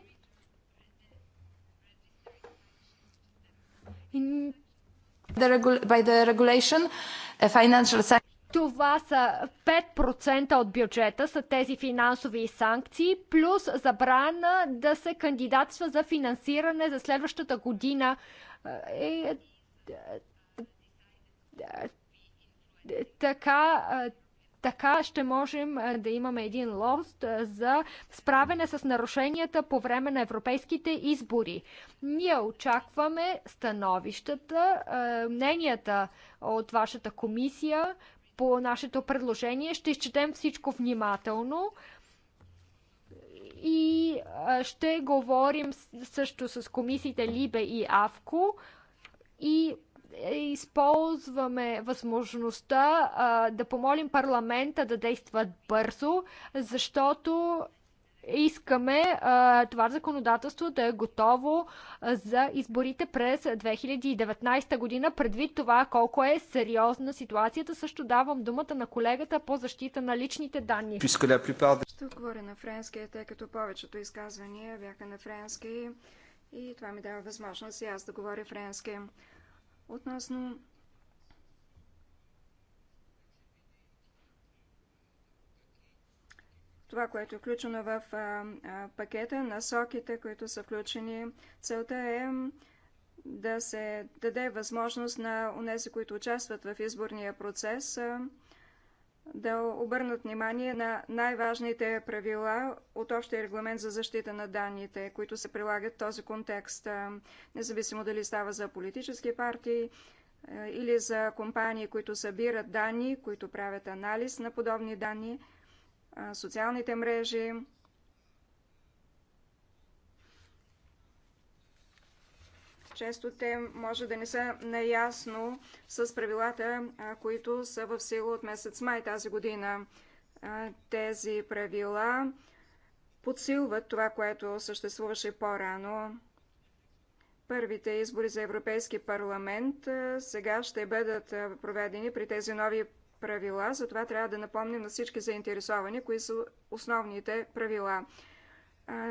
by the regulation, financial това са 5% от бюджета са тези финансови санкции, плюс забрана да се кандидатства за финансиране за следващата година. Така така ще можем да имаме един лост за справяне с нарушенията по време на европейските избори. Ние очакваме становищата, мненията от вашата комисия по нашето предложение. Ще изчетем всичко внимателно и ще говорим също с комисиите Либе и Авко и използваме възможността а, да помолим парламента да действат бързо, защото искаме а, това законодателство да е готово за изборите през 2019 година. Предвид това колко е сериозна ситуацията, също давам думата на колегата по защита на личните данни. Ще говоря на френски, тъй като повечето изказвания бяха на френски и това ми дава възможност и аз да говоря френски относно това, което е включено в пакета, насоките, които са включени. Целта е да се даде възможност на унези, които участват в изборния процес, да обърнат внимание на най-важните правила от общия регламент за защита на данните, които се прилагат в този контекст, независимо дали става за политически партии или за компании, които събират данни, които правят анализ на подобни данни, социалните мрежи, Често те може да не са наясно с правилата, които са в сила от месец май тази година. Тези правила подсилват това, което съществуваше по-рано. Първите избори за Европейски парламент сега ще бъдат проведени при тези нови правила, затова трябва да напомним на всички заинтересовани, кои са основните правила.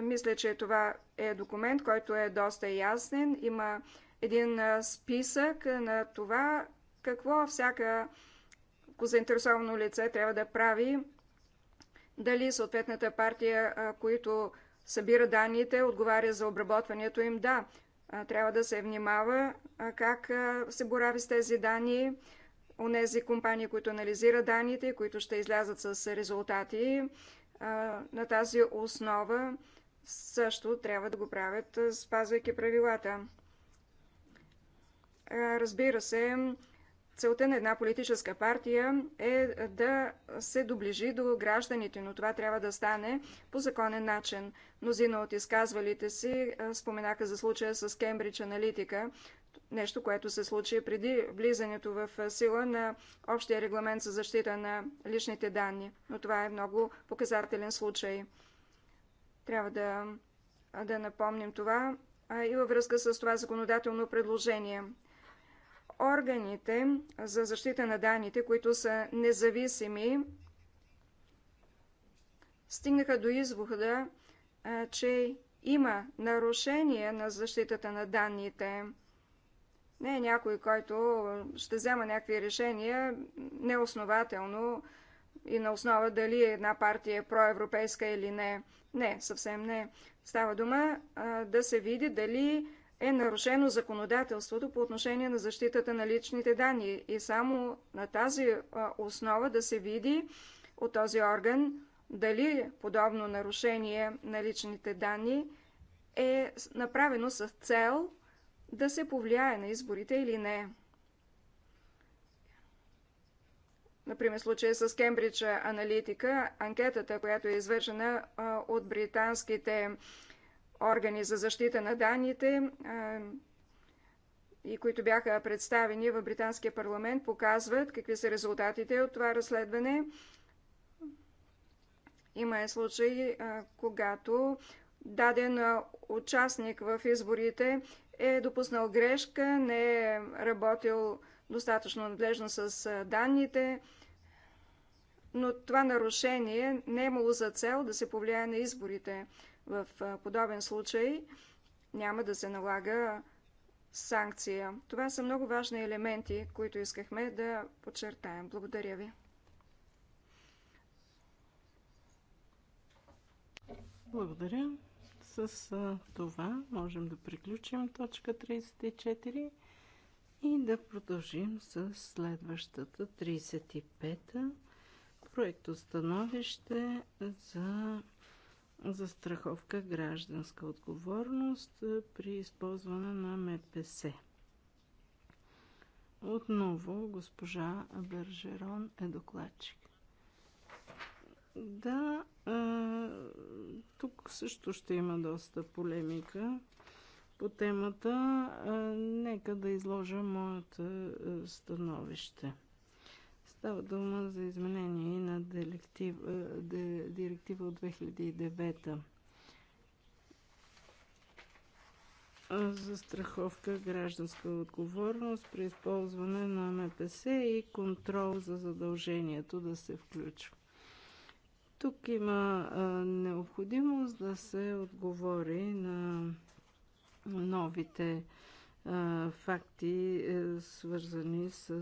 Мисля, че това е документ, който е доста ясен. Има един списък на това какво всяка заинтересовано лице трябва да прави, дали съответната партия, които събира данните, отговаря за обработването им. Да, трябва да се внимава как се борави с тези данни. Онези компании, които анализират данните, които ще излязат с резултати, на тази основа също трябва да го правят, спазвайки правилата. Разбира се, целта на една политическа партия е да се доближи до гражданите, но това трябва да стане по законен начин. Мнозина от изказвалите си споменаха за случая с Кембридж Аналитика нещо, което се случи преди влизането в сила на общия регламент за защита на личните данни. Но това е много показателен случай. Трябва да, да напомним това и във връзка с това законодателно предложение. Органите за защита на данните, които са независими, стигнаха до извода, че има нарушение на защитата на данните – не е някой, който ще взема някакви решения неоснователно и на основа дали една партия е проевропейска или не. Не, съвсем не. Става дума а, да се види дали е нарушено законодателството по отношение на защитата на личните данни и само на тази а, основа да се види от този орган дали подобно нарушение на личните данни е направено с цел да се повлияе на изборите или не. Например, случай с Кембридж Аналитика, анкетата, която е извършена от британските органи за защита на данните и които бяха представени в британския парламент, показват какви са резултатите от това разследване. Има е случаи, когато даден участник в изборите е допуснал грешка, не е работил достатъчно надлежно с данните, но това нарушение не е имало за цел да се повлияе на изборите. В подобен случай няма да се налага санкция. Това са много важни елементи, които искахме да подчертаем. Благодаря ви. Благодаря. С това можем да приключим точка 34 и да продължим с следващата 35-та проектостановище за застраховка гражданска отговорност при използване на МПС. Отново госпожа Бержерон е докладчик. Да, тук също ще има доста полемика по темата. Нека да изложа моята е, становище. Става дума за изменение на директива, е, директива от 2009 за страховка, гражданска отговорност при използване на МПС и контрол за задължението да се включва. Тук има необходимост да се отговори на новите факти, е, свързани с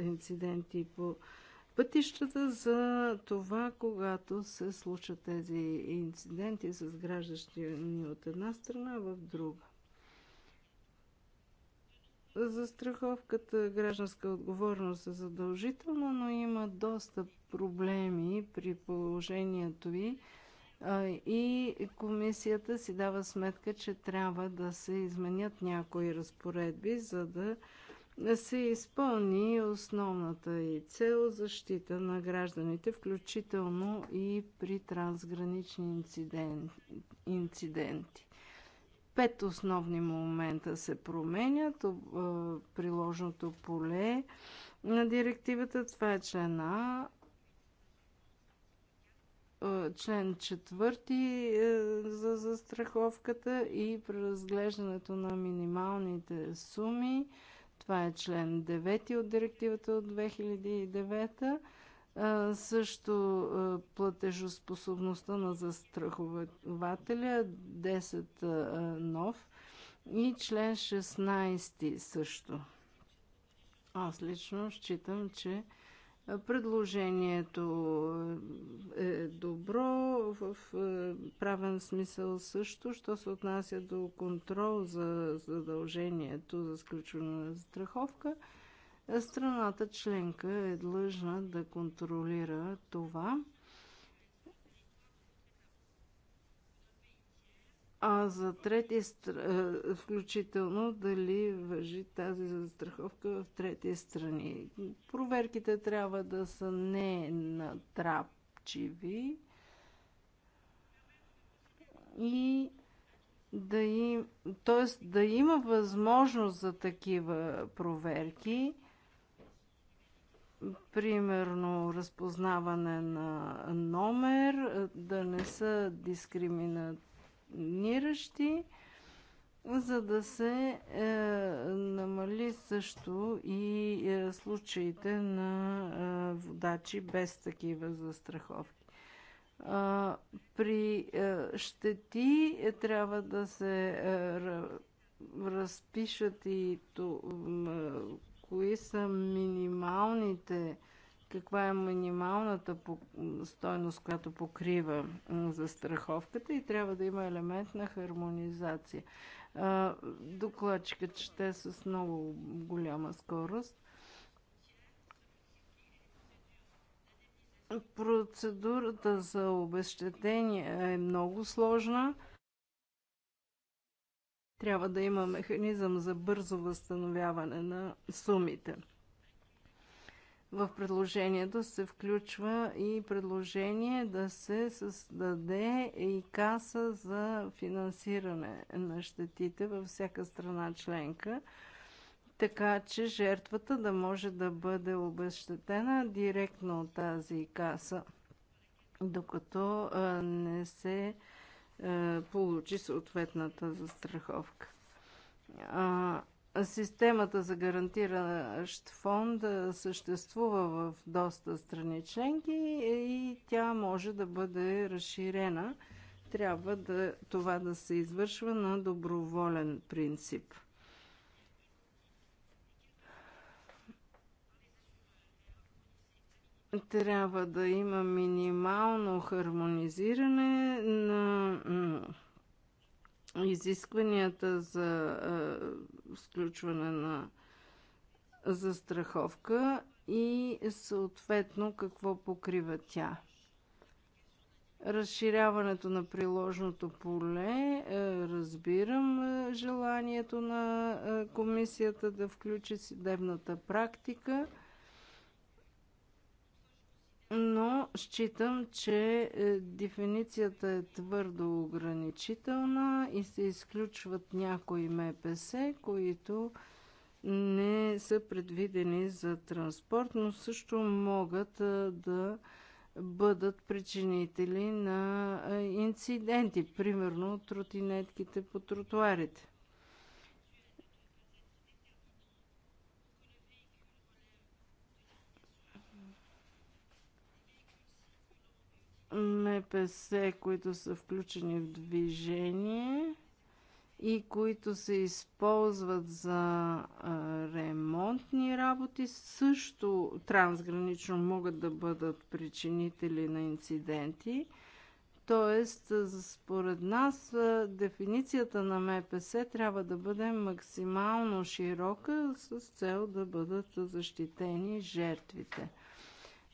инциденти по пътищата за това, когато се случат тези инциденти с граждани от една страна в друга. Застраховката гражданска отговорност е задължителна, но има доста проблеми при положението ви и комисията си дава сметка, че трябва да се изменят някои разпоредби, за да се изпълни основната и цел защита на гражданите, включително и при трансгранични инциденти. Пет основни момента се променят. Приложното поле на директивата, това е член А, член 4 е, за застраховката и преразглеждането на минималните суми. Това е член 9 от директивата от 2009 също платежоспособността на застрахователя 10 е нов и член 16 също. Аз лично считам, че предложението е добро в правен смисъл също, що се отнася до контрол за задължението за сключване на страховка – страната членка е длъжна да контролира това. А за трети, е, включително дали въжи тази застраховка в трети страни. Проверките трябва да са не натрапчиви и да им, т.е. да има възможност за такива проверки примерно разпознаване на номер, да не са дискриминиращи, за да се е, намали също и е, случаите на е, водачи без такива застраховки. при е, щети трябва да се е, разпишат и кои са минималните, каква е минималната стойност, която покрива за страховката и трябва да има елемент на хармонизация. Докладчикът е с много голяма скорост. Процедурата за обещетение е много сложна. Трябва да има механизъм за бързо възстановяване на сумите. В предложението се включва и предложение да се създаде и каса за финансиране на щетите във всяка страна членка, така че жертвата да може да бъде обещетена директно от тази каса, докато не се е, получи съответната застраховка. Системата за гарантиращ фонд е, съществува в доста страни членки и тя може да бъде разширена. Трябва да, това да се извършва на доброволен принцип. Трябва да има минимално хармонизиране на изискванията за сключване на застраховка и съответно какво покрива тя. Разширяването на приложното поле, разбирам желанието на комисията да включи съдебната практика – но считам, че е, дефиницията е твърдо ограничителна и се изключват някои МПС, които не са предвидени за транспорт, но също могат е, да бъдат причинители на е, инциденти, примерно тротинетките по тротуарите. МПС, които са включени в движение и които се използват за ремонтни работи, също трансгранично могат да бъдат причинители на инциденти. Тоест, според нас, дефиницията на МПС трябва да бъде максимално широка с цел да бъдат защитени жертвите.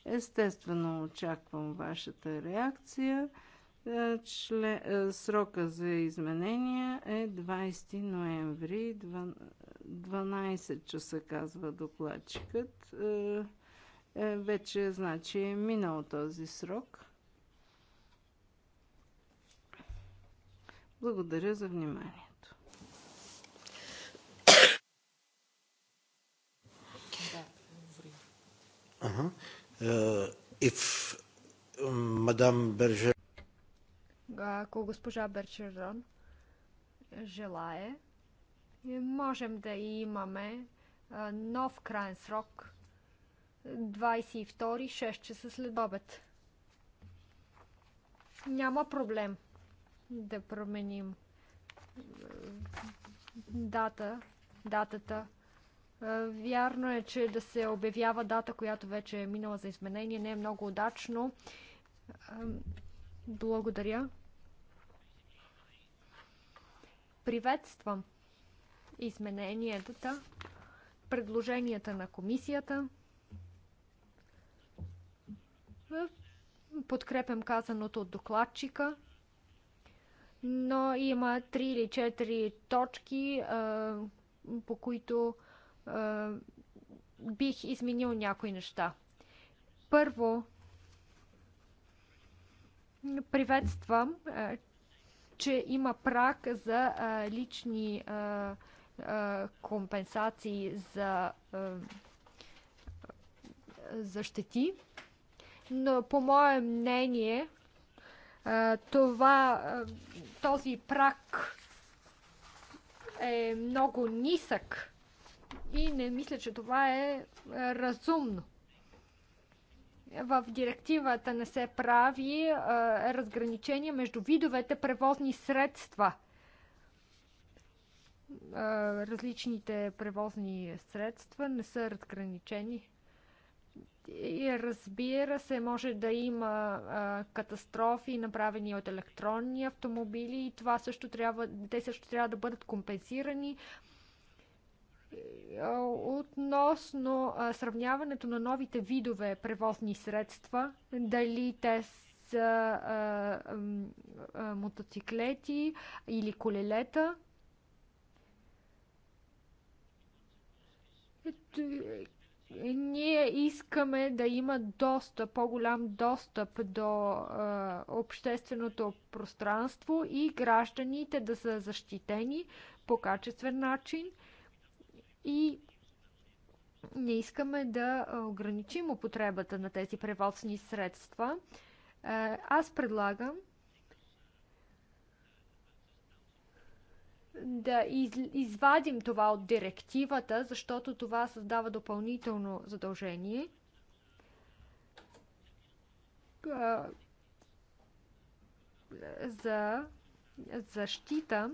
Естествено очаквам вашата реакция. Е, чле... Е, срока за изменения е 20 ноември, 12 часа, казва докладчикът. Е, вече, значи, е минал този срок. Благодаря за вниманието. Ага. Uh -huh. Uh, if um, Madame Berger... Ако госпожа Берчерон желае, можем да имаме нов крайен срок 22 6 часа след обед. Няма проблем да променим дата, датата е, вярно е, че да се обявява дата, която вече е минала за изменение, не е много удачно. Е, благодаря. Приветствам измененията, предложенията на комисията. Е, подкрепям казаното от докладчика но има три или четири точки, по които бих изменил някои неща. Първо, приветствам, че има прак за лични компенсации за защити. Но по мое мнение, това, този прак е много нисък и не мисля, че това е, е разумно. В директивата не се прави е, разграничение между видовете превозни средства. Е, различните превозни средства не са разграничени. И разбира се, може да има а, катастрофи, направени от електронни автомобили и това също трябва, те също трябва да бъдат компенсирани. Е, относно сравняването на новите видове превозни средства, дали те са мотоциклети или колелета. Е, ние искаме да има доста, по-голям достъп до е, общественото пространство и гражданите да са защитени по качествен начин и не искаме да ограничим употребата на тези превозни средства. Аз предлагам да из, извадим това от директивата, защото това създава допълнително задължение. За защита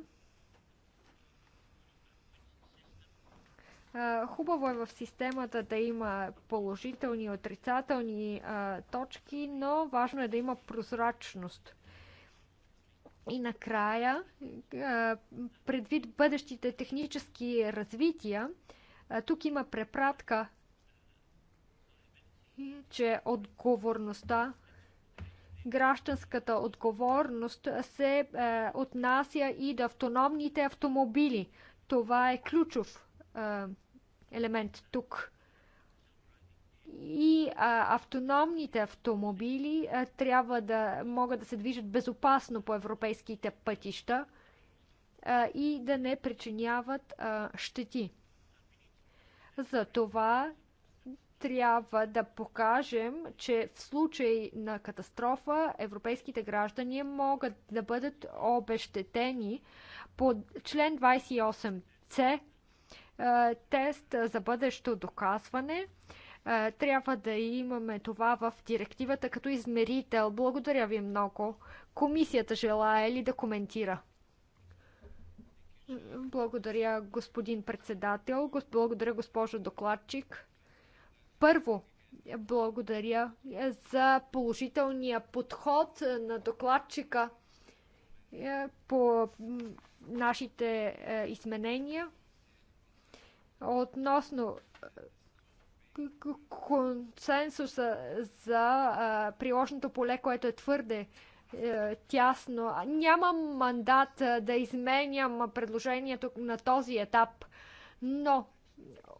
Хубаво е в системата да има положителни и отрицателни точки, но важно е да има прозрачност. И накрая, предвид бъдещите технически развития, тук има препратка, че отговорността, гражданската отговорност се отнася и до автономните автомобили. Това е ключов елемент тук. И а, автономните автомобили а, трябва да могат да се движат безопасно по европейските пътища а, и да не причиняват а, щети. За това трябва да покажем, че в случай на катастрофа европейските граждани могат да бъдат обещетени по член 28c тест за бъдещо доказване. Трябва да имаме това в директивата като измерител. Благодаря ви много. Комисията желая ли да коментира? Благодаря, господин председател. Благодаря, госпожо докладчик. Първо, благодаря за положителния подход на докладчика е, по нашите е, изменения относно е, консенсуса за а, е, приложното поле, което е твърде е, а, тясно. Нямам мандат а, да изменям предложението на този етап, но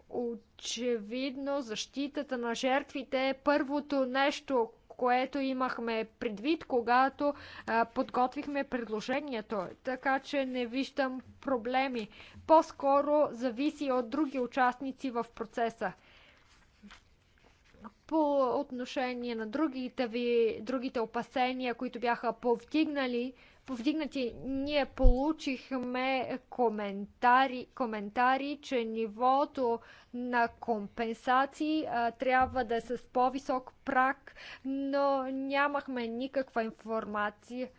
очевидно защитата на жертвите е първото нещо, което имахме предвид, когато подготвихме предложението. Така че не виждам проблеми. По-скоро зависи от други участници в процеса по отношение на другите ви, другите опасения, които бяха повдигнали, повдигнати. Ние получихме коментари, коментари че нивото на компенсации а, трябва да е с по-висок прак, но нямахме никаква информация.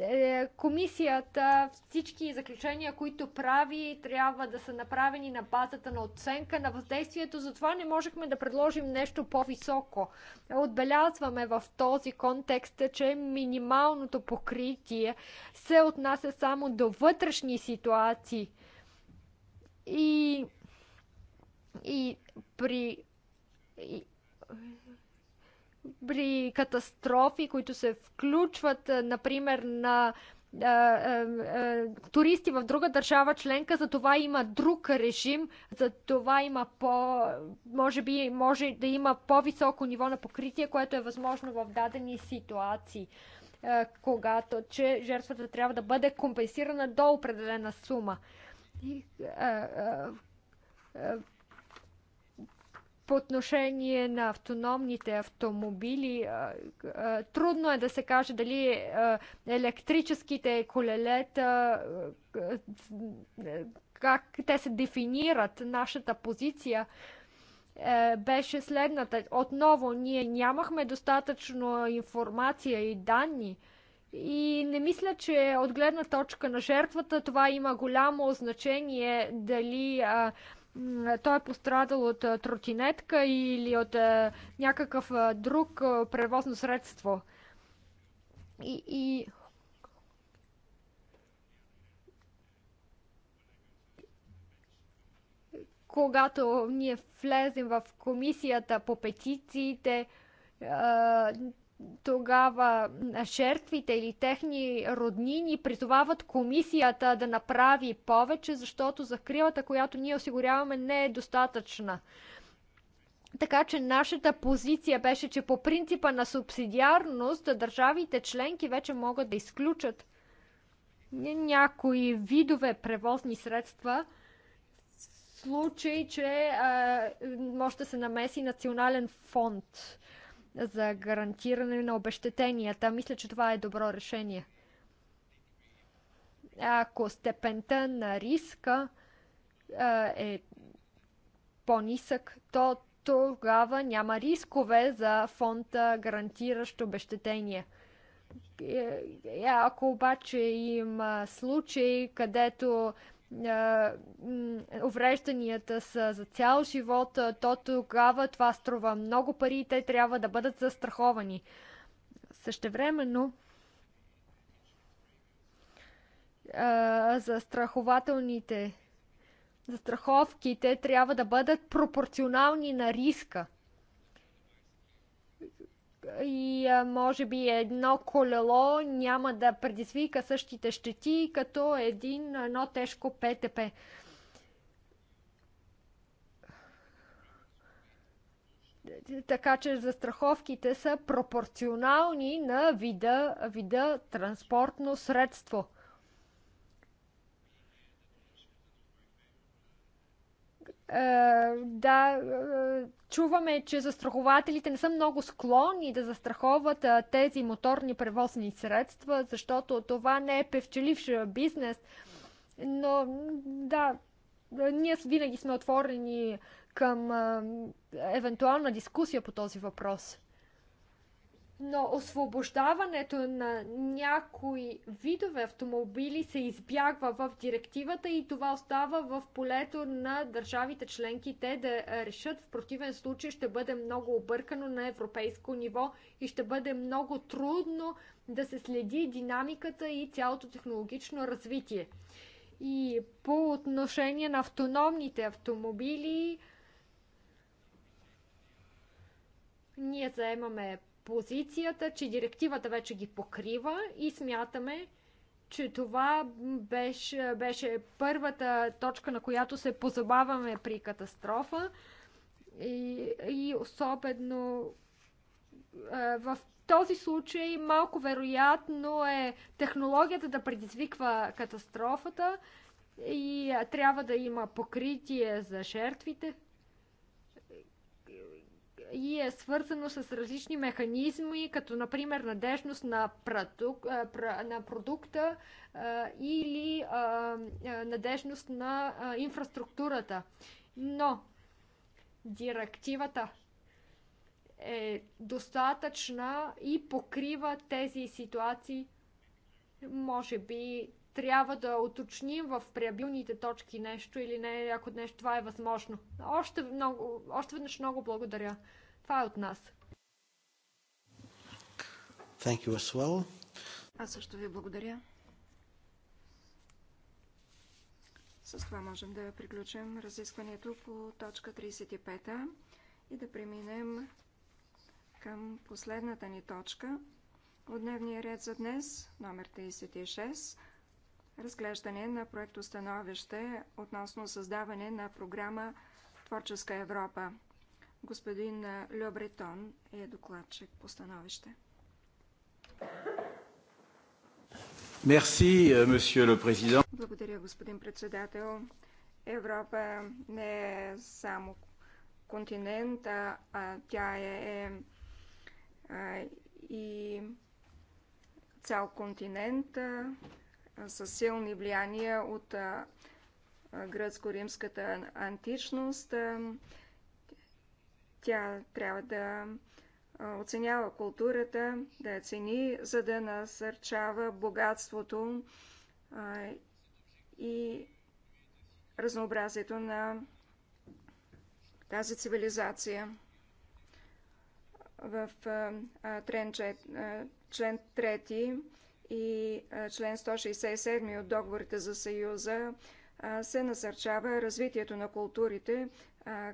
Е, комисията, всички заключения, които прави, трябва да са направени на базата на оценка на въздействието. Затова не можехме да предложим нещо по-високо. Отбелязваме в този контекст, че минималното покритие се отнася само до вътрешни ситуации. И, и при. И, при катастрофи, които се включват, е, например, на е, е, туристи в друга държава членка, за това има друг режим, за това има по... може би може да има по-високо ниво на покритие, което е възможно в дадени ситуации когато, че жертвата трябва да бъде компенсирана до определена сума. И, а, а, по отношение на автономните автомобили, трудно е да се каже дали електрическите колелета, как те се дефинират. Нашата позиция е, беше следната. Отново, ние нямахме достатъчно информация и данни. И не мисля, че от гледна точка на жертвата това има голямо значение дали а, е, той е пострадал от е, тротинетка или от е, някакъв друг превозно средство. И, и когато ние влезем в комисията по петициите, тогава жертвите или техни роднини призовават комисията да направи повече, защото закрилата, която ние осигуряваме, не е достатъчна. Така че нашата позиция беше, че по принципа на субсидиарност държавите членки вече могат да изключат някои видове превозни средства, в случай, че а, може да се намеси национален фонд за гарантиране на обещетенията. Мисля, че това е добро решение. Ако степента на риска е по-нисък, то тогава няма рискове за фонда, гарантиращ обещетение. Е, ако обаче има случаи, където уврежданията са за цял живот, то тогава това струва много пари и те трябва да бъдат застраховани. Същевременно, застрахователните застраховките трябва да бъдат пропорционални на риска и а, може би едно колело няма да предизвика същите щети, като един, едно тежко ПТП. Така че застраховките са пропорционални на вида, вида транспортно средство – Е, да е, чуваме, че застрахователите не са много склонни да застраховат е, тези моторни превозни средства, защото това не е певчеливш бизнес. Но да, ние винаги сме отворени към евентуална дискусия по този въпрос но освобождаването на някои видове автомобили се избягва в директивата и това остава в полето на държавите членки те да решат. В противен случай ще бъде много объркано на европейско ниво и ще бъде много трудно да се следи динамиката и цялото технологично развитие. И по отношение на автономните автомобили, ние заемаме позицията, че директивата вече ги покрива и смятаме, че това беше, беше първата точка, на която се позабаваме при катастрофа и, и особено в този случай малко вероятно е технологията да предизвиква катастрофата и трябва да има покритие за жертвите и е свързано с различни механизми, като например надежност на, продук, на продукта или надежност на инфраструктурата. Но директивата е достатъчна и покрива тези ситуации. Може би трябва да уточним в приабилните точки нещо или не, ако нещо това е възможно. Още, много, още веднъж много благодаря. Това е от нас. Thank you as well. Аз също ви благодаря. С това можем да приключим разискването по точка 35 и да преминем към последната ни точка от дневния ред за днес, номер 36, разглеждане на проекто становище относно създаване на програма Творческа Европа. Господин Ле Бретон е докладчик по становище. Euh, Благодаря, господин председател. Европа не е само континент, а, тя е, е и цял континент с силни влияния от гръцко-римската античност. Тя трябва да оценява културата, да я цени, за да насърчава богатството и разнообразието на тази цивилизация. В член 3 и член 167 от договорите за Съюза се насърчава развитието на културите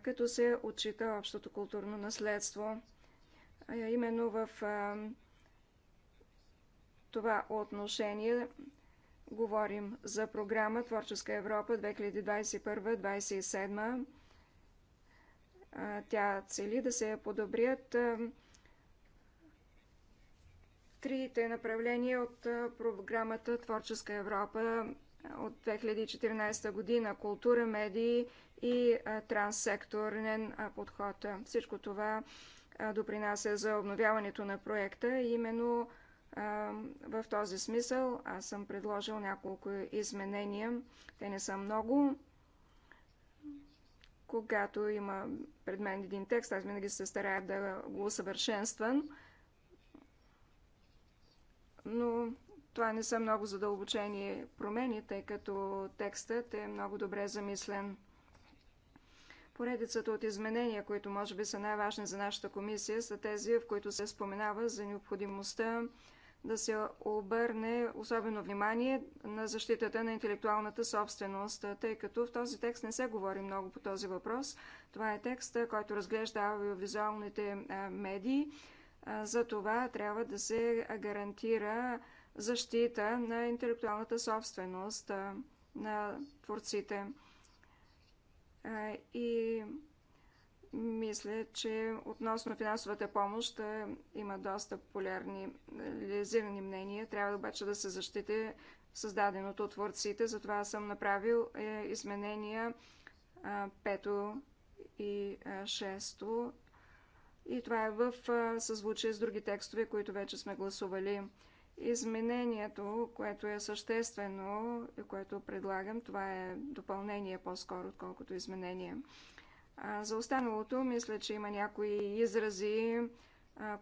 като се отчита общото културно наследство. Именно в това отношение говорим за програма Творческа Европа 2021-2027. Тя цели да се подобрят трите направления от програмата Творческа Европа от 2014 година, култура, медии и транссекторен подход. Всичко това допринася за обновяването на проекта именно в този смисъл аз съм предложил няколко изменения. Те не са много. Когато има пред мен един текст, аз винаги се старая да го усъвършенствам. Но това не са много задълбочени промени, тъй като текстът е много добре замислен. Поредицата от изменения, които може би са най-важни за нашата комисия, са тези, в които се споменава за необходимостта да се обърне особено внимание на защитата на интелектуалната собственост, тъй като в този текст не се говори много по този въпрос. Това е текст, който разглежда визуалните медии. За това трябва да се гарантира защита на интелектуалната собственост на творците. И мисля, че относно финансовата помощ има доста популярни реализирани мнения. Трябва обаче да се защити създаденото от творците. Затова съм направил е, изменения 5 и шесто. И това е в съзвучие с други текстове, които вече сме гласували. Изменението, което е съществено и което предлагам, това е допълнение по-скоро, отколкото изменение. А за останалото, мисля, че има някои изрази,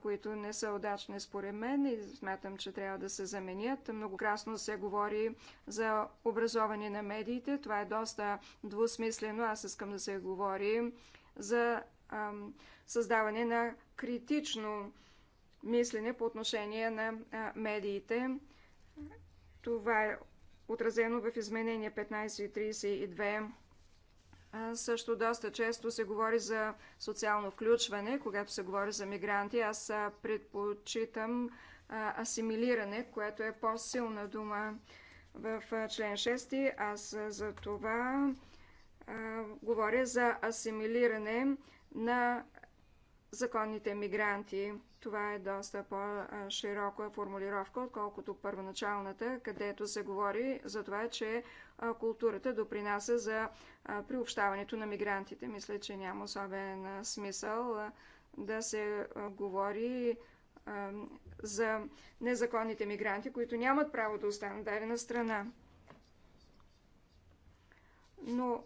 които не са удачни според мен и смятам, че трябва да се заменят. Многократно се говори за образование на медиите. Това е доста двусмислено. Аз искам да се говори за а, създаване на критично мислене по отношение на медиите. Това е отразено в изменение 1532. Също доста често се говори за социално включване, когато се говори за мигранти. Аз предпочитам асимилиране, което е по-силна дума в член 6. Аз за това говоря за асимилиране на законните мигранти. Това е доста по-широка формулировка, отколкото първоначалната, където се говори за това, че културата допринася за приобщаването на мигрантите. Мисля, че няма особен смисъл да се говори за незаконните мигранти, които нямат право да останат дадена страна но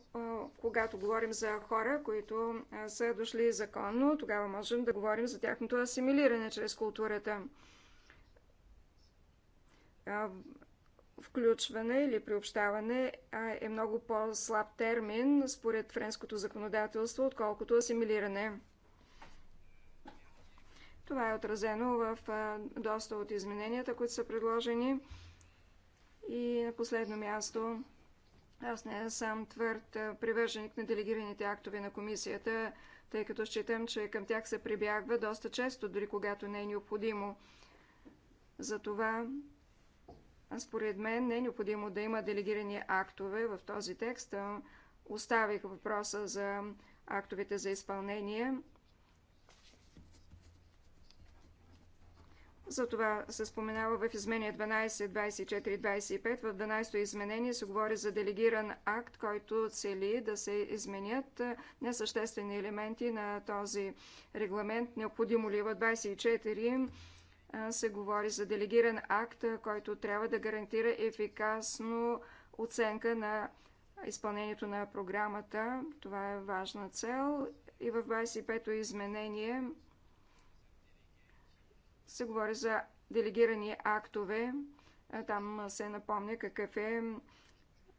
когато говорим за хора, които са дошли законно, тогава можем да говорим за тяхното асимилиране чрез културата. Включване или приобщаване е много по-слаб термин според френското законодателство, отколкото асимилиране. Това е отразено в доста от измененията, които са предложени. И на последно място аз не съм твърд привърженик на делегираните актове на комисията, тъй като считам, че към тях се прибягва доста често, дори когато не е необходимо. Затова, според мен, не е необходимо да има делегирани актове в този текст. Оставих въпроса за актовете за изпълнение. За това се споменава в изменение 12, 24, 25. В 12-то изменение се говори за делегиран акт, който цели да се изменят е, несъществени елементи на този регламент. Необходимо ли е в 24 е, се говори за делегиран акт, който трябва да гарантира ефикасно оценка на изпълнението на програмата. Това е важна цел. И в 25-то изменение се говори за делегирани актове. Е, там се напомня какъв е,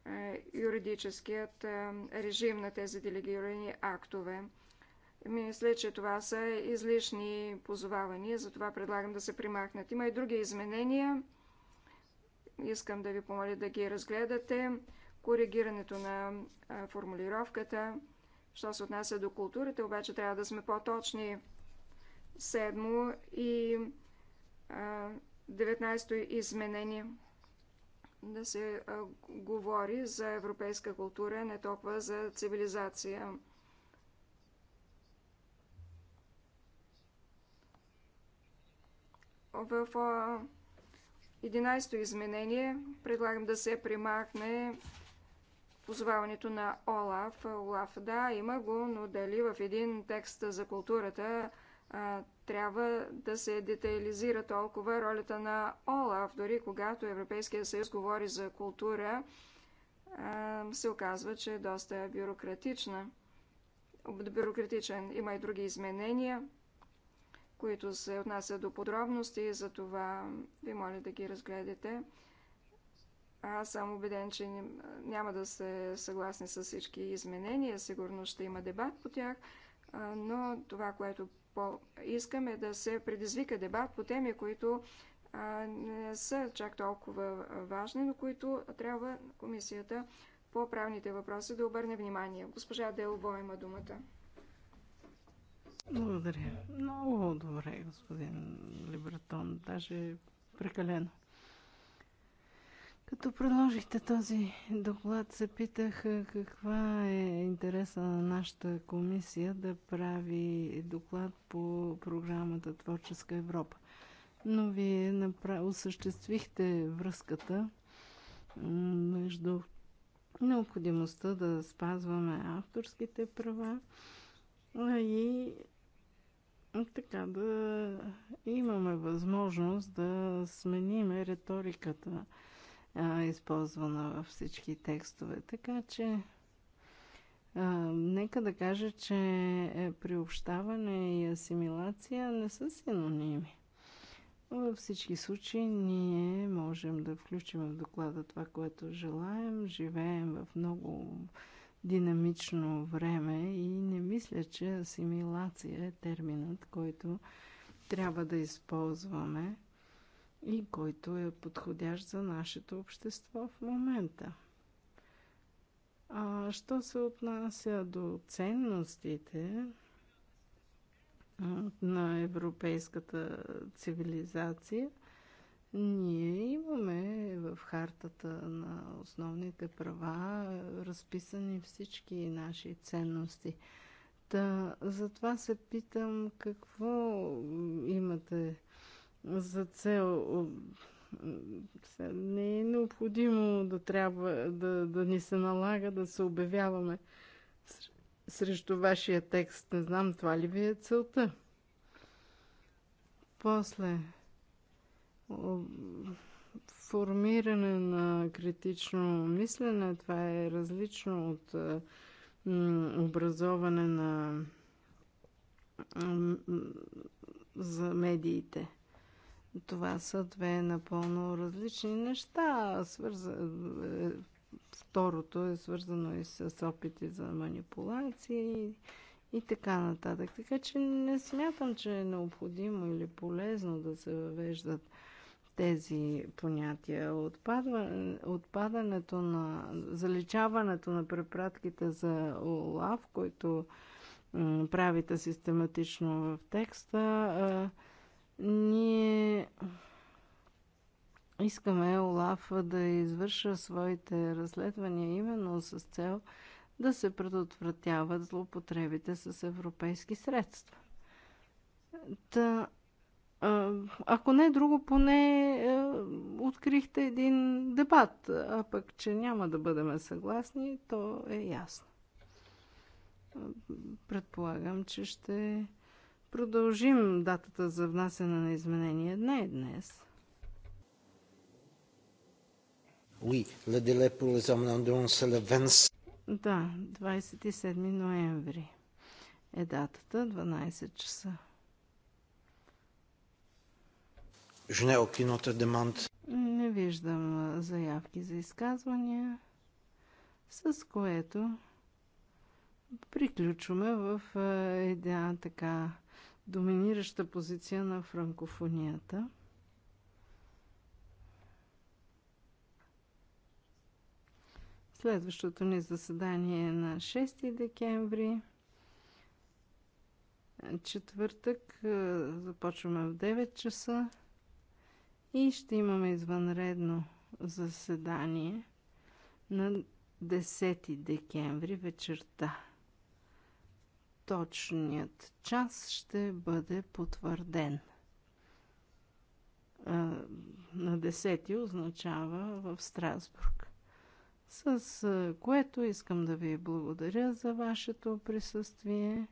е юридическият е, режим на тези делегирани актове. Мисля, че това са излишни позовавания, затова предлагам да се примахнат. Има и други изменения. Искам да ви помоля да ги разгледате. Коригирането на формулировката. Що се отнася до културата, обаче трябва да сме по-точни 7 и 19 изменение да се говори за европейска култура, не толкова за цивилизация. В 11-то изменение предлагам да се примахне позоваването на Олаф. Олаф, да, има го, но дали в един текст за културата трябва да се детайлизира толкова ролята на ОЛАФ. Дори когато Европейския съюз говори за култура, се оказва, че е доста бюрократична. Бюрократичен. Има и други изменения, които се отнасят до подробности, и за това ви моля да ги разгледате. Аз съм убеден, че няма да се съгласни с всички изменения. Сигурно ще има дебат по тях, но това, което по... искаме да се предизвика дебат по теми, които не са чак толкова важни, но които трябва комисията по правните въпроси да обърне внимание. Госпожа Делбо има думата. Благодаря. Много добре, господин Либертон. Даже прекалено. Като предложихте този доклад, се питах каква е интереса на нашата комисия да прави доклад по програмата Творческа Европа. Но вие направ... осъществихте връзката между необходимостта да спазваме авторските права и така да имаме възможност да смениме риториката а, използвана във всички текстове. Така че нека да кажа, че е, приобщаване и асимилация не са синоними. Във всички случаи ние можем да включим в доклада това, което желаем. Живеем в много динамично време и не мисля, че асимилация е терминът, който трябва да използваме и който е подходящ за нашето общество в момента. А що се отнася до ценностите на европейската цивилизация, ние имаме в хартата на основните права разписани всички наши ценности. Та, затова се питам какво имате за цел не е необходимо да трябва да, да ни се налага да се обявяваме срещу вашия текст. Не знам, това ли ви е целта? После формиране на критично мислене, това е различно от образоване на за медиите. Това са две напълно различни неща. Свърза... Е, второто е свързано и с опити за манипулации и така нататък. Така че не смятам, че е необходимо или полезно да се въвеждат тези понятия. Отпадва... отпадането на заличаването на препратките за ОЛАВ, които правите систематично в текста, ние искаме Олаф да извърша своите разследвания именно с цел да се предотвратяват злоупотребите с европейски средства. Та, ако не друго, поне е, открихте един дебат, а пък, че няма да бъдем съгласни, то е ясно. Предполагам, че ще продължим датата за внасяне на изменения. Не е днес. Oui, le délai pour les amendements, c'est le Да, 27 ноември е датата, 12 часа. Je n'ai aucune autre Не виждам заявки за изказвания, с което приключваме в една така доминираща позиция на франкофонията. Следващото ни заседание е на 6 декември. Четвъртък започваме в 9 часа и ще имаме извънредно заседание на 10 декември вечерта точният час ще бъде потвърден. На 10 означава в Страсбург. С което искам да ви благодаря за вашето присъствие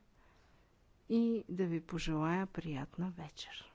и да ви пожелая приятна вечер.